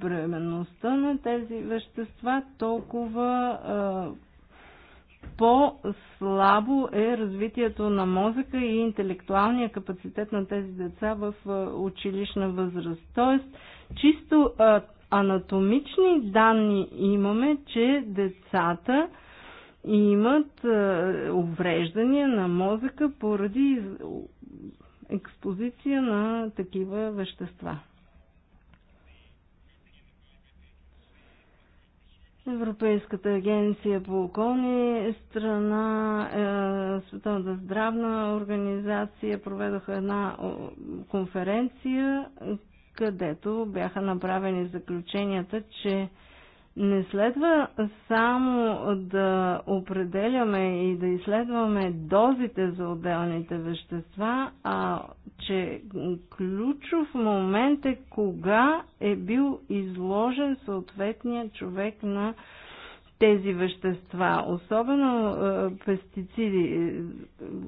бременността на тези вещества, толкова по-слабо е развитието на мозъка и интелектуалния капацитет на тези деца в училищна възраст. Тоест, чисто анатомични данни имаме, че децата имат увреждания на мозъка поради експозиция на такива вещества. Европейската агенция по околни страна, е, Световната здравна организация проведоха една конференция, където бяха направени заключенията, че не следва само да определяме и да изследваме дозите за отделните вещества, а че ключов момент е кога е бил изложен съответния човек на тези вещества, особено е, пестициди, е,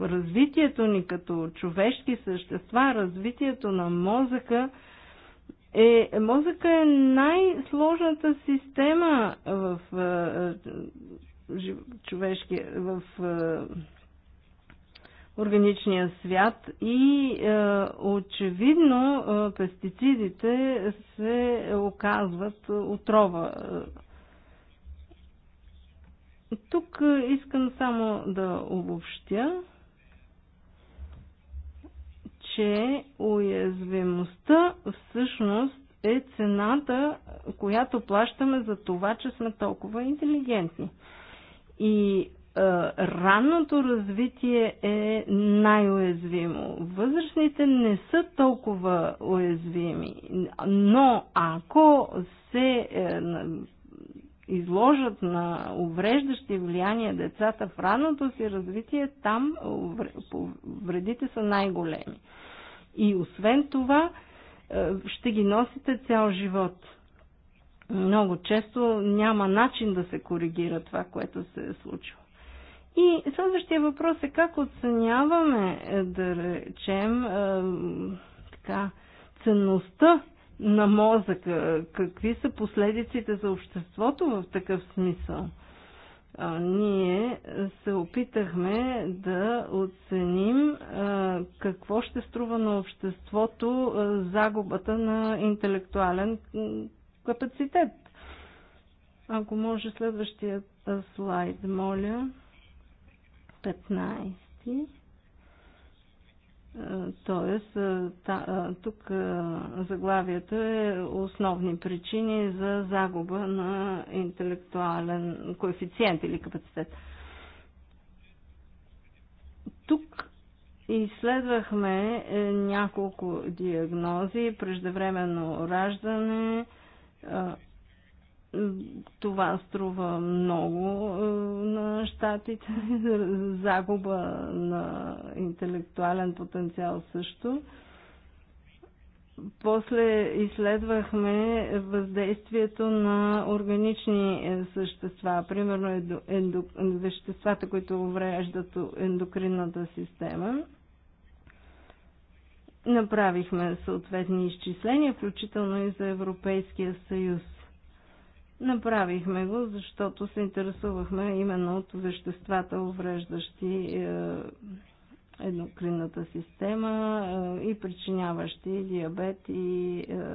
развитието ни като човешки същества, развитието на мозъка е, мозъка е най-сложната система в жив, човешки, в а, органичния свят и а, очевидно а, пестицидите се оказват отрова. Тук искам само да обобщя че уязвимостта всъщност е цената, която плащаме за това, че сме толкова интелигентни. И е, ранното развитие е най-уязвимо. Възрастните не са толкова уязвими, но ако се е, изложат на увреждащи влияния децата в ранното си развитие, там вредите са най-големи. И освен това, е, ще ги носите цял живот. Много често няма начин да се коригира това, което се е случило. И следващия въпрос е как оценяваме, е, да речем, е, така, ценността на мозъка, какви са последиците за обществото в такъв смисъл ние се опитахме да оценим какво ще струва на обществото загубата на интелектуален капацитет. Ако може следващия слайд, моля. 15. Тоест, тук заглавието е основни причини за загуба на интелектуален коефициент или капацитет. Тук изследвахме е, няколко диагнози, преждевременно раждане, това струва много е, на щатите, загуба на интелектуален потенциал също. После изследвахме въздействието на органични е, същества, примерно веществата, които увреждат ендокринната система. Направихме съответни изчисления, включително и за Европейския съюз. Направихме го, защото се интересувахме именно от веществата, увреждащи е, еднокринната система е, и причиняващи диабет и е,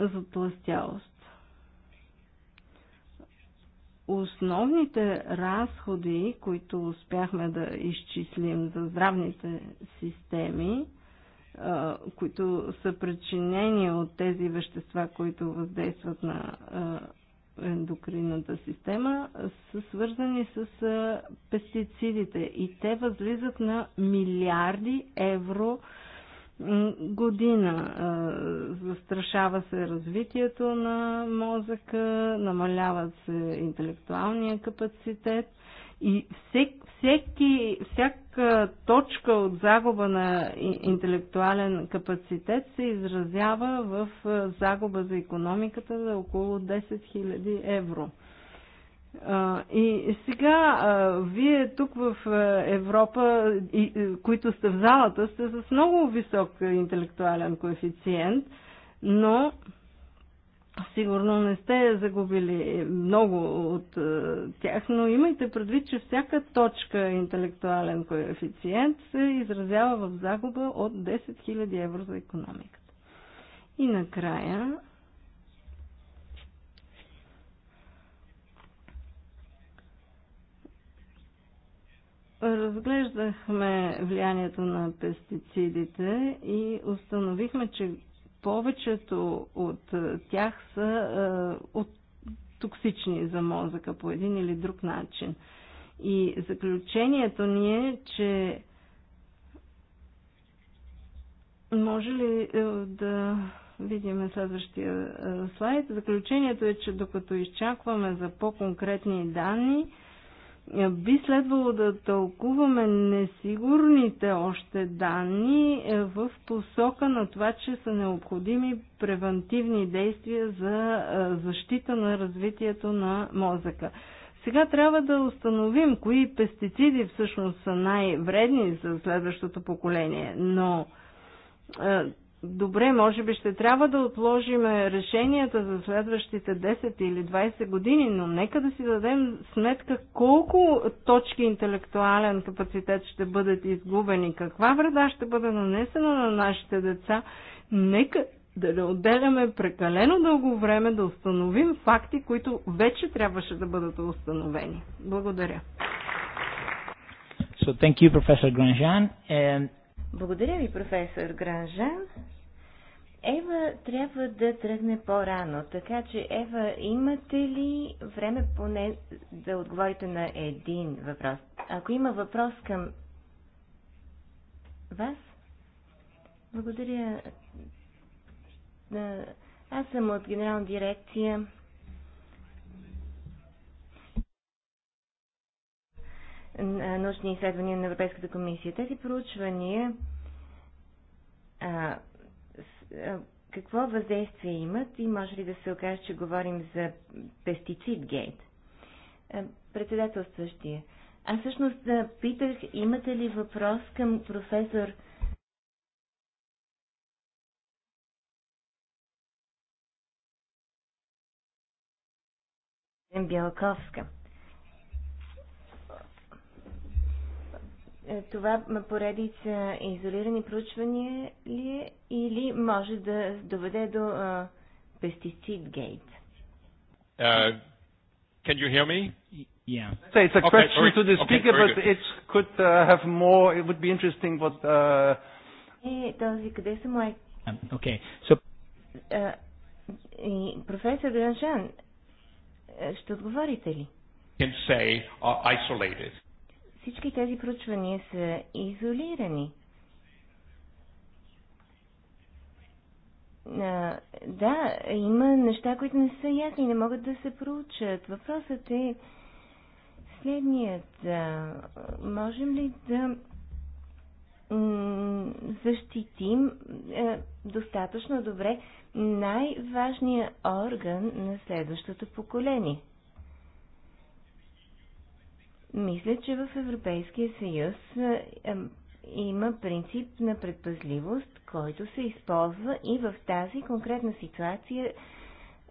затластялост. Основните разходи, които успяхме да изчислим за здравните системи, които са причинени от тези вещества, които въздействат на ендокринната система, са свързани с пестицидите и те възлизат на милиарди евро година. Застрашава се развитието на мозъка, намалява се интелектуалния капацитет – и всек, всеки, всяка точка от загуба на интелектуален капацитет се изразява в е, загуба за економиката за около 10 000 евро. И сега, вие тук в е, Европа, е, които сте в залата, сте с много висок интелектуален коефициент, но Сигурно не сте загубили много от е, тях, но имайте предвид, че всяка точка интелектуален коефициент се изразява в загуба от 10 000 евро за економиката. И накрая разглеждахме влиянието на пестицидите и установихме, че повечето от тях са от токсични за мозъка по един или друг начин. И заключението ни е, че може ли е, да видим следващия слайд? Заключението е, че докато изчакваме за по-конкретни данни, би следвало да тълкуваме несигурните още данни е, в посока на това, че са необходими превентивни действия за е, защита на развитието на мозъка. Сега трябва да установим кои пестициди всъщност са най-вредни за следващото поколение, но е, добре, може би ще трябва да отложим решенията за следващите 10 или 20 години, но нека да си дадем сметка колко точки интелектуален капацитет ще бъдат изгубени, каква вреда ще бъде нанесена на нашите деца. Нека да не отделяме прекалено дълго време да установим факти, които вече трябваше да бъдат установени. Благодаря. So thank you, Professor Grandjean. And... Благодаря ви, професор Гранжан. Ева трябва да тръгне по-рано, така че Ева, имате ли време поне да отговорите на един въпрос? Ако има въпрос към вас, благодаря. Аз съм от генерална дирекция. научни изследвания на Европейската комисия. Тези проучвания е, какво въздействие имат и може ли да се окаже, че говорим за пестицид гейт? Е, председателстващия. Аз всъщност е, питах, имате ли въпрос към професор Бялковска? това поредица изолирани проучвания ли е или може да доведе до а, пестицид гейт? Uh, can you hear me? Yeah. So it's a okay, question sorry. to the speaker, okay, but good. it could uh, have more. It would be interesting what. Uh... Е, този къде са мои? Okay. So. Uh, и професор Гранжан, ще отговорите ли? Can say are isolated. Всички тези проучвания са изолирани. А, да, има неща, които не са ясни, не могат да се проучат. Въпросът е следният. А, можем ли да защитим е, достатъчно добре най-важния орган на следващото поколение – мисля, че в Европейския съюз е, има принцип на предпазливост, който се използва и в тази конкретна ситуация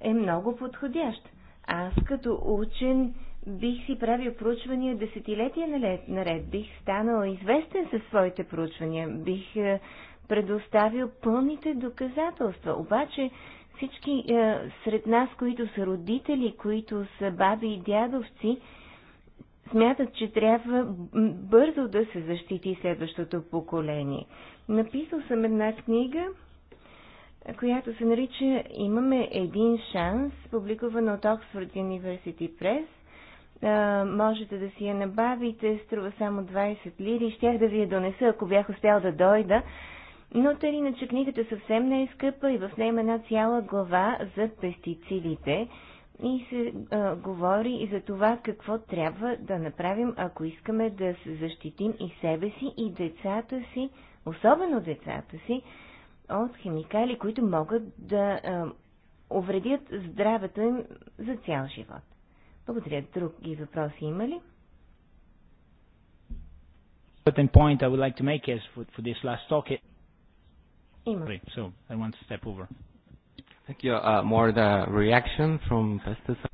е много подходящ. Аз като учен бих си правил проучвания десетилетия наред, бих станал известен със своите проучвания, бих е, предоставил пълните доказателства. Обаче всички е, сред нас, които са родители, които са баби и дядовци, смятат, че трябва бързо да се защити следващото поколение. Написал съм една книга, която се нарича Имаме един шанс, публикувана от Оксфорд University Press. А, можете да си я набавите, струва само 20 лири. Щях да ви я донеса, ако бях успял да дойда. Но тъй иначе книгата съвсем не е скъпа и в нея има една цяла глава за пестицидите и се а, говори и за това какво трябва да направим, ако искаме да се защитим и себе си, и децата си, особено децата си, от химикали, които могат да а, увредят здравето им за цял живот. Благодаря. Други въпроси има ли? Има. So I want to step over. Thank you. Uh, more the reaction from pesticides.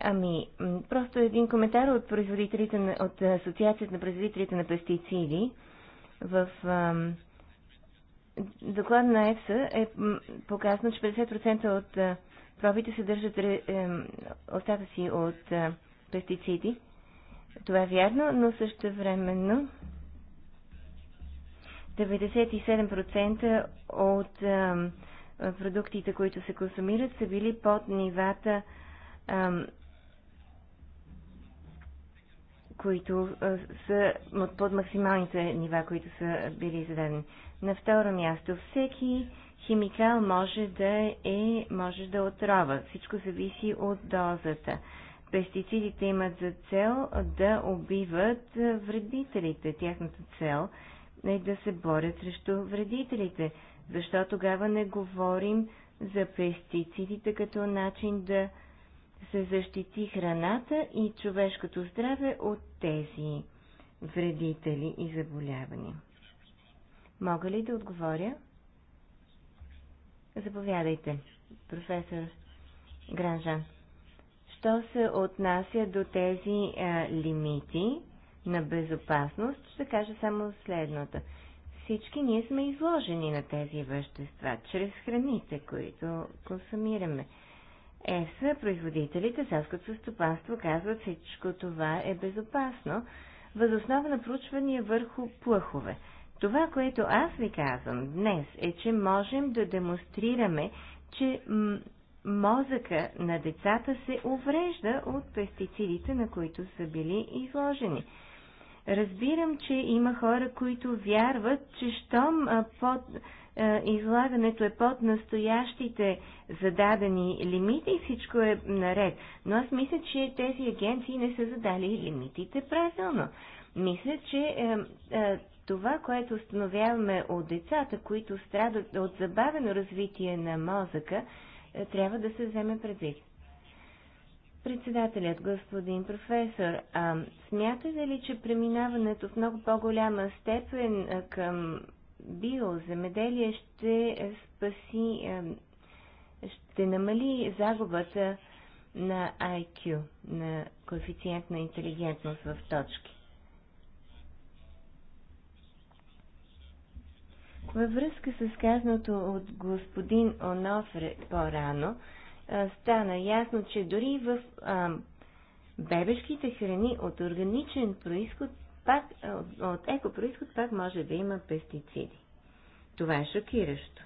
Ами, просто един коментар от производителите на, от е, Асоциацията на производителите на пестициди. В ам, доклад на ЕФСА е показано, че 50% от а, е, пробите съдържат е, остава си от а, е, пестициди. Това е вярно, но също времено 97% от а, продуктите, които се консумират, са били под нивата, които са под максималните нива, които са били зададени. На второ място, всеки химикал може да е, може да отрова. Всичко зависи от дозата. Пестицидите имат за цел да убиват вредителите. Тяхната цел е да се борят срещу вредителите. Защо тогава не говорим за пестицидите като начин да се защити храната и човешкото здраве от тези вредители и заболявания? Мога ли да отговоря? Заповядайте, професор Гранжан. Що се отнася до тези а, лимити на безопасност, ще кажа само следното всички ние сме изложени на тези вещества, чрез храните, които консумираме. ЕСА, е, производителите, селското стопанство казват, всичко това е безопасно, възоснова на проучвания върху плъхове. Това, което аз ви казвам днес, е, че можем да демонстрираме, че мозъка на децата се уврежда от пестицидите, на които са били изложени. Разбирам, че има хора, които вярват, че щом под излагането е под настоящите зададени лимити и всичко е наред. Но аз мисля, че тези агенции не са задали лимитите правилно. Мисля, че е, е, това, което установяваме от децата, които страдат от забавено развитие на мозъка, е, трябва да се вземе предвид. Председателят, господин професор, а, смятате ли, че преминаването в много по-голяма степен към биоземеделие ще спаси, ще намали загубата на IQ, на коефициент на интелигентност в точки? Във връзка с казаното от господин Онофре по-рано, стана ясно, че дори в а, бебешките храни от органичен происход, пак, от, от екопроисход, пак може да има пестициди. Това е шокиращо.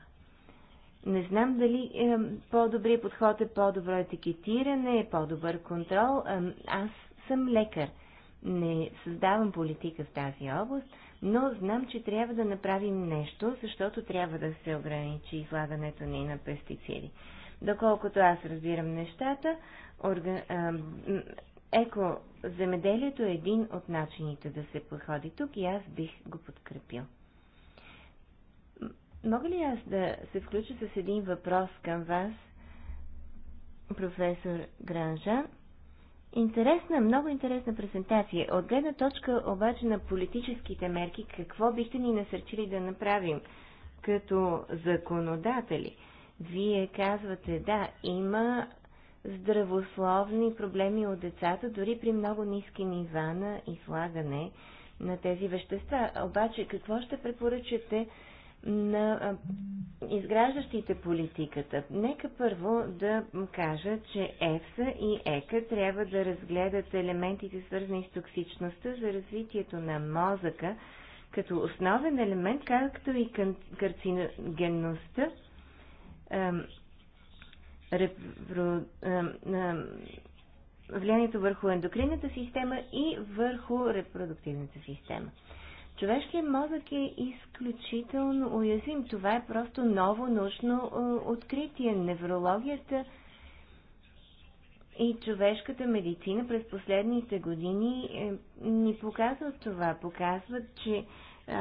Не знам дали е, по-добрият подход е по-добро етикетиране, е по-добър контрол. Аз съм лекар. Не създавам политика в тази област, но знам, че трябва да направим нещо, защото трябва да се ограничи излагането ни на пестициди. Доколкото аз разбирам нещата, еко, земеделието е един от начините да се подходи тук и аз бих го подкрепил. Мога ли аз да се включа с един въпрос към вас, професор Гранжан? Интересна, много интересна презентация. От гледна точка обаче на политическите мерки, какво бихте ни насърчили да направим като законодатели? Вие казвате, да, има здравословни проблеми от децата, дори при много ниски нива на излагане на тези вещества. Обаче, какво ще препоръчате на изграждащите политиката? Нека първо да кажа, че ЕФСА и ЕКА трябва да разгледат елементите, свързани с токсичността за развитието на мозъка, като основен елемент, както и карциногенността влиянието върху ендокринната система и върху репродуктивната система. Човешкият мозък е изключително уязвим. Това е просто ново научно е, откритие. Неврологията и човешката медицина през последните години е, ни показват това. Показват, че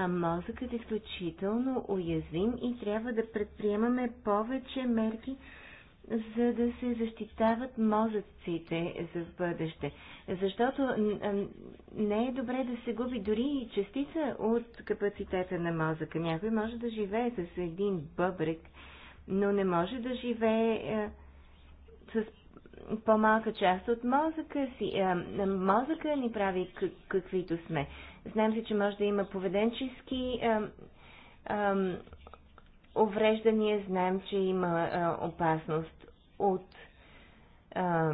мозъкът е изключително уязвим и трябва да предприемаме повече мерки, за да се защитават мозъците за в бъдеще. Защото не е добре да се губи дори и частица от капацитета на мозъка. Някой може да живее с един бъбрек, но не може да живее е, с по-малка част от мозъка си. Е, мозъка ни прави каквито сме. Знаем се, че може да има поведенчески увреждания, знаем, че има а, опасност от а,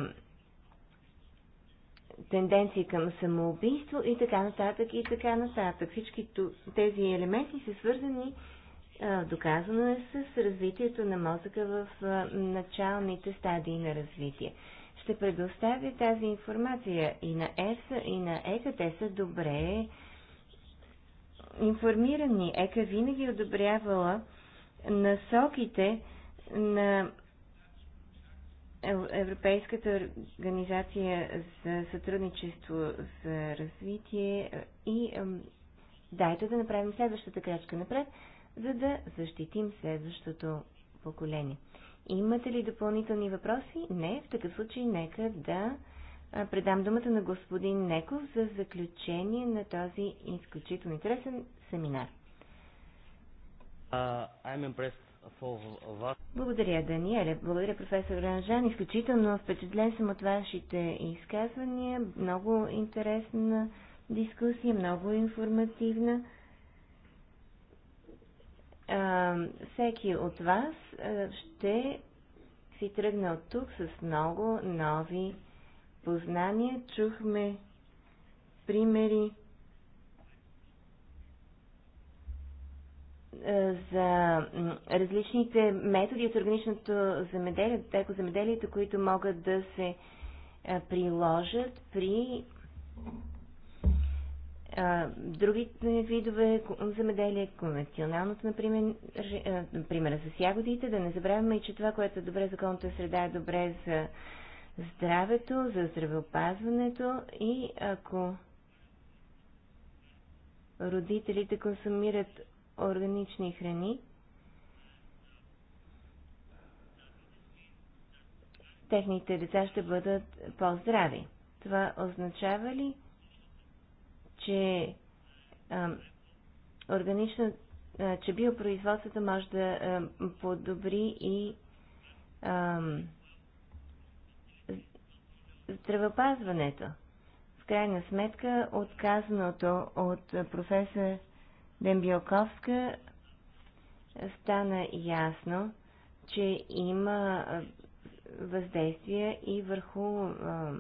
тенденции към самоубийство и така нататък, и така нататък. Всички тези елементи са свързани, доказано е, с развитието на мозъка в началните стадии на развитие ще предоставя тази информация и на ЕСА, и на ЕКА. Те са добре информирани. ЕКА винаги е одобрявала насоките на Европейската организация за сътрудничество за развитие и дайте да направим следващата крачка напред, за да защитим следващото поколение. Имате ли допълнителни въпроси? Не. В такъв случай нека да предам думата на господин Неков за заключение на този изключително интересен семинар. Uh, I'm impressed благодаря, Даниеле. Благодаря, професор Ранжан. Изключително впечатлен съм от вашите изказвания. Много интересна дискусия, много информативна всеки от вас ще си тръгне от тук с много нови познания. Чухме примери за различните методи от органичното земеделие, екоземеделието, които могат да се приложат при Другите други видове земеделие, конвенционалното, например, примера с ягодите, да не забравяме и че това, което е добре за околната среда, е добре за здравето, за здравеопазването и ако родителите консумират органични храни, техните деца ще бъдат по-здрави. Това означава ли, че а, органична, а, че биопроизводството може да а, подобри и а, здравеопазването. В крайна сметка, отказаното от професор Дембиоковска стана ясно, че има въздействие и върху а,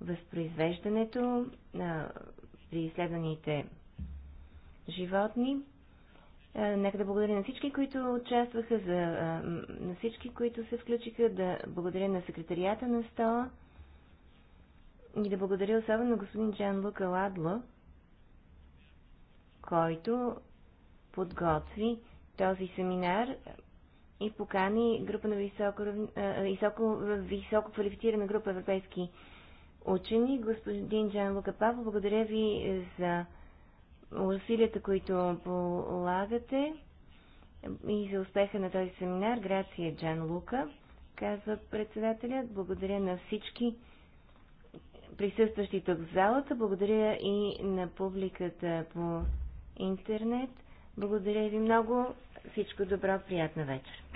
възпроизвеждането а, при изследваните животни. А, нека да благодаря на всички, които участваха, за, а, на всички, които се включиха, да благодаря на секретарията на стола и да благодаря особено господин Джан Лука Ладло, който подготви този семинар и покани група на високо, високо, високо квалифицирана група европейски учени. Господин Джан Лука Павло, благодаря ви за усилията, които полагате и за успеха на този семинар. Грация Джан Лука, казва председателят. Благодаря на всички присъстващи тук в залата. Благодаря и на публиката по интернет. Благодаря ви много. Всичко добро. Приятна вечер.